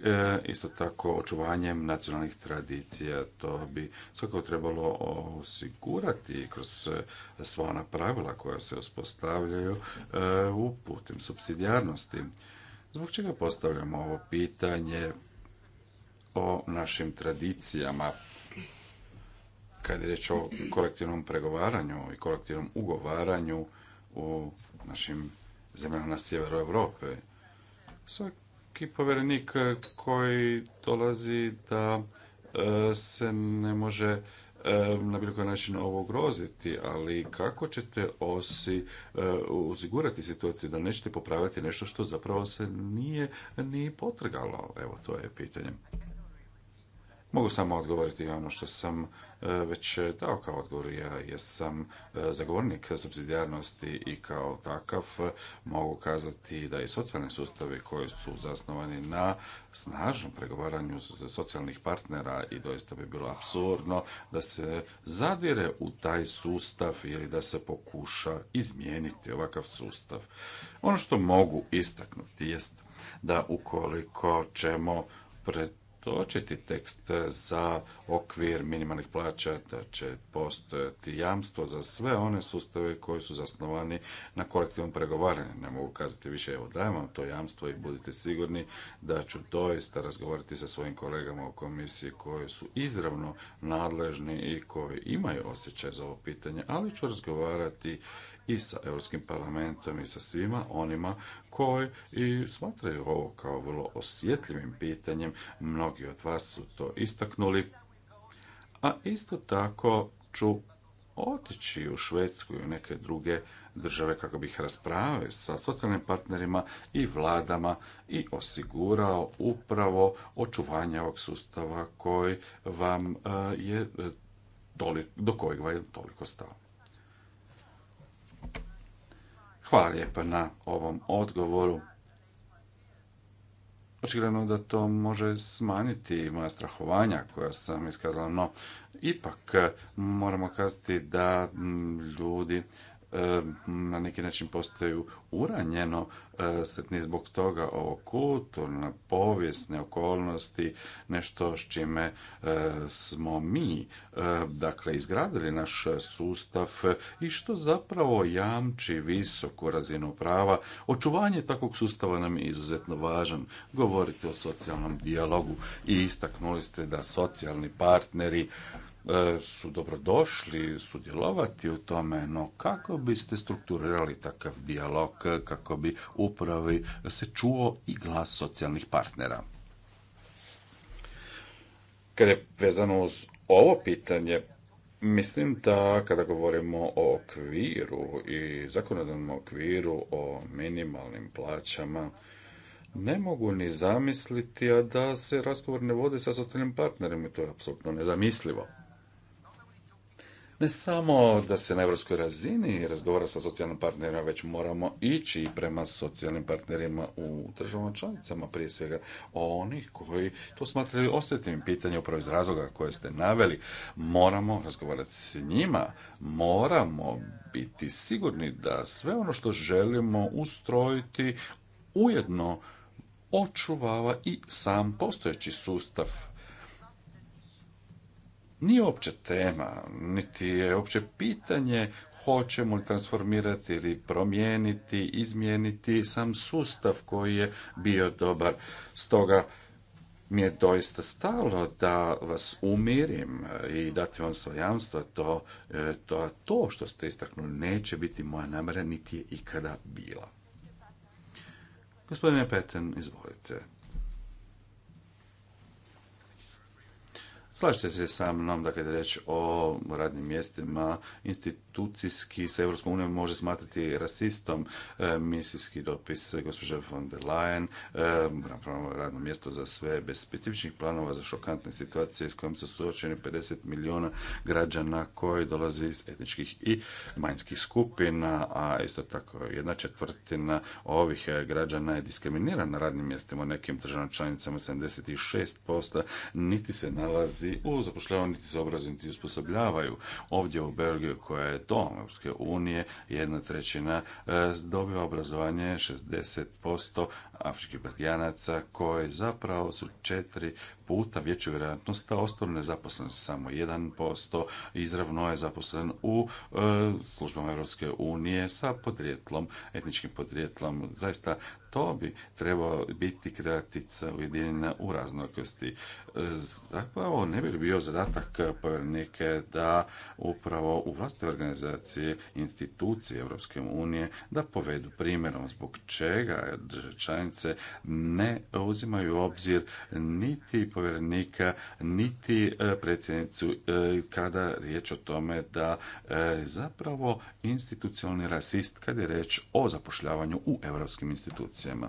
e, isto tako očuvanjem nacionalnih tradicija. To bi svakako trebalo osigurati kroz e, sva ona pravila koja se uspostavljaju u putem subsidijarnosti. Zbog čega postavljamo ovo pitanje o našim tradicijama kad je riječ o kolektivnom pregovaranju i kolektivnom ugovaranju u našim zemlja na sjeveru Europe. Svaki povjerenik e, koji dolazi da e, se ne može e, na bilo koji način ovo ugroziti, ali kako ćete osi osigurati situaciju da nećete popraviti nešto što zapravo se nije ni potrgalo? Evo, to je pitanje. Mogu samo odgovoriti ono što sam e, već dao kao odgovor. Ja jesam e, zagovornik subsidijarnosti i kao takav mogu kazati da i socijalni sustavi koji su zasnovani na snažnom pregovaranju socijalnih partnera i doista bi bilo absurdno da se zadire u taj sustav ili da se pokuša izmijeniti ovakav sustav. Ono što mogu istaknuti jest da ukoliko ćemo pred očiti tekst za okvir minimalnih plaća, da će postojati jamstvo za sve one sustave koji su zasnovani na kolektivnom pregovaranju. Ne mogu kazati više, evo dajem vam to jamstvo i budite sigurni da ću doista razgovarati sa svojim kolegama u komisiji koji su izravno nadležni i koji imaju osjećaj za ovo pitanje, ali ću razgovarati i sa Europskim parlamentom i sa svima onima koji i smatraju ovo kao vrlo osjetljivim pitanjem. Mnogi od vas su to istaknuli. A isto tako ću otići u Švedsku i u neke druge države kako bih raspravio sa socijalnim partnerima i vladama i osigurao upravo očuvanje ovog sustava koji vam eh, je eh, do kojeg vam je toliko stao. Hvala lijepa na ovom odgovoru. Očigledno da to može smanjiti moja strahovanja koja sam iskazala, no ipak moramo kazati da mm, ljudi E, na neki način postaju uranjeno e, sretni zbog toga ovo kulturno, povijesne okolnosti, nešto s čime e, smo mi dakle izgradili naš sustav i što zapravo jamči visoku razinu prava. Očuvanje takvog sustava nam je izuzetno važan. Govorite o socijalnom dijalogu i istaknuli ste da socijalni partneri E, su dobrodošli sudjelovati u tome, no kako biste strukturirali takav dijalog kako bi upravi se čuo i glas socijalnih partnera? Kada je vezano uz ovo pitanje, Mislim da kada govorimo o okviru i zakonodavnom okviru o minimalnim plaćama, ne mogu ni zamisliti, da se razgovor ne vodi sa socijalnim partnerima, to je apsolutno nezamislivo ne samo da se na Europskoj razini razgovara sa socijalnim partnerima, već moramo ići prema socijalnim partnerima u državama članicama, prije svega onih koji to smatraju osjetnim pitanjem upravo iz razloga koje ste naveli. Moramo razgovarati s njima, moramo biti sigurni da sve ono što želimo ustrojiti ujedno očuvava i sam postojeći sustav nije opće tema, niti je opće pitanje hoćemo li transformirati ili promijeniti, izmijeniti sam sustav koji je bio dobar. Stoga mi je doista stalo da vas umirim i dati vam svoje jamstva, to, e, to, to što ste istaknuli neće biti moja namjera, niti je ikada bila. Gospodine Peten, izvolite. Slažete se sa mnom dakle, da kada je reč o radnim mjestima, institucijski se Europskom može smatrati rasistom. E, misijski dopis gospođe von der Leyen, e, radno mjesto za sve, bez specifičnih planova za šokantne situacije s kojom su suočeni 50 milijuna građana koji dolazi iz etničkih i manjskih skupina, a isto tako jedna četvrtina ovih građana je diskriminirana na radnim mjestima u nekim državnim članicama 76%, niti se nalazi radnici u zapošljavanju niti se obrazuju niti usposobljavaju. Ovdje u Belgiju koja je to Europske unije jedna trećina e, dobiva obrazovanje, 60% afričkih belgijanaca koji zapravo su četiri puta veću vjerojatnost da ostanu nezaposlen samo 1%, izravno je zaposlen u e, službama Europske unije sa podrijetlom, etničkim podrijetlom. Zaista to bi trebao biti kreatica ujedinjena u raznolikosti. E, zapravo ne bi bio zadatak povjerenike da upravo u vlasti organizacije institucije Europske unije da povedu primjerom zbog čega zajednice ne uzimaju u obzir niti povjerenika, niti e, predsjednicu e, kada riječ o tome da e, zapravo institucionalni rasist kad je riječ o zapošljavanju u europskim institucijama.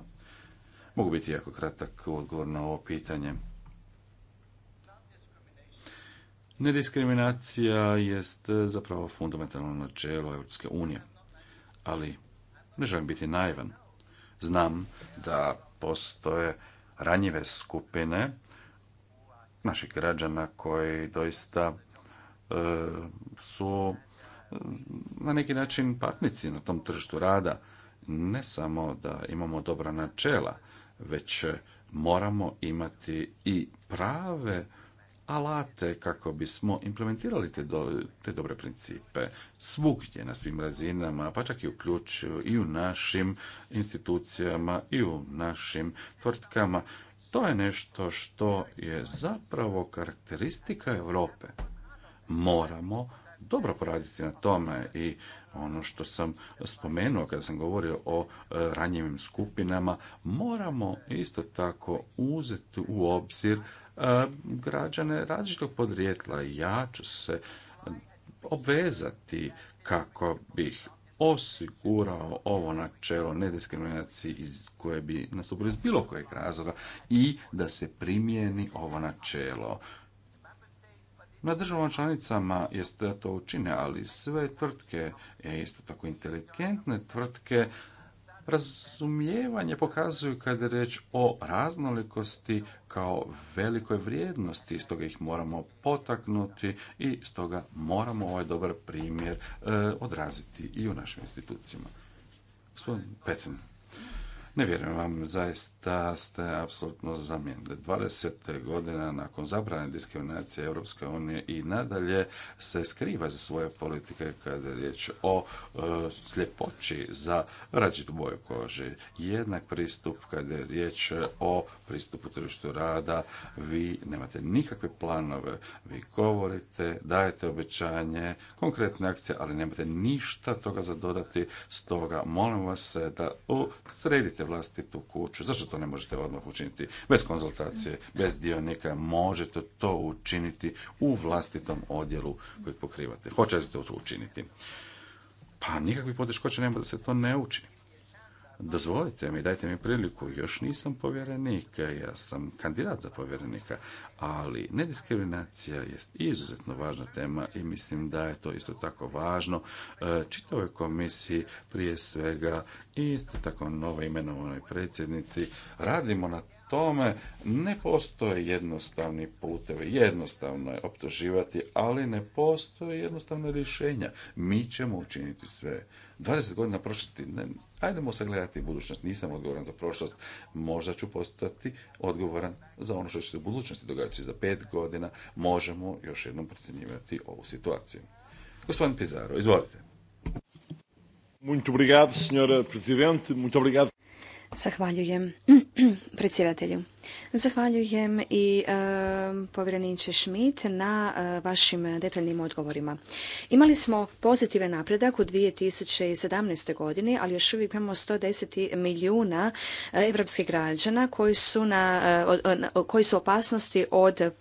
Mogu biti jako kratak odgovor na ovo pitanje. Nediskriminacija jest zapravo fundamentalno načelo Europske unije, ali ne želim biti naivan. Znam da postoje ranjive skupine naših građana koji doista e, su e, na neki način patnici na tom tržištu rada. Ne samo da imamo dobra načela, već moramo imati i prave alate kako bismo implementirali te, te dobre principe svugdje na svim razinama, pa čak i uključuju i u našim institucijama i u našim tvrtkama. To je nešto što je zapravo karakteristika Europe. Moramo dobro poraditi na tome i ono što sam spomenuo kada sam govorio o e, ranjivim skupinama, moramo isto tako uzeti u obzir E, građane različitog podrijetla. Ja ću se obvezati kako bih osigurao ovo načelo nediskriminacije iz koje bi nastupilo iz bilo kojeg razloga i da se primijeni ovo načelo. Na državama članicama jeste da to učine, ali sve tvrtke, e, isto tako inteligentne tvrtke, razumijevanje pokazuju kada je reč o raznolikosti kao velikoj vrijednosti, stoga ih moramo potaknuti i stoga moramo ovaj dobar primjer e, odraziti i u našim institucijama. Gospodin predsjedniče ne vjerujem vam, zaista ste apsolutno zamijenili. 20 godina nakon zabrane diskriminacije Europske unije i nadalje se skriva za svoje politike kada je riječ o e, sljepoći za različitu boju koži. Jednak pristup kada je riječ o pristupu tržištu rada, vi nemate nikakve planove, vi govorite, dajete obećanje, konkretne akcije, ali nemate ništa toga za dodati. Stoga molim vas da sredite vlastitu kuću. Zašto to ne možete odmah učiniti bez konzultacije, bez dionika? Možete to učiniti u vlastitom odjelu koji pokrivate. Hoćete to učiniti? Pa nikakvi poteškoća nema da se to ne učini. Dozvolite mi, dajte mi priliku, još nisam povjerenik, ja sam kandidat za povjerenika, ali nediskriminacija je izuzetno važna tema i mislim da je to isto tako važno e, čitavoj komisiji prije svega i isto tako novo imenovanoj predsjednici. Radimo na tome ne postoje jednostavni putevi, jednostavno je optuživati, ali ne postoje jednostavna rješenja. Mi ćemo učiniti sve 20 godina prošlosti, ne, ajdemo sagledati budućnost, nisam odgovoran za prošlost, možda ću postati odgovoran za ono što će se u budućnosti događati za pet godina, možemo još jednom procjenjivati ovu situaciju. Gospodin Pizarro, izvolite. Muito obrigado, senhora presidente. Muito obrigado. Zahvaljujem predsjedatelju. Zahvaljujem i e, povjereniče Schmidt na e, vašim detaljnim odgovorima. Imali smo pozitivan napredak u 2017. godini, ali još uvijek imamo 110 milijuna e, evropskih građana koji su, na, koji su opasnosti od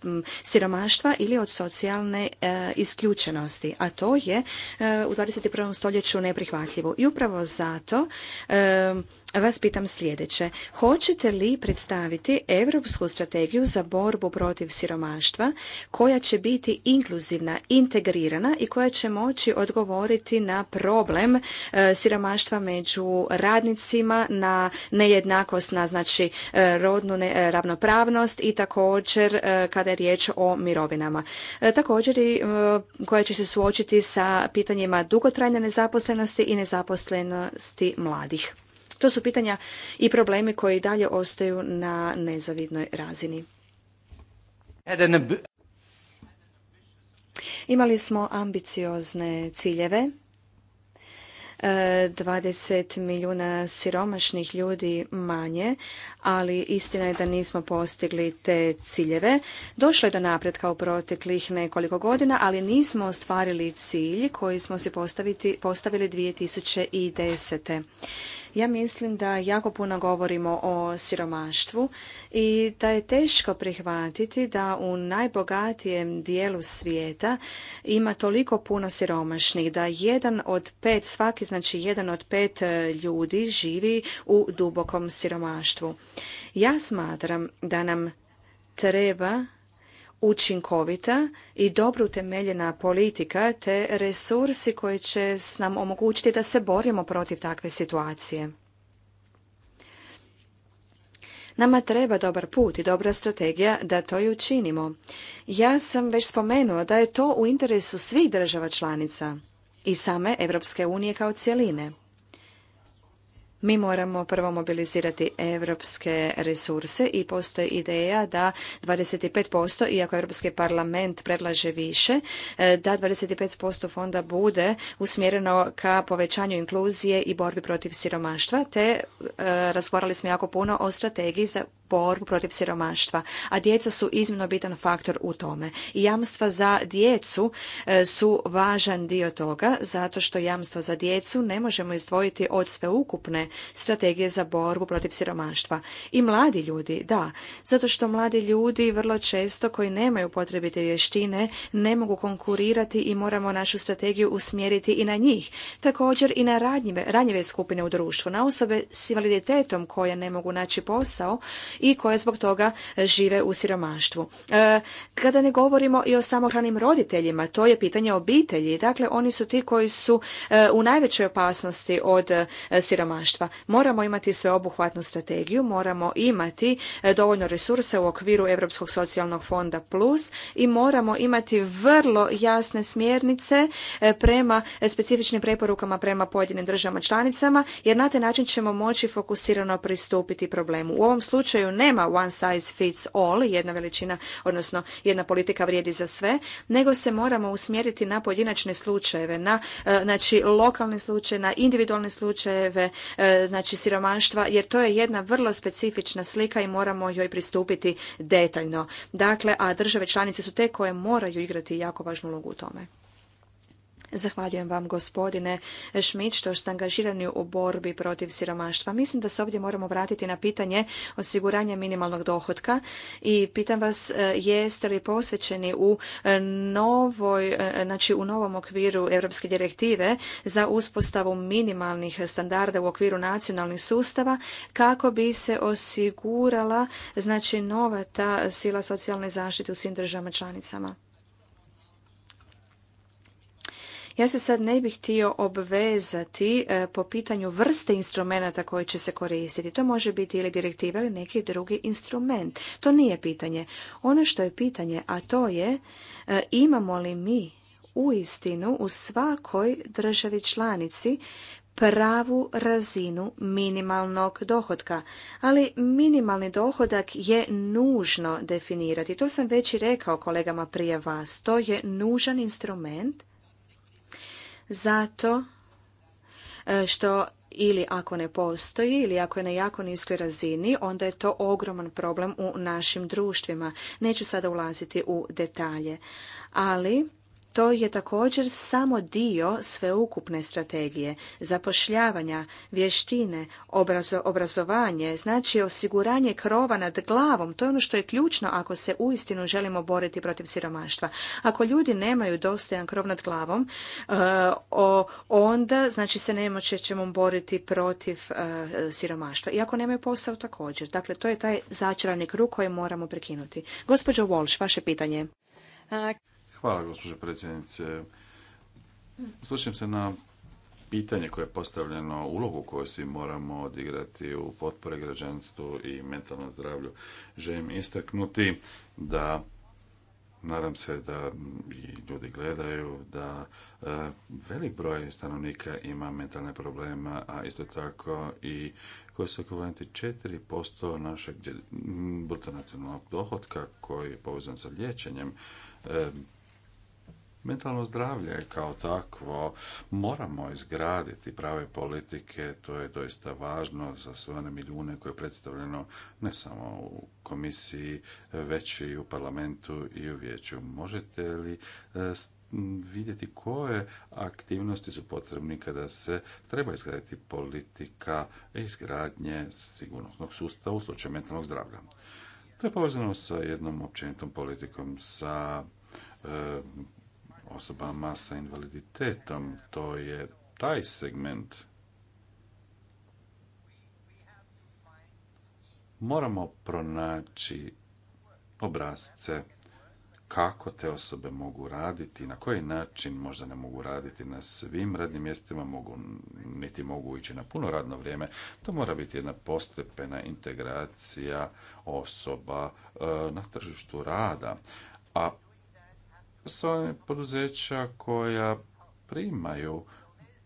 siromaštva ili od socijalne isključenosti, a to je u 21. stoljeću neprihvatljivo. I upravo zato vas pitam sljedeće. Hoćete li predstaviti europsku strategiju za borbu protiv siromaštva koja će biti inkluzivna, integrirana i koja će moći odgovoriti na problem e, siromaštva među radnicima, na nejednakost, na znači e, rodnu e, ravnopravnost i također kada je riječ o mirovinama. Također i koja će se suočiti sa pitanjima dugotrajne nezaposlenosti i nezaposlenosti mladih. To su pitanja i problemi koji dalje ostaju na nezavidnoj razini. Imali smo ambiciozne ciljeve. 20 e, milijuna siromašnih ljudi manje, ali istina je da nismo postigli te ciljeve. Došlo je do napretka u proteklih nekoliko godina, ali nismo ostvarili cilj koji smo si postaviti, postavili 2010. Ja mislim da jako puno govorimo o siromaštvu i da je teško prihvatiti da u najbogatijem dijelu svijeta ima toliko puno siromašnih, da jedan od pet, svaki znači jedan od pet e, ljudi živi u dubokom siromaštvu. Ja smatram da nam treba učinkovita i dobro utemeljena politika te resursi koji će nam omogućiti da se borimo protiv takve situacije. Nama treba dobar put i dobra strategija da to i učinimo. Ja sam već spomenuo da je to u interesu svih država članica i same Europske unije kao cjeline mi moramo prvo mobilizirati europske resurse i postoji ideja da 25%, iako Europski parlament predlaže više, e, da 25% fonda bude usmjereno ka povećanju inkluzije i borbi protiv siromaštva, te e, razgovarali smo jako puno o strategiji za borbu protiv siromaštva, a djeca su iznimno bitan faktor u tome. I jamstva za djecu e, su važan dio toga, zato što jamstva za djecu ne možemo izdvojiti od sveukupne strategije za borbu protiv siromaštva. I mladi ljudi, da, zato što mladi ljudi vrlo često koji nemaju potrebite vještine ne mogu konkurirati i moramo našu strategiju usmjeriti i na njih. Također i na ranjive, ranjive skupine u društvu, na osobe s invaliditetom koje ne mogu naći posao i koje zbog toga žive u siromaštvu. E, kada ne govorimo i o samohranim roditeljima, to je pitanje obitelji. Dakle, oni su ti koji su e, u najvećoj opasnosti od e, siromaštva. Moramo imati sveobuhvatnu strategiju, moramo imati dovoljno resursa u okviru Europskog socijalnog fonda plus i moramo imati vrlo jasne smjernice prema specifičnim preporukama prema pojedinim državama članicama, jer na taj način ćemo moći fokusirano pristupiti problemu. U ovom slučaju nema one size fits all, jedna veličina, odnosno jedna politika vrijedi za sve, nego se moramo usmjeriti na pojedinačne slučajeve, na e, znači, lokalne slučaje, na individualne slučajeve, e, znači siromaštva, jer to je jedna vrlo specifična slika i moramo joj pristupiti detaljno. Dakle, a države članice su te koje moraju igrati jako važnu ulogu u tome. Zahvaljujem vam gospodine Šmit što ste angažirani u borbi protiv siromaštva. Mislim da se ovdje moramo vratiti na pitanje osiguranja minimalnog dohotka i pitam vas e, jeste li posvećeni u e, novoj, e, znači u novom okviru europske direktive za uspostavu minimalnih standarda u okviru nacionalnih sustava kako bi se osigurala znači nova ta sila socijalne zaštite u svim državama članicama. Ja se sad ne bih htio obvezati e, po pitanju vrste instrumenata koji će se koristiti. To može biti ili direktiva ili neki drugi instrument. To nije pitanje. Ono što je pitanje, a to je e, imamo li mi uistinu u svakoj državi članici pravu razinu minimalnog dohotka. Ali minimalni dohodak je nužno definirati. To sam već i rekao kolegama prije vas. To je nužan instrument zato e, što ili ako ne postoji ili ako je na jako niskoj razini, onda je to ogroman problem u našim društvima. Neću sada ulaziti u detalje, ali to je također samo dio sveukupne strategije, zapošljavanja, vještine, obrazovanje, znači osiguranje krova nad glavom. To je ono što je ključno ako se uistinu želimo boriti protiv siromaštva. Ako ljudi nemaju dostojan krov nad glavom, e, onda znači se nemoće ćemo boriti protiv e, siromaštva. I ako nemaju posao također. Dakle, to je taj začarani krug koji moramo prekinuti. Gospođo Walsh, vaše pitanje. Hvala, gospođo predsjednice. Slušim se na pitanje koje je postavljeno, ulogu koju svi moramo odigrati u potpore građanstvu i mentalnom zdravlju. Želim istaknuti da nadam se da i ljudi gledaju da e, velik broj stanovnika ima mentalne problema, a isto tako i koji su ekvivalenti 4% našeg bruto nacionalnog dohotka koji je povezan sa liječenjem. E, Mentalno zdravlje kao takvo moramo izgraditi prave politike, to je doista važno za sve one milijune koje je predstavljeno ne samo u komisiji, već i u parlamentu i u vijeću. Možete li e, vidjeti koje aktivnosti su potrebni kada se treba izgraditi politika izgradnje sigurnosnog sustava u slučaju mentalnog zdravlja. To je povezano sa jednom općenitom politikom, sa e, osobama sa invaliditetom. To je taj segment. Moramo pronaći obrazce kako te osobe mogu raditi, na koji način možda ne mogu raditi na svim radnim mjestima, mogu, niti mogu ići na puno radno vrijeme. To mora biti jedna postepena integracija osoba e, na tržištu rada. A sva poduzeća koja primaju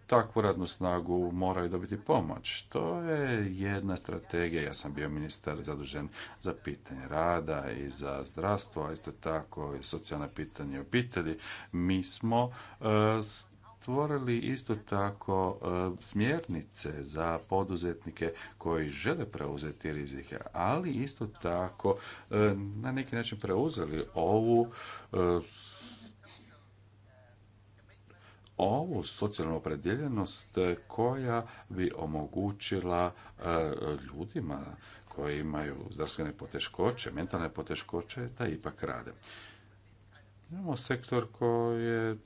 takvu radnu snagu moraju dobiti pomoć. To je jedna strategija. Ja sam bio ministar zadužen za pitanje rada i za zdravstvo, a isto tako i socijalna pitanje obitelji. Mi smo e, stvorili isto tako e, smjernice za poduzetnike koji žele preuzeti rizike, ali isto tako e, na neki način preuzeli ovu ovu socijalnu opredjeljenost koja bi omogućila e, ljudima koji imaju zdravstvene poteškoće, mentalne poteškoće, da ipak rade. Imamo sektor koji je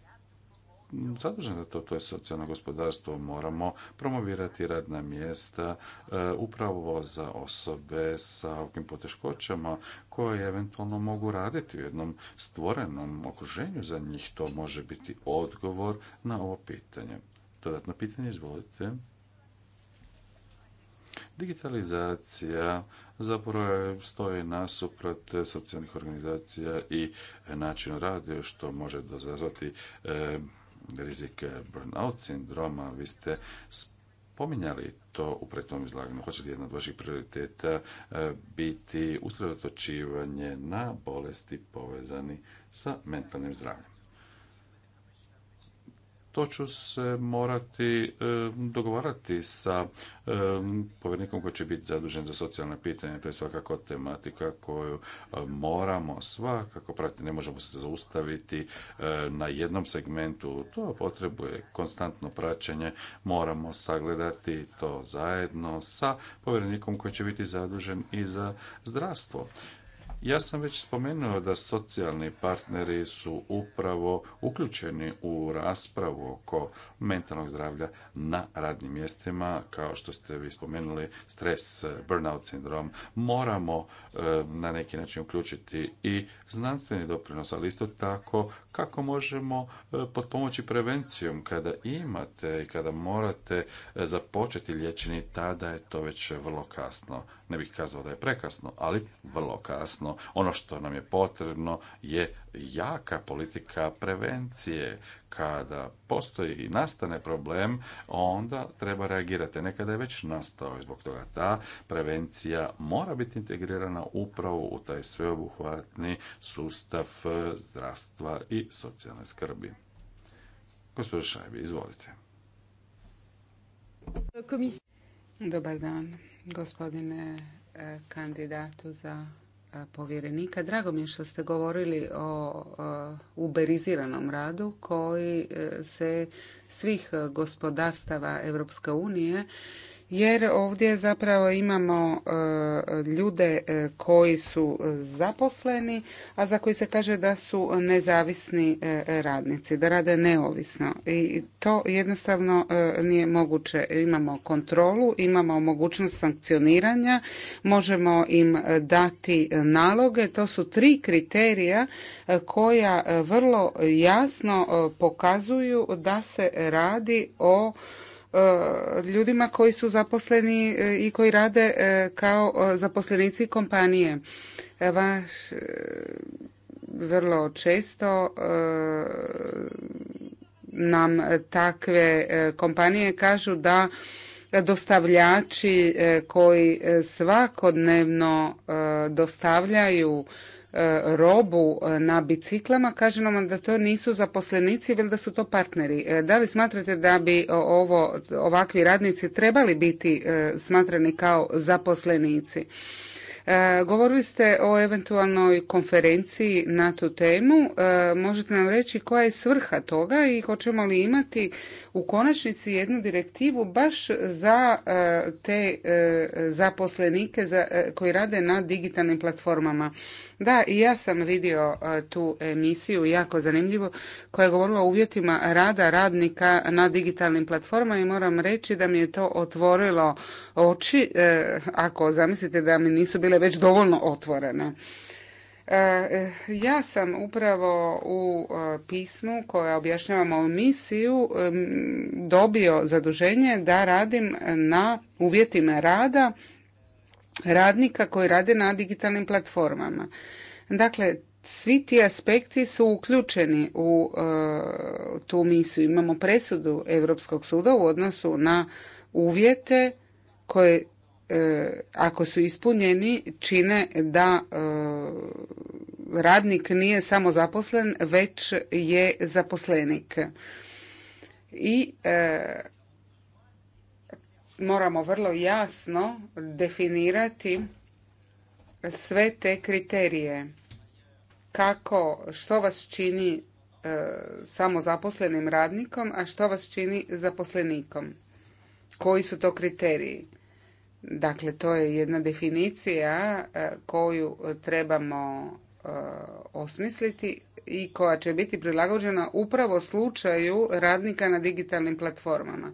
za to, to je socijalno gospodarstvo, moramo promovirati radna mjesta e, upravo za osobe sa ovakvim poteškoćama koje eventualno mogu raditi u jednom stvorenom okruženju za njih. To može biti odgovor na ovo pitanje. Dodatno pitanje, izvolite. Digitalizacija zapravo stoji nasuprot socijalnih organizacija i način rada što može dozvati rizik burnout sindroma. Vi ste spominjali to u prethodnom izlaganju. Hoće li jedna od vaših prioriteta e, biti usredotočivanje na bolesti povezani sa mentalnim zdravljem? to ću se morati e, dogovarati sa e, povjerenikom koji će biti zadužen za socijalne pitanje, To je svakako tematika koju e, moramo svakako pratiti. Ne možemo se zaustaviti na jednom segmentu. To potrebuje konstantno praćenje. Moramo sagledati to zajedno sa povjerenikom koji će biti zadužen i za zdravstvo. Ja sam već spomenuo da socijalni partneri su upravo uključeni u raspravu oko mentalnog zdravlja na radnim mjestima, kao što ste vi spomenuli, stres, burnout sindrom, moramo e, na neki način uključiti i znanstveni doprinos, ali isto tako kako možemo pod e, potpomoći prevencijom kada imate i kada morate e, započeti liječenje, tada je to već vrlo kasno. Ne bih kazao da je prekasno, ali vrlo kasno. Ono što nam je potrebno je jaka politika prevencije kada postoji i nastane problem, onda treba reagirati. Nekada je već nastao i zbog toga ta prevencija mora biti integrirana upravo u taj sveobuhvatni sustav e, zdravstva i socijalne skrbi. Gospodin Šajbi, izvolite. Dobar dan, gospodine e, kandidatu za E, povjerenika. Drago mi je što ste govorili o uberiziranom radu koji e, se svih gospodarstava Europske unije jer ovdje zapravo imamo e, ljude e, koji su zaposleni, a za koji se kaže da su nezavisni e, radnici, da rade neovisno. I to jednostavno nije moguće. Imamo kontrolu, imamo mogućnost sankcioniranja, možemo im dati naloge. To su tri kriterija koja vrlo jasno pokazuju da se radi o E, ljudima koji su zaposleni e, i koji rade e, kao zaposlenici kompanije. Vaš, vrlo često nam takve kompanije kažu da dostavljači koji svakodnevno dostavljaju E, robu e, na biciklama, kaže nam da to nisu zaposlenici, već da su to partneri. E, da li smatrate da bi ovo, ovakvi radnici trebali biti smatrani kao zaposlenici? Govorili ste o eventualnoj konferenciji na tu temu. Možete nam reći koja je svrha toga i hoćemo li imati u konačnici jednu direktivu baš za te zaposlenike koji rade na digitalnim platformama. Da, i ja sam vidio e, tu emisiju, jako zanimljivo, koja je govorila o uvjetima rada radnika na digitalnim platformama i moram reći da mi je to otvorilo oči, e, ako zamislite da mi nisu bile već dovoljno otvorene. E, ja sam upravo u pismu koja objašnjava ovu misiju dobio zaduženje da radim na uvjetima rada radnika koji rade na digitalnim platformama. Dakle, svi ti aspekti su uključeni u e, tu misiju. Imamo presudu Europskog suda u odnosu na uvjete koje e, ako su ispunjeni čine da e, radnik nije samo zaposlen, već je zaposlenik. I moramo vrlo jasno definirati sve te kriterije. Kako, što vas čini samo e, samozaposlenim radnikom, a što vas čini zaposlenikom. Koji su to kriteriji? Dakle, to je jedna definicija e, koju trebamo e, osmisliti i koja će biti prilagođena upravo slučaju radnika na digitalnim platformama.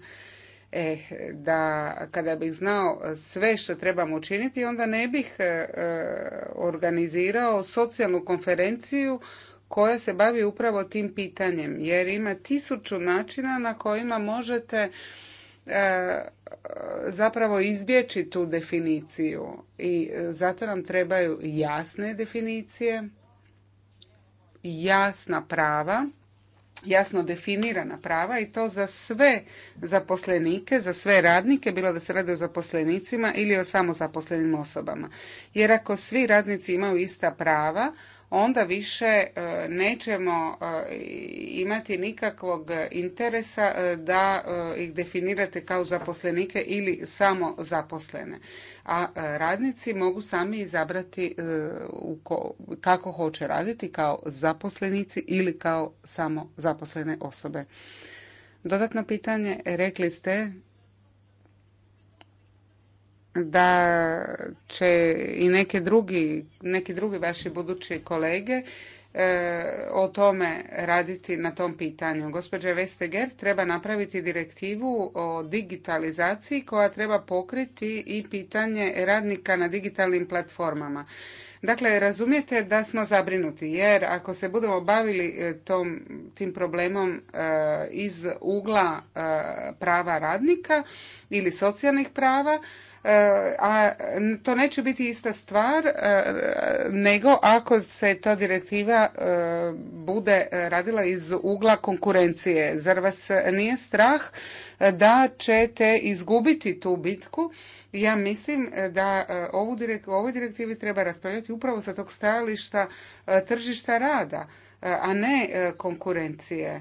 E, da kada bih znao sve što trebam učiniti, onda ne bih eh, eh, organizirao socijalnu konferenciju koja se bavi upravo tim pitanjem, jer ima tisuću načina na kojima možete zapravo izbjeći tu definiciju i zato nam trebaju jasne definicije, jasna prava jasno definirana prava i to za sve zaposlenike, za sve radnike, bilo da se radi o zaposlenicima ili o samozaposlenim osobama. Jer ako svi radnici imaju ista prava, onda više e, nećemo e, imati nikakvog interesa e, da ih definirate kao zaposlenike ili samo zaposlene. A radnici mogu sami izabrati kako hoće raditi kao zaposlenici ili kao samo zaposlene osobe. Dodatno pitanje, rekli ste da će i neki drugi, neki drugi vaši budući kolege e, o tome raditi na tom pitanju. Gospođa Vesteger treba napraviti direktivu o digitalizaciji koja treba pokriti i pitanje radnika na digitalnim platformama. Dakle, razumijete da smo zabrinuti jer ako se budemo bavili e, tom, tim problemom e, iz ugla e, prava radnika ili socijalnih prava, a to neće biti ista stvar nego ako se to direktiva bude radila iz ugla konkurencije. Zar vas nije strah da ćete izgubiti tu bitku ja mislim e, da e, ovu ovoj direktivi treba raspravljati upravo sa tog stajališta e, tržišta rada, a ne konkurencije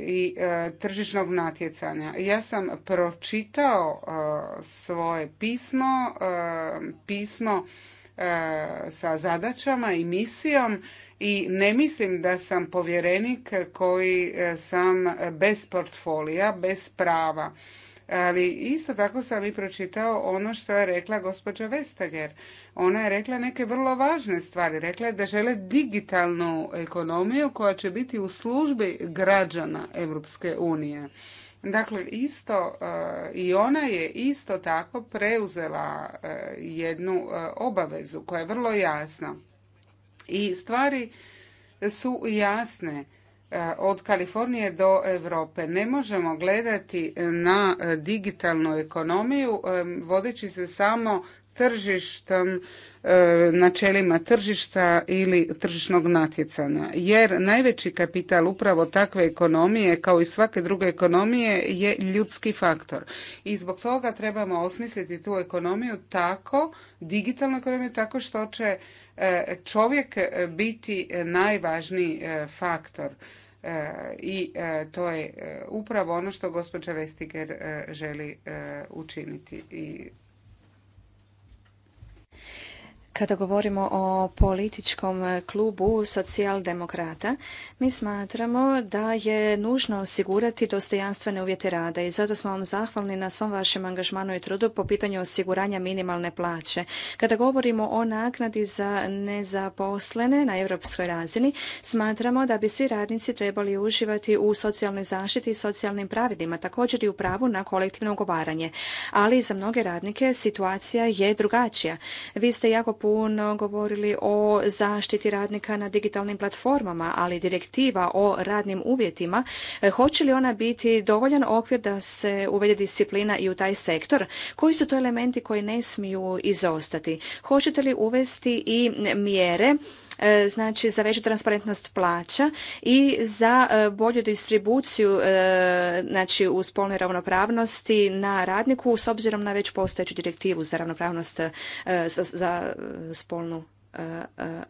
i tržišnog natjecanja. Ja sam pročitao svoje pismo, pismo sa zadaćama i misijom i ne mislim da sam povjerenik koji sam bez portfolija, bez prava ali isto tako sam i pročitao ono što je rekla gospođa Vestager. Ona je rekla neke vrlo važne stvari. Rekla je da žele digitalnu ekonomiju koja će biti u službi građana Europske unije. Dakle, isto e, i ona je isto tako preuzela e, jednu e, obavezu koja je vrlo jasna. I stvari su jasne. E, od Kalifornije do Europe. Ne možemo gledati na e, digitalnu ekonomiju e, vodeći se samo tržištem, načelima tržišta ili tržišnog natjecanja. Jer najveći kapital upravo takve ekonomije kao i svake druge ekonomije je ljudski faktor. I zbog toga trebamo osmisliti tu ekonomiju tako, digitalnu ekonomiju tako što će čovjek biti najvažniji faktor i e, to je e, upravo ono što gospođa Vestiger e, želi učiniti i kada govorimo o političkom klubu socijaldemokrata, mi smatramo da je nužno osigurati dostojanstvene uvjete rada i zato smo vam zahvalni na svom vašem angažmanu i trudu po pitanju osiguranja minimalne plaće. Kada govorimo o naknadi za nezaposlene na europskoj razini, smatramo da bi svi radnici trebali uživati u socijalnoj zaštiti i socijalnim pravidima, također i u pravu na kolektivno ugovaranje. Ali za mnoge radnike situacija je drugačija. Vi ste jako puno govorili o zaštiti radnika na digitalnim platformama, ali direktiva o radnim uvjetima, e, hoće li ona biti dovoljan okvir da se uvede disciplina i u taj sektor? Koji su to elementi koji ne smiju izostati? Hoćete li uvesti i mjere E, znači za veću transparentnost plaća i za e, bolju distribuciju e, znači u spolnoj ravnopravnosti na radniku s obzirom na već postojeću direktivu za ravnopravnost za spolnu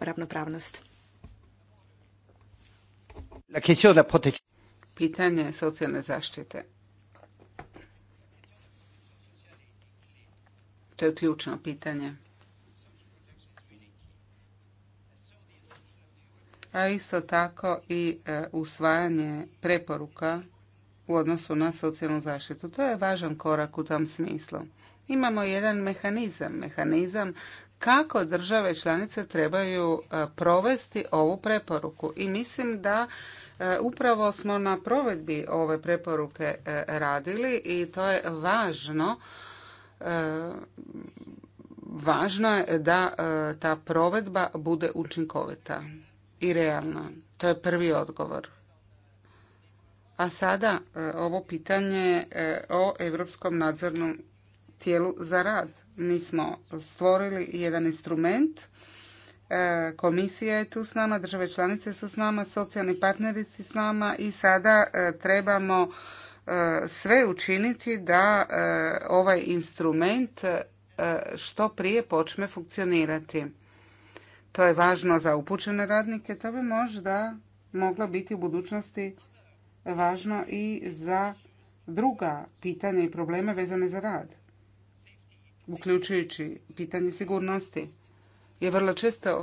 ravnopravnost. Pitanje socijalne zaštite. To je ključno pitanje. a isto tako i e, usvajanje preporuka u odnosu na socijalnu zaštitu. To je važan korak u tom smislu. Imamo jedan mehanizam, mehanizam kako države članice trebaju e, provesti ovu preporuku i mislim da e, upravo smo na provedbi ove preporuke radili i to je važno važno je da ta provedba bude učinkovita i To je prvi odgovor. A sada e, ovo pitanje e, o Europskom nadzornom tijelu za rad. Mi smo stvorili jedan instrument, e, komisija je tu s nama, države članice su s nama, socijalni partneri su s nama i sada trebamo sve učiniti da ovaj instrument što prije počne funkcionirati to je važno za upućene radnike, to bi možda moglo biti u budućnosti važno i za druga pitanja i probleme vezane za rad, uključujući pitanje sigurnosti. Je vrlo često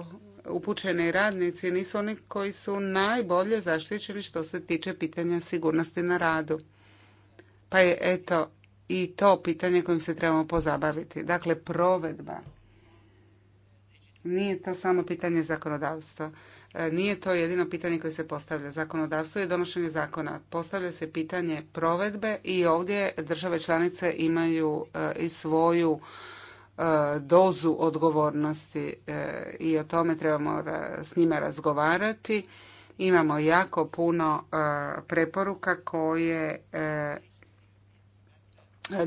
upućeni radnici nisu oni koji su najbolje zaštićeni što se tiče pitanja sigurnosti na radu. Pa je eto i to pitanje kojim se trebamo pozabaviti. Dakle, provedba nije to samo pitanje zakonodavstva. E, nije to jedino pitanje koje se postavlja. Zakonodavstvo je donošenje zakona. Postavlja se pitanje provedbe i ovdje države članice imaju e, i svoju e, dozu odgovornosti i o tome trebamo s njima razgovarati. Imamo jako puno preporuka koje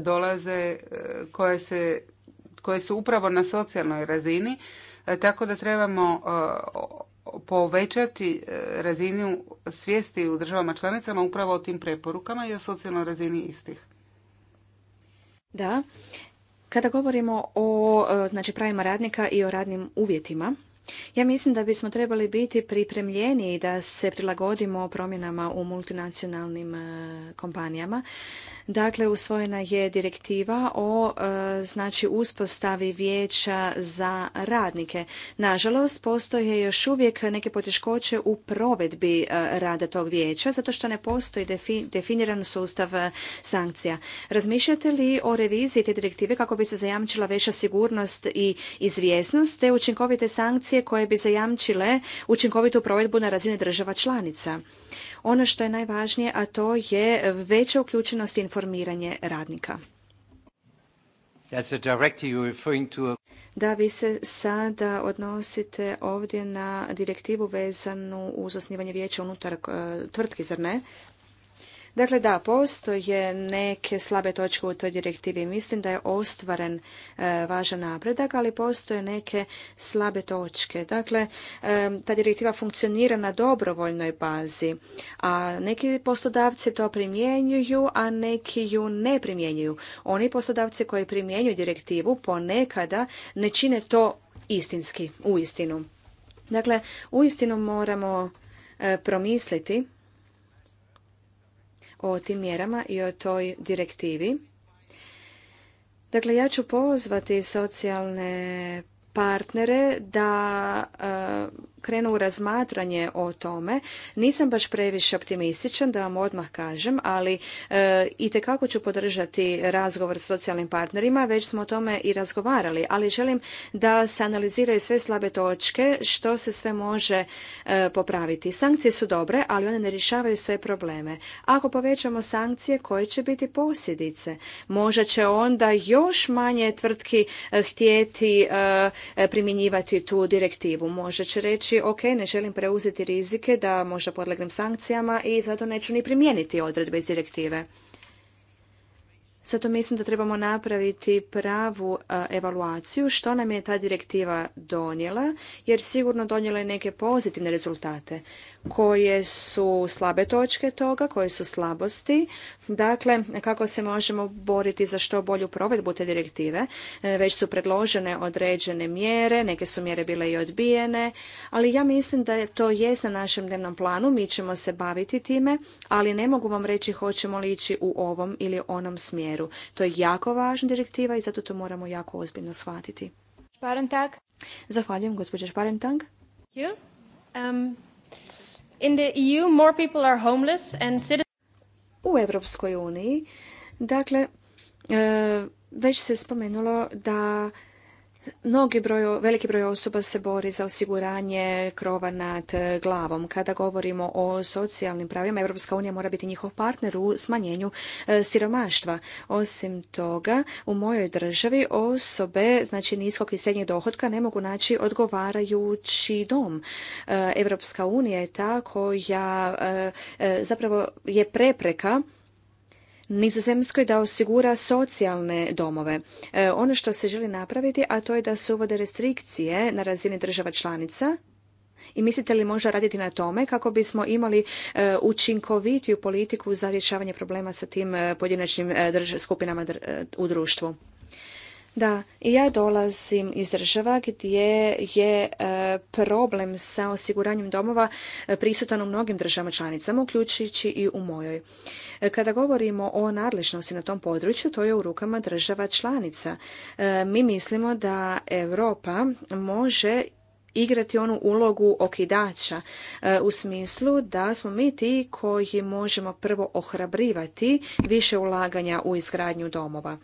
dolaze, koje, koje su upravo na socijalnoj razini E, tako da trebamo e, povećati e, razinu svijesti u državama članicama upravo o tim preporukama i o socijalnoj razini istih. Da, kada govorimo o znači, pravima radnika i o radnim uvjetima, ja mislim da bismo trebali biti pripremljeni da se prilagodimo promjenama u multinacionalnim e, kompanijama. Dakle, usvojena je direktiva o e, znači uspostavi vijeća za radnike. Nažalost, postoje još uvijek neke poteškoće u provedbi e, rada tog vijeća zato što ne postoji definiran sustav sankcija. Razmišljate li o reviziji te direktive kako bi se zajamčila veća sigurnost i izvjesnost te učinkovite sankcije koje bi zajamčile učinkovitu provedbu na razini država članica. Ono što je najvažnije, a to je veća uključenost i informiranje radnika. Da, vi se sada odnosite ovdje na direktivu vezanu uz osnivanje vijeća unutar e, tvrtki, zar ne? Dakle, da, postoje neke slabe točke u toj direktivi. Mislim da je ostvaren e, važan napredak, ali postoje neke slabe točke. Dakle, e, ta direktiva funkcionira na dobrovoljnoj bazi, a neki poslodavci to primjenjuju, a neki ju ne primjenjuju. Oni poslodavci koji primjenjuju direktivu ponekada ne čine to istinski, u istinu. Dakle, u istinu moramo e, promisliti o tim mjerama i o toj direktivi. Dakle, ja ću pozvati socijalne partnere da e, krenu u razmatranje o tome. Nisam baš previše optimističan, da vam odmah kažem, ali e, i tekako ću podržati razgovor s socijalnim partnerima, već smo o tome i razgovarali, ali želim da se analiziraju sve slabe točke, što se sve može e, popraviti. Sankcije su dobre, ali one ne rješavaju sve probleme. Ako povećamo sankcije, koje će biti posljedice? Možda će onda još manje tvrtki e, htjeti e, primjenjivati tu direktivu. Možda će reći ok, ne želim preuzeti rizike da možda podlegnem sankcijama i zato neću ni primijeniti odredbe iz direktive. Zato mislim da trebamo napraviti pravu e, evaluaciju što nam je ta direktiva donijela, jer sigurno donijela je neke pozitivne rezultate koje su slabe točke toga, koje su slabosti, dakle kako se možemo boriti za što bolju provedbu te direktive. E, već su predložene određene mjere, neke su mjere bile i odbijene, ali ja mislim da to je na našem dnevnom planu, mi ćemo se baviti time, ali ne mogu vam reći hoćemo li ići u ovom ili onom smjeru. To je jako važna direktiva i zato to moramo jako ozbiljno shvatiti. Zahvaljujem, gospođa Šparentang. Um, In the EU more people are homeless and u Europskoj uniji, dakle, e, već se spomenulo da Mnogi broj, veliki broj osoba se bori za osiguranje krova nad glavom. Kada govorimo o socijalnim pravima, Europska unija mora biti njihov partner u smanjenju e, siromaštva. Osim toga, u mojoj državi osobe, znači niskog i srednjeg dohotka, ne mogu naći odgovarajući dom. Europska unija je ta koja e, e, zapravo je prepreka Nizozemskoj da osigura socijalne domove. E, ono što se želi napraviti, a to je da se uvode restrikcije na razini država članica i mislite li možda raditi na tome kako bismo imali e, učinkovitiju politiku za rješavanje problema sa tim e, pojedinačnim skupinama u društvu? Da, i ja dolazim iz država gdje je e, problem sa osiguranjem domova e, prisutan u mnogim državama članicama, uključujući i u mojoj. E, kada govorimo o nadležnosti na tom području, to je u rukama država članica. Mi mislimo da Europa može igrati onu ulogu okidača u smislu da smo mi ti koji možemo prvo ohrabrivati više ulaganja u izgradnju domova.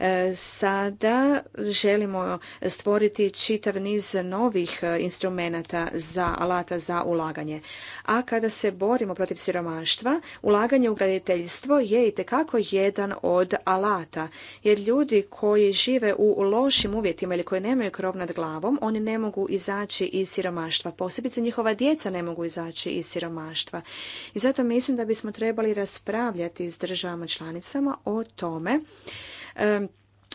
E, sada želimo stvoriti čitav niz novih e, instrumenata za alata za ulaganje. A kada se borimo protiv siromaštva, ulaganje u graditeljstvo je tekako jedan od alata. Jer ljudi koji žive u lošim uvjetima ili koji nemaju krov nad glavom, oni ne mogu izaći iz siromaštva. Posebice njihova djeca ne mogu izaći iz siromaštva. I zato mislim da bismo trebali raspravljati s državama članicama o tome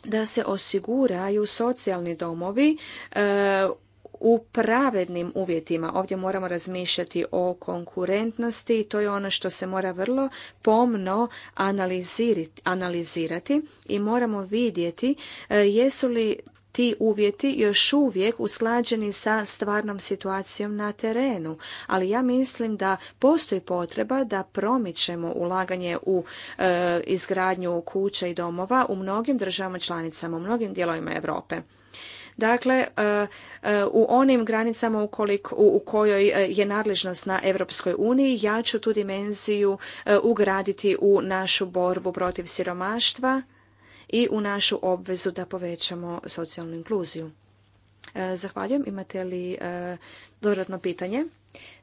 da se osiguraju socijalni domovi e, u pravednim uvjetima. Ovdje moramo razmišljati o konkurentnosti i to je ono što se mora vrlo pomno analizirati i moramo vidjeti e, jesu li ti uvjeti još uvijek usklađeni sa stvarnom situacijom na terenu, ali ja mislim da postoji potreba da promičemo ulaganje u e, izgradnju kuća i domova u mnogim državama članicama, u mnogim dijelovima Europe. Dakle, e, e, u onim granicama u kojoj je nadležnost na Europskoj uniji, ja ću tu dimenziju ugraditi u našu borbu protiv siromaštva i u našu obvezu da povećamo socijalnu inkluziju. E, zahvaljujem. Imate li e, dodatno pitanje?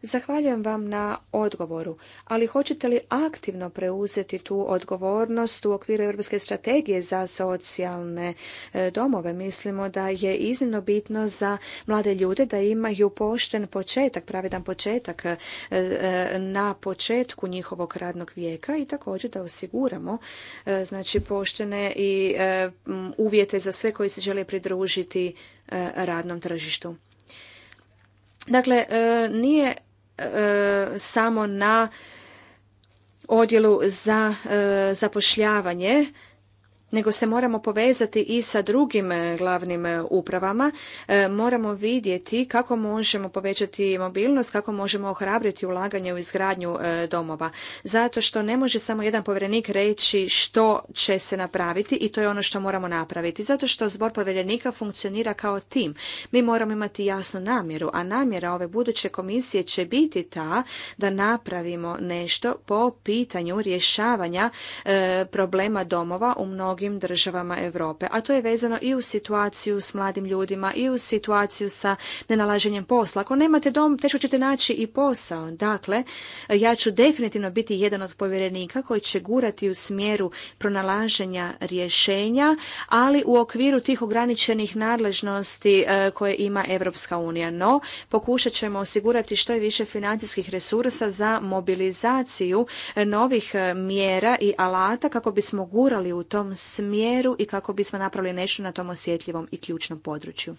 Zahvaljujem vam na odgovoru, ali hoćete li aktivno preuzeti tu odgovornost u okviru Europske strategije za socijalne e, domove? Mislimo da je iznimno bitno za mlade ljude da imaju pošten početak, pravedan početak e, e, na početku njihovog radnog vijeka i također da osiguramo znači poštene i uvjete za sve koji se žele pridružiti radnom tržištu. Dakle, e, nije e, samo na odjelu za e, zapošljavanje nego se moramo povezati i sa drugim e, glavnim e, upravama. E, moramo vidjeti kako možemo povećati mobilnost, kako možemo ohrabriti ulaganje u izgradnju domova. Zato što ne može samo jedan povjerenik reći što će se napraviti i to je ono što moramo napraviti. Zato što zbor povjerenika funkcionira kao tim. Mi moramo imati jasnu namjeru, a namjera ove buduće komisije će biti ta da napravimo nešto po pitanju rješavanja problema domova u mnogo mnogim državama Europe, a to je vezano i u situaciju s mladim ljudima i u situaciju sa nenalaženjem posla. Ako nemate dom, teško ćete naći i posao. Dakle, ja ću definitivno biti jedan od povjerenika koji će gurati u smjeru pronalaženja rješenja, ali u okviru tih ograničenih nadležnosti e, koje ima Europska unija. No, pokušat ćemo osigurati što je više financijskih resursa za mobilizaciju e, novih e, mjera i alata kako bismo gurali u tom smjeru i kako bismo napravili nešto na tom osjetljivom i ključnom području.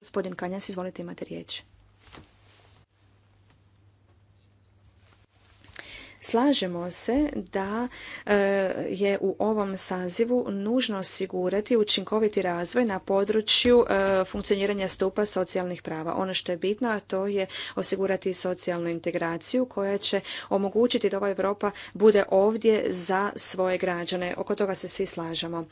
Gospodin Kanjas, izvolite imate riječ. Slažemo se da e, je u ovom sazivu nužno osigurati učinkoviti razvoj na području e, funkcioniranja stupa socijalnih prava. Ono što je bitno, a to je osigurati socijalnu integraciju koja će omogućiti da ova Europa bude ovdje za svoje građane. Oko toga se svi slažemo.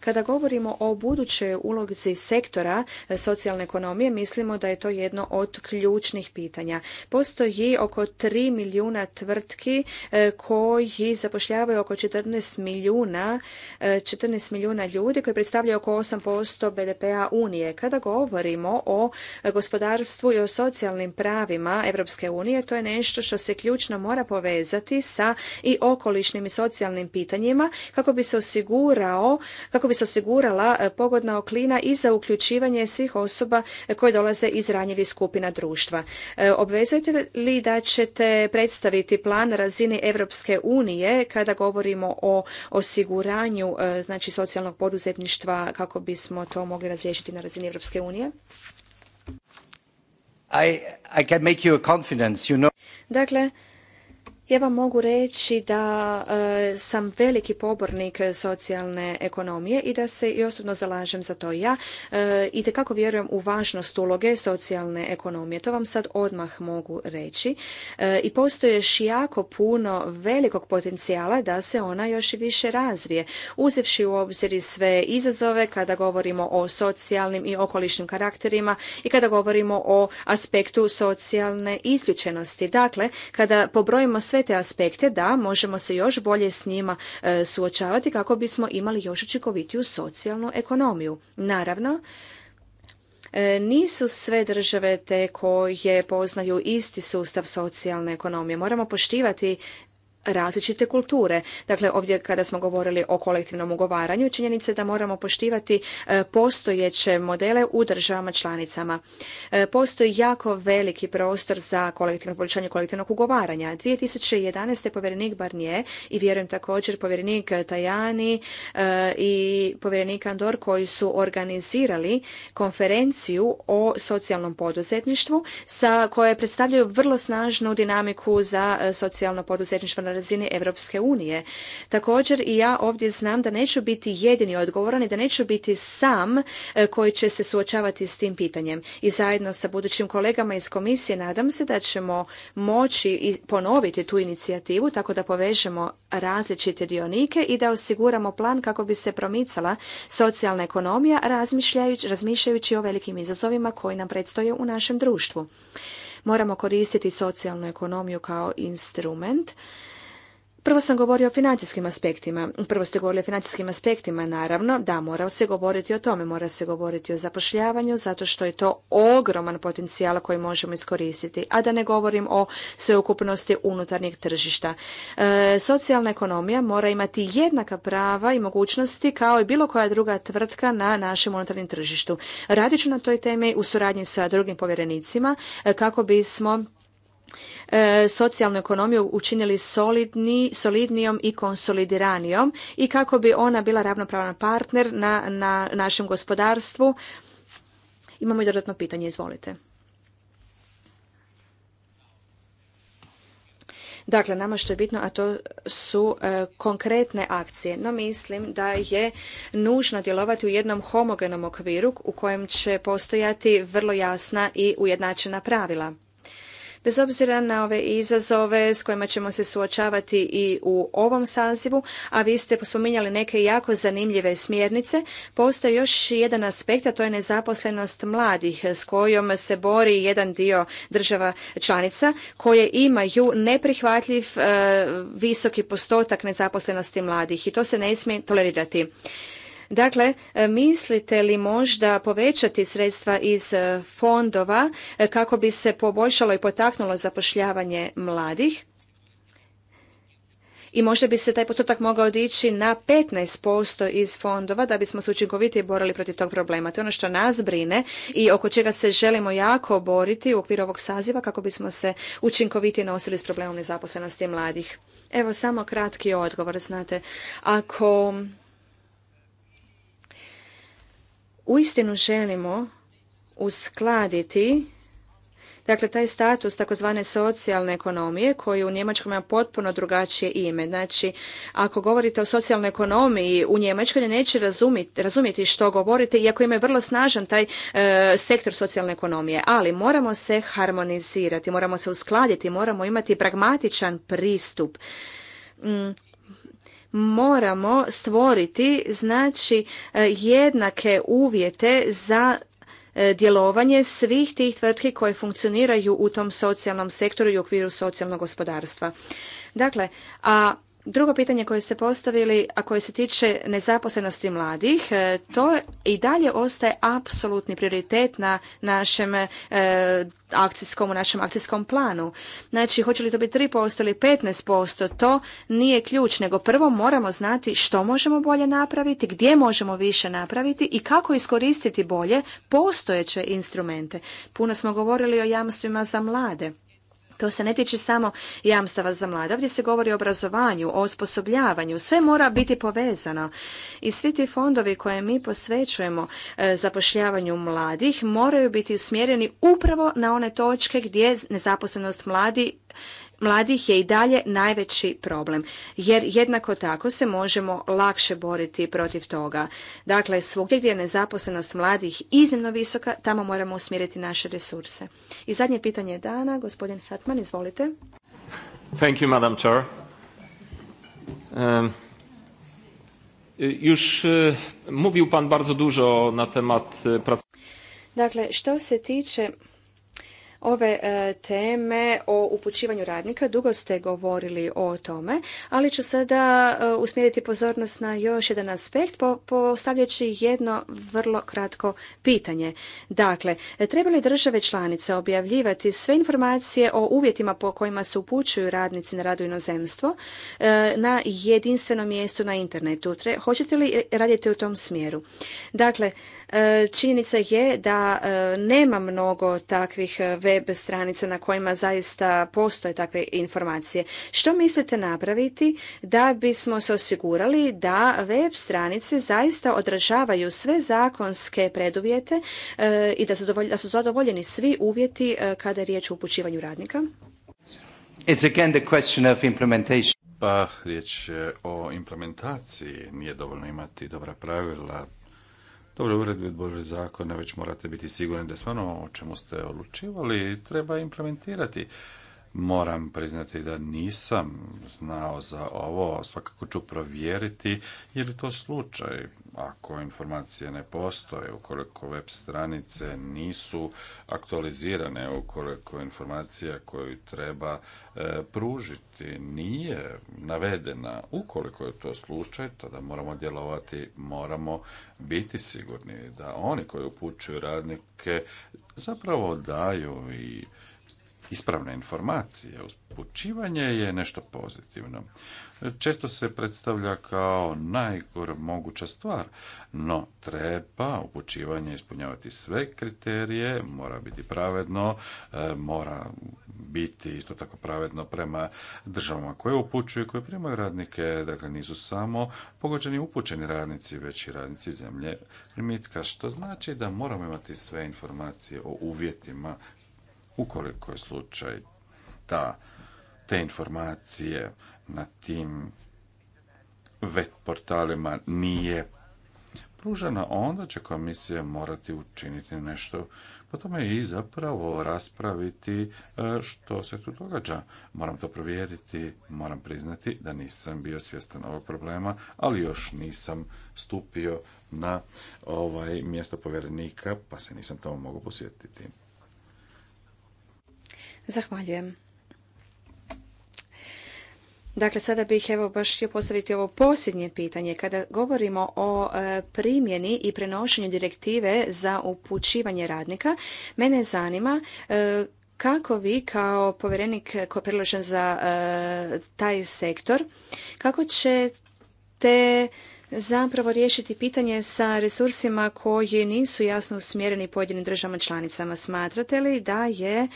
Kada govorimo o budućoj ulozi sektora e, socijalne ekonomije, mislimo da je to jedno od ključnih pitanja. Postoji oko 3 milijuna tvrtki E, koji zapošljavaju oko 14 milijuna, 14 e, milijuna ljudi koji predstavljaju oko 8% BDP-a Unije. Kada govorimo o gospodarstvu i o socijalnim pravima Europske unije, to je nešto što se ključno mora povezati sa i okolišnim i socijalnim pitanjima kako bi se osigurao, kako bi se osigurala e, pogodna oklina i za uključivanje svih osoba koje dolaze iz ranjivih skupina društva. Obvezujete li da ćete predstaviti plan razine razini Europske unije kada govorimo o osiguranju e, znači socijalnog poduzetništva kako bismo to mogli razriješiti na razini Europske unije? Dakle, ja vam mogu reći da e, sam veliki pobornik socijalne ekonomije i da se i osobno zalažem za to. Ja e, i tekako vjerujem u važnost uloge socijalne ekonomije. To vam sad odmah mogu reći. E, I postoje još jako puno velikog potencijala da se ona još i više razvije. Uzevši u obzir i sve izazove kada govorimo o socijalnim i okolišnim karakterima i kada govorimo o aspektu socijalne isključenosti. Dakle, kada pobrojimo sve te aspekte da možemo se još bolje s njima e, suočavati kako bismo imali još učinkovitiju socijalnu ekonomiju. Naravno, e, nisu sve države te koje poznaju isti sustav socijalne ekonomije. Moramo poštivati različite kulture. Dakle, ovdje kada smo govorili o kolektivnom ugovaranju, činjenica je da moramo poštivati e, postojeće modele u državama članicama. E, postoji jako veliki prostor za kolektivno poboljšanje kolektivnog ugovaranja. 2011. povjerenik Barnier i vjerujem također povjerenik Tajani e, i povjerenik Andor koji su organizirali konferenciju o socijalnom poduzetništvu sa koje predstavljaju vrlo snažnu dinamiku za socijalno poduzetništvo na razini Europske unije. Također i ja ovdje znam da neću biti jedini odgovoran i da neću biti sam e, koji će se suočavati s tim pitanjem. I zajedno sa budućim kolegama iz komisije nadam se da ćemo moći ponoviti tu inicijativu tako da povežemo različite dionike i da osiguramo plan kako bi se promicala socijalna ekonomija razmišljajući, razmišljajući o velikim izazovima koji nam predstoje u našem društvu. Moramo koristiti socijalnu ekonomiju kao instrument Prvo sam govorio o financijskim aspektima. Prvo ste govorili o financijskim aspektima, naravno. Da, mora se govoriti o tome. Mora se govoriti o zapošljavanju, zato što je to ogroman potencijal koji možemo iskoristiti. A da ne govorim o sveukupnosti unutarnjeg tržišta. E, socijalna ekonomija mora imati jednaka prava i mogućnosti kao i bilo koja druga tvrtka na našem unutarnjem tržištu. Radit ću na toj temi u suradnji sa drugim povjerenicima e, kako bismo E, socijalnu ekonomiju učinili solidni, solidnijom i konsolidiranijom i kako bi ona bila ravnopravan partner na, na našem gospodarstvu. Imamo i dodatno pitanje, izvolite. Dakle, nama što je bitno, a to su e, konkretne akcije. No, mislim da je nužno djelovati u jednom homogenom okviru u kojem će postojati vrlo jasna i ujednačena pravila. Bez obzira na ove izazove s kojima ćemo se suočavati i u ovom sazivu, a vi ste spominjali neke jako zanimljive smjernice, postoji još jedan aspekt, a to je nezaposlenost mladih s kojom se bori jedan dio država članica koje imaju neprihvatljiv e, visoki postotak nezaposlenosti mladih i to se ne smije tolerirati. Dakle, e, mislite li možda povećati sredstva iz e, fondova e, kako bi se poboljšalo i potaknulo zapošljavanje mladih? i možda bi se taj postotak mogao dići na 15% iz fondova da bismo se učinkovitije borili protiv tog problema. To je ono što nas brine i oko čega se želimo jako boriti u okviru ovog saziva kako bismo se učinkovitije nosili s problemom nezaposlenosti mladih. Evo samo kratki odgovor, znate, ako uistinu želimo uskladiti Dakle, taj status takozvane socijalne ekonomije koji u Njemačkoj ima potpuno drugačije ime. Znači, ako govorite o socijalnoj ekonomiji u Njemačkoj neće razumjeti, što govorite, iako ima vrlo snažan taj e, sektor socijalne ekonomije. Ali moramo se harmonizirati, moramo se uskladiti, moramo imati pragmatičan pristup. Mm, moramo stvoriti znači e, jednake uvjete za e, djelovanje svih tih tvrtki koje funkcioniraju u tom socijalnom sektoru i u okviru socijalnog gospodarstva. Dakle, a Drugo pitanje koje ste postavili, a koje se tiče nezaposlenosti mladih, e, to i dalje ostaje apsolutni prioritet na našem e, akcijskom, u našem akcijskom planu. Znači, hoće li to biti 3% ili 15%, to nije ključ, nego prvo moramo znati što možemo bolje napraviti, gdje možemo više napraviti i kako iskoristiti bolje postojeće instrumente. Puno smo govorili o jamstvima za mlade to se ne tiče samo jamstava za mlade. Ovdje se govori o obrazovanju, o osposobljavanju. Sve mora biti povezano. I svi ti fondovi koje mi posvećujemo e, zapošljavanju mladih moraju biti usmjereni upravo na one točke gdje nezaposlenost mladi mladih je i dalje najveći problem, jer jednako tako se možemo lakše boriti protiv toga. Dakle, svugdje gdje je nezaposlenost mladih iznimno visoka, tamo moramo usmjeriti naše resurse. I zadnje pitanje dana, gospodin Hartman, izvolite. Thank you, Madam Chair. Um, już e, mówił Pan bardzo dużo na temat uh, Dakle, što se tiče ove e, teme o upućivanju radnika. Dugo ste govorili o tome, ali ću sada e, usmjeriti pozornost na još jedan aspekt postavljajući jedno vrlo kratko pitanje. Dakle, treba li države članice objavljivati sve informacije o uvjetima po kojima se upućuju radnici na radu inozemstvo e, na jedinstvenom mjestu na internetu? Hoćete li raditi u tom smjeru? Dakle, E, činjenica je da e, nema mnogo takvih e, web stranica na kojima zaista postoje takve informacije. Što mislite napraviti da bismo se osigurali da web stranice zaista odražavaju sve zakonske preduvjete i da su zadovoljeni svi uvjeti kada je riječ o upućivanju radnika? Pa riječ je o implementaciji, nije dovoljno imati dobra pravila, dobre uredbe, dobre zakona, već morate biti sigurni da sve ono o čemu ste odlučivali treba implementirati. Moram priznati da nisam znao za ovo, svakako ću provjeriti je li to slučaj ako informacije ne postoje, ukoliko web stranice nisu aktualizirane, ukoliko informacija koju treba e, pružiti nije navedena, ukoliko je to slučaj, tada moramo djelovati, moramo biti sigurni da oni koji upućuju radnike zapravo daju i ispravne informacije. Uspučivanje je nešto pozitivno. Često se predstavlja kao najgora moguća stvar, no treba upućivanje ispunjavati sve kriterije, mora biti pravedno, e, mora biti isto tako pravedno prema državama koje upućuju, koje primaju radnike, dakle nisu samo pogođeni upućeni radnici, već i radnici zemlje primitka, što znači da moramo imati sve informacije o uvjetima Ukoliko je slučaj ta te informacije na tim web portalima nije pružena, onda će komisija morati učiniti nešto. Po tome i zapravo raspraviti e, što se tu događa. Moram to provjeriti, moram priznati da nisam bio svjestan ovog problema, ali još nisam stupio na ovaj mjesto povjerenika, pa se nisam to mogu posjetiti. Zahvaljujem. Dakle, sada bih evo baš htio postaviti ovo posljednje pitanje. Kada govorimo o e, primjeni i prenošenju direktive za upućivanje radnika, mene zanima e, kako vi kao povjerenik koji je predložen za e, taj sektor, kako ćete zapravo riješiti pitanje sa resursima koji nisu jasno usmjereni pojedinim državama članicama. Smatrate li da je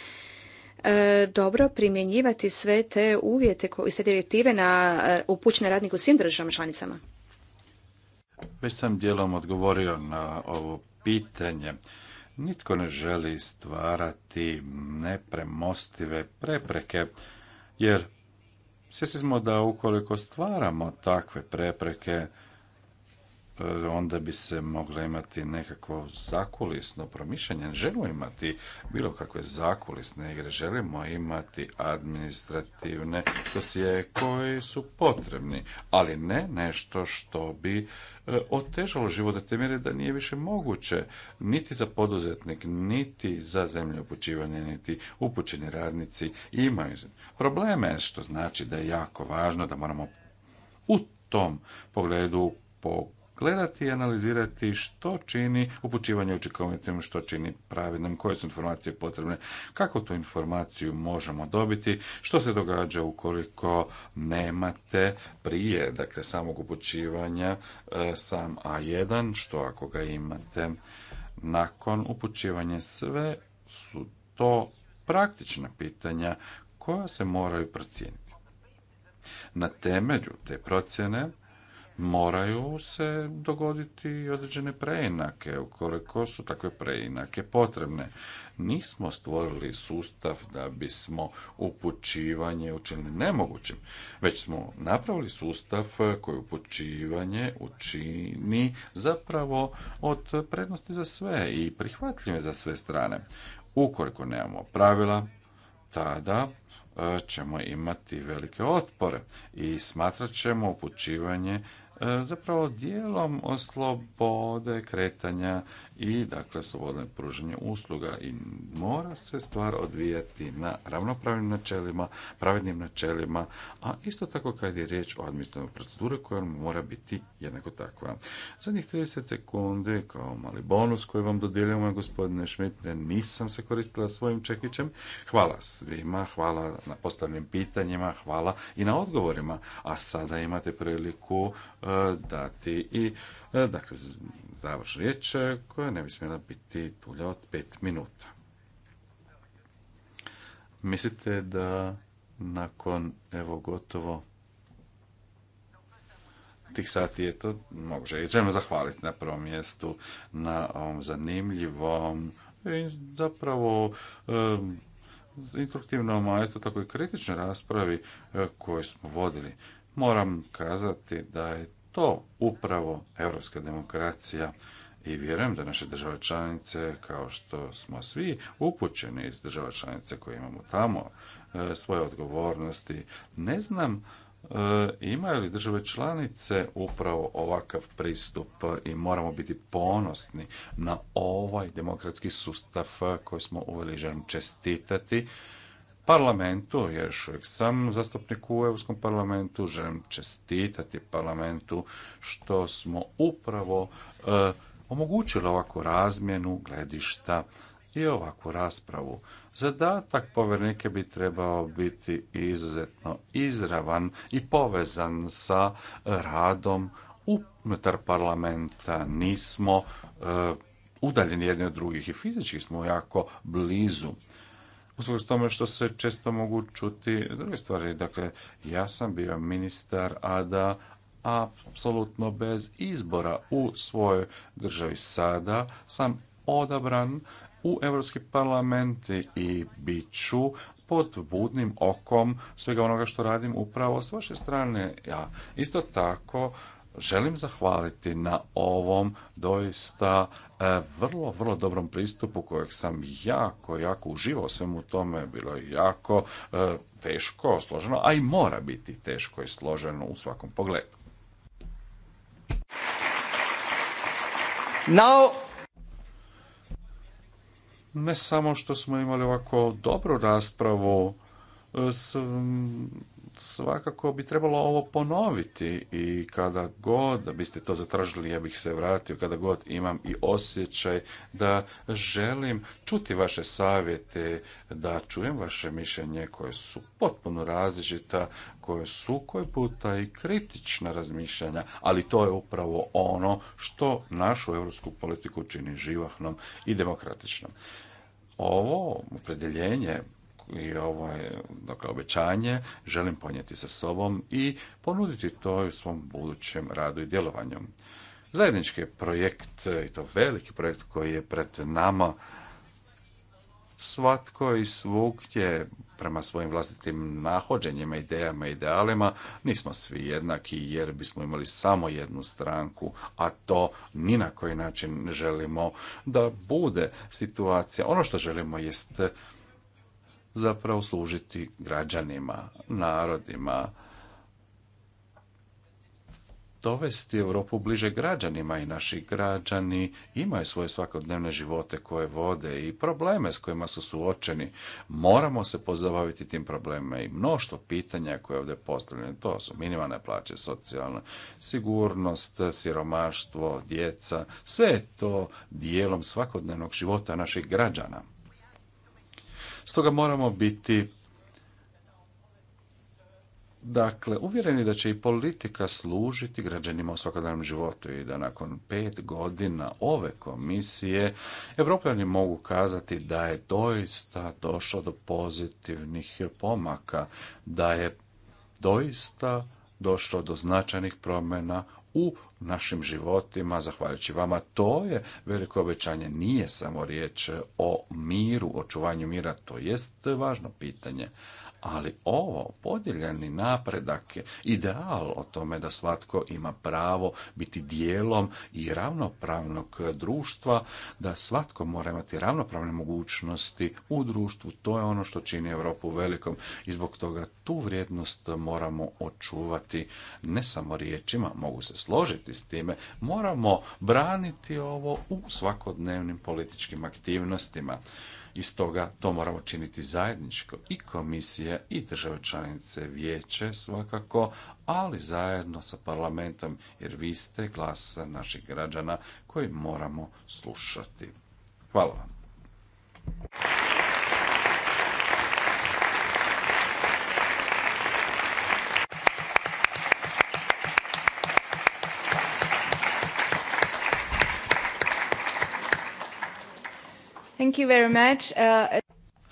E, dobro primjenjivati sve te uvjete i sve direktive na e, upućne radnike u svim državama članicama? Već sam dijelom odgovorio na ovo pitanje. Nitko ne želi stvarati nepremostive prepreke, jer svjesni smo da ukoliko stvaramo takve prepreke, onda bi se moglo imati nekakvo zakulisno promišljanje. Želimo imati bilo kakve zakulisne igre, želimo imati administrativne dosije koji su potrebni, ali ne nešto što bi e, otežalo život temelje te mjere da nije više moguće niti za poduzetnik, niti za zemlje upućivanje, niti upućeni radnici imaju probleme, što znači da je jako važno da moramo u tom pogledu po gledati i analizirati što čini upućivanje učinkovitim, što čini pravidnim, koje su informacije potrebne, kako tu informaciju možemo dobiti, što se događa ukoliko nemate prije, dakle, samog upućivanja e, sam A1, što ako ga imate nakon upućivanja sve su to praktična pitanja koja se moraju procijeniti. Na temelju te procjene moraju se dogoditi određene preinake, ukoliko su takve preinake potrebne. Nismo stvorili sustav da bismo upućivanje učinili nemogućim, već smo napravili sustav koji upućivanje učini zapravo od prednosti za sve i prihvatljive za sve strane. Ukoliko nemamo pravila, tada e, ćemo imati velike otpore i smatrat ćemo upućivanje E, zapravo dijelom slobode kretanja i dakle slobodne pružanje usluga i mora se stvar odvijati na ravnopravnim načelima, pravednim načelima, a isto tako kad je riječ o administrativnoj proceduri koja mora biti jednako takva. Zadnjih 30 sekundi kao mali bonus koji vam dodjeljujemo gospodine Šmit, nisam se koristila svojim čekićem. Hvala svima, hvala na postavljenim pitanjima, hvala i na odgovorima, a sada imate priliku e, dati i e, dakle, završ riječ e, koja ne bi smjela biti dulja od pet minuta. Mislite da nakon evo gotovo tih sati je to moguće. I želim zahvaliti na prvom mjestu na ovom zanimljivom i zapravo e, instruktivnom, a isto tako i kritičnoj raspravi koju smo vodili. Moram kazati da je to upravo europska demokracija i vjerujem da naše države članice, kao što smo svi upućeni iz država članice koje imamo tamo, e, svoje odgovornosti, ne znam e, imaju li države članice upravo ovakav pristup i moramo biti ponosni na ovaj demokratski sustav koji smo uveli. Želim čestitati parlamentu, jer još uvijek sam zastupnik u Europskom parlamentu, želim čestitati parlamentu što smo upravo e, omogućili ovakvu razmjenu gledišta i ovakvu raspravu. Zadatak povernike bi trebao biti izuzetno izravan i povezan sa radom unutar parlamenta. Nismo e, udaljeni jedni od drugih i fizički smo jako blizu uslugu s tome što se često mogu čuti druge stvari. Dakle, ja sam bio ministar, a da apsolutno bez izbora u svojoj državi sada sam odabran u Europski parlament i bit ću pod budnim okom svega onoga što radim upravo s vaše strane. Ja isto tako želim zahvaliti na ovom doista e, vrlo, vrlo dobrom pristupu kojeg sam jako, jako uživao svemu tome. Bilo je jako e, teško, složeno, a i mora biti teško i složeno u svakom pogledu. Now ne samo što smo imali ovako dobru raspravu, e, s, svakako bi trebalo ovo ponoviti i kada god, da biste to zatražili, ja bih se vratio, kada god imam i osjećaj da želim čuti vaše savjete, da čujem vaše mišljenje koje su potpuno različita, koje su koji puta i kritična razmišljanja, ali to je upravo ono što našu europsku politiku čini živahnom i demokratičnom. Ovo opredjeljenje i ovo je dakle, obećanje želim ponijeti sa sobom i ponuditi to u svom budućem radu i djelovanju. Zajednički projekt, i to veliki projekt koji je pred nama, svatko i svugdje prema svojim vlastitim nahođenjima, idejama, idealima, nismo svi jednaki jer bismo imali samo jednu stranku, a to ni na koji način ne želimo da bude situacija. Ono što želimo jest zapravo služiti građanima, narodima, dovesti Europu bliže građanima i naši građani imaju svoje svakodnevne živote koje vode i probleme s kojima su suočeni. Moramo se pozabaviti tim problemima i mnoštvo pitanja koje ovdje postavljeno. To su minimalne plaće, socijalna sigurnost, siromaštvo, djeca. Sve je to dijelom svakodnevnog života naših građana. Stoga moramo biti Dakle, uvjereni da će i politika služiti građanima u svakodnevnom životu i da nakon pet godina ove komisije Evropljani mogu kazati da je doista došlo do pozitivnih pomaka, da je doista došlo do značajnih promjena u našim životima, zahvaljujući vama. To je veliko obećanje, nije samo riječ o miru, očuvanju mira, to jest važno pitanje ali ovo podijeljeni napredak je ideal o tome da svatko ima pravo biti dijelom i ravnopravnog društva, da svatko mora imati ravnopravne mogućnosti u društvu. To je ono što čini Europu velikom i zbog toga tu vrijednost moramo očuvati ne samo riječima, mogu se složiti s time, moramo braniti ovo u svakodnevnim političkim aktivnostima i stoga to moramo činiti zajedničko i komisija i države članice vijeće svakako, ali zajedno sa parlamentom jer vi ste glasa naših građana koji moramo slušati. Hvala vam. Uh,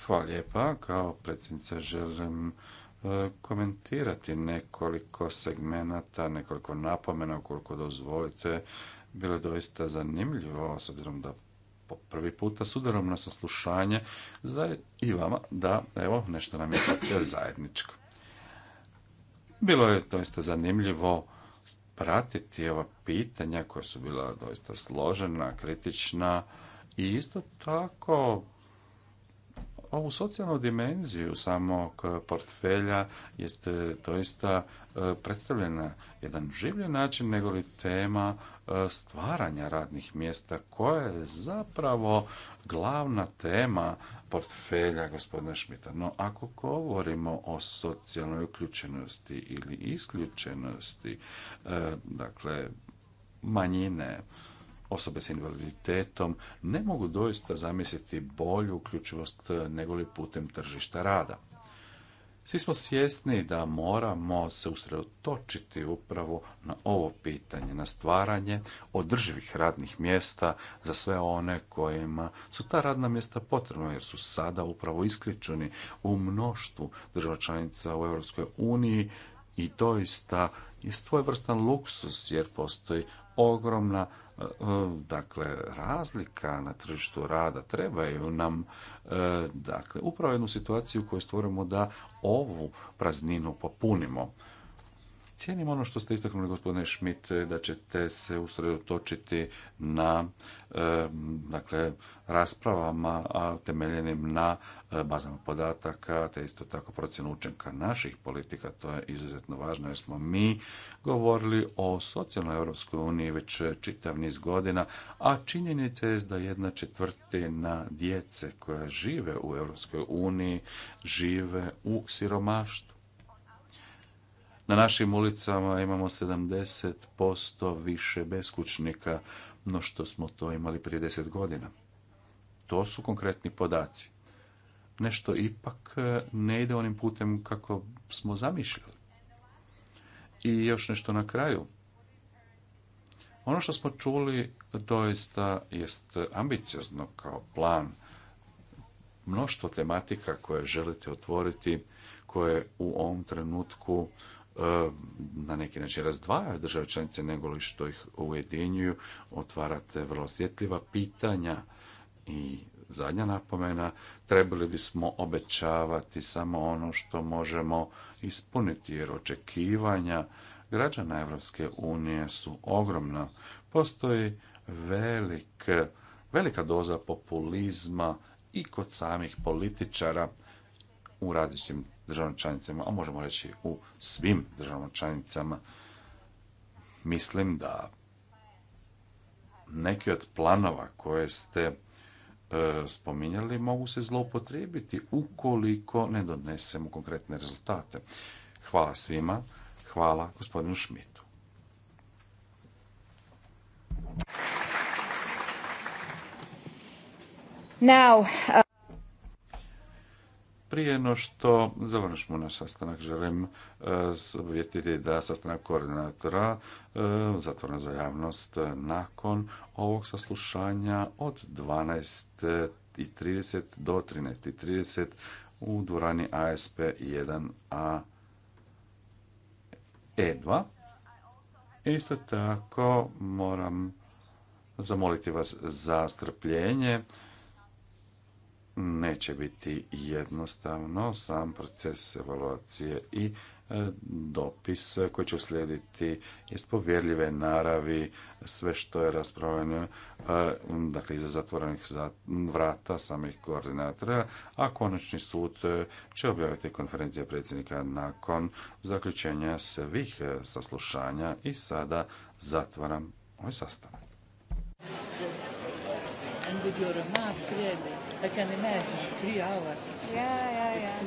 Hvala lijepa. Kao predsjednica želim uh, komentirati nekoliko segmenata, nekoliko napomena, koliko dozvolite. Bilo je doista zanimljivo, s obzirom da po prvi puta sudarom na saslušanje za i vama da evo nešto nam je zajedničko. Bilo je doista zanimljivo pratiti ova pitanja koja su bila doista složena, kritična, i isto tako ovu socijalnu dimenziju samog portfelja jest e, doista e, predstavljena jedan življi način nego li tema e, stvaranja radnih mjesta koja je zapravo glavna tema portfelja gospodina Šmita. No ako govorimo o socijalnoj uključenosti ili isključenosti, dakle manjine, osobe s invaliditetom ne mogu doista zamisliti bolju uključivost li putem tržišta rada. Svi smo svjesni da moramo se usredotočiti upravo na ovo pitanje, na stvaranje održivih radnih mjesta za sve one kojima su ta radna mjesta potrebna, jer su sada upravo isključeni u mnoštvu država članica u Europskoj uniji i doista je svojevrstan luksus, jer postoji ogromna E, dakle razlika na tržištu rada trebaju nam e, dakle upravo jednu situaciju koju stvorimo da ovu prazninu popunimo. Cijenim ono što ste istaknuli, gospodine Schmidt, da ćete se usredotočiti na e, dakle, raspravama a temeljenim na e, bazama podataka, te isto tako procjenu učinka naših politika. To je izuzetno važno jer smo mi govorili o socijalnoj Europskoj uniji već čitav niz godina, a činjenica je da jedna četvrtina djece koja žive u Europskoj uniji žive u siromaštvu na našim ulicama imamo 70% više beskućnika no što smo to imali prije deset godina. To su konkretni podaci. Nešto ipak e, ne ide onim putem kako smo zamišljali. I još nešto na kraju. Ono što smo čuli doista jest ambiciozno kao plan. Mnoštvo tematika koje želite otvoriti, koje u ovom trenutku E, na neki način razdvajaju države članice nego što ih ujedinjuju, otvarate vrlo osjetljiva pitanja i zadnja napomena, trebali bismo obećavati samo ono što možemo ispuniti, jer očekivanja građana Europske unije su ogromna. Postoji velik, velika doza populizma i kod samih političara u različitim državnim članicama, a možemo reći u svim državnim članicama, mislim da neki od planova koje ste e, spominjali mogu se zloupotrijebiti ukoliko ne donesemo konkretne rezultate. Hvala svima, hvala gospodinu Šmitu. Now, uh, prije no što završimo naš sastanak, želim e, obavijestiti da sastanak koordinatora e, zatvorna za javnost e, nakon ovog saslušanja od 12.30 do 13.30 u dvorani ASP 1A E2. Isto tako moram zamoliti vas za strpljenje neće biti jednostavno. Sam proces evaluacije i e, dopis koji će uslijediti jest povjerljive naravi, sve što je raspravljeno, e, dakle iza zatvorenih vrata samih koordinatora, a konačni sud će objaviti konferencije predsjednika nakon zaključenja svih e, saslušanja i sada zatvaram ovaj sastanak. I can imagine three hours. Yeah, yeah, yeah.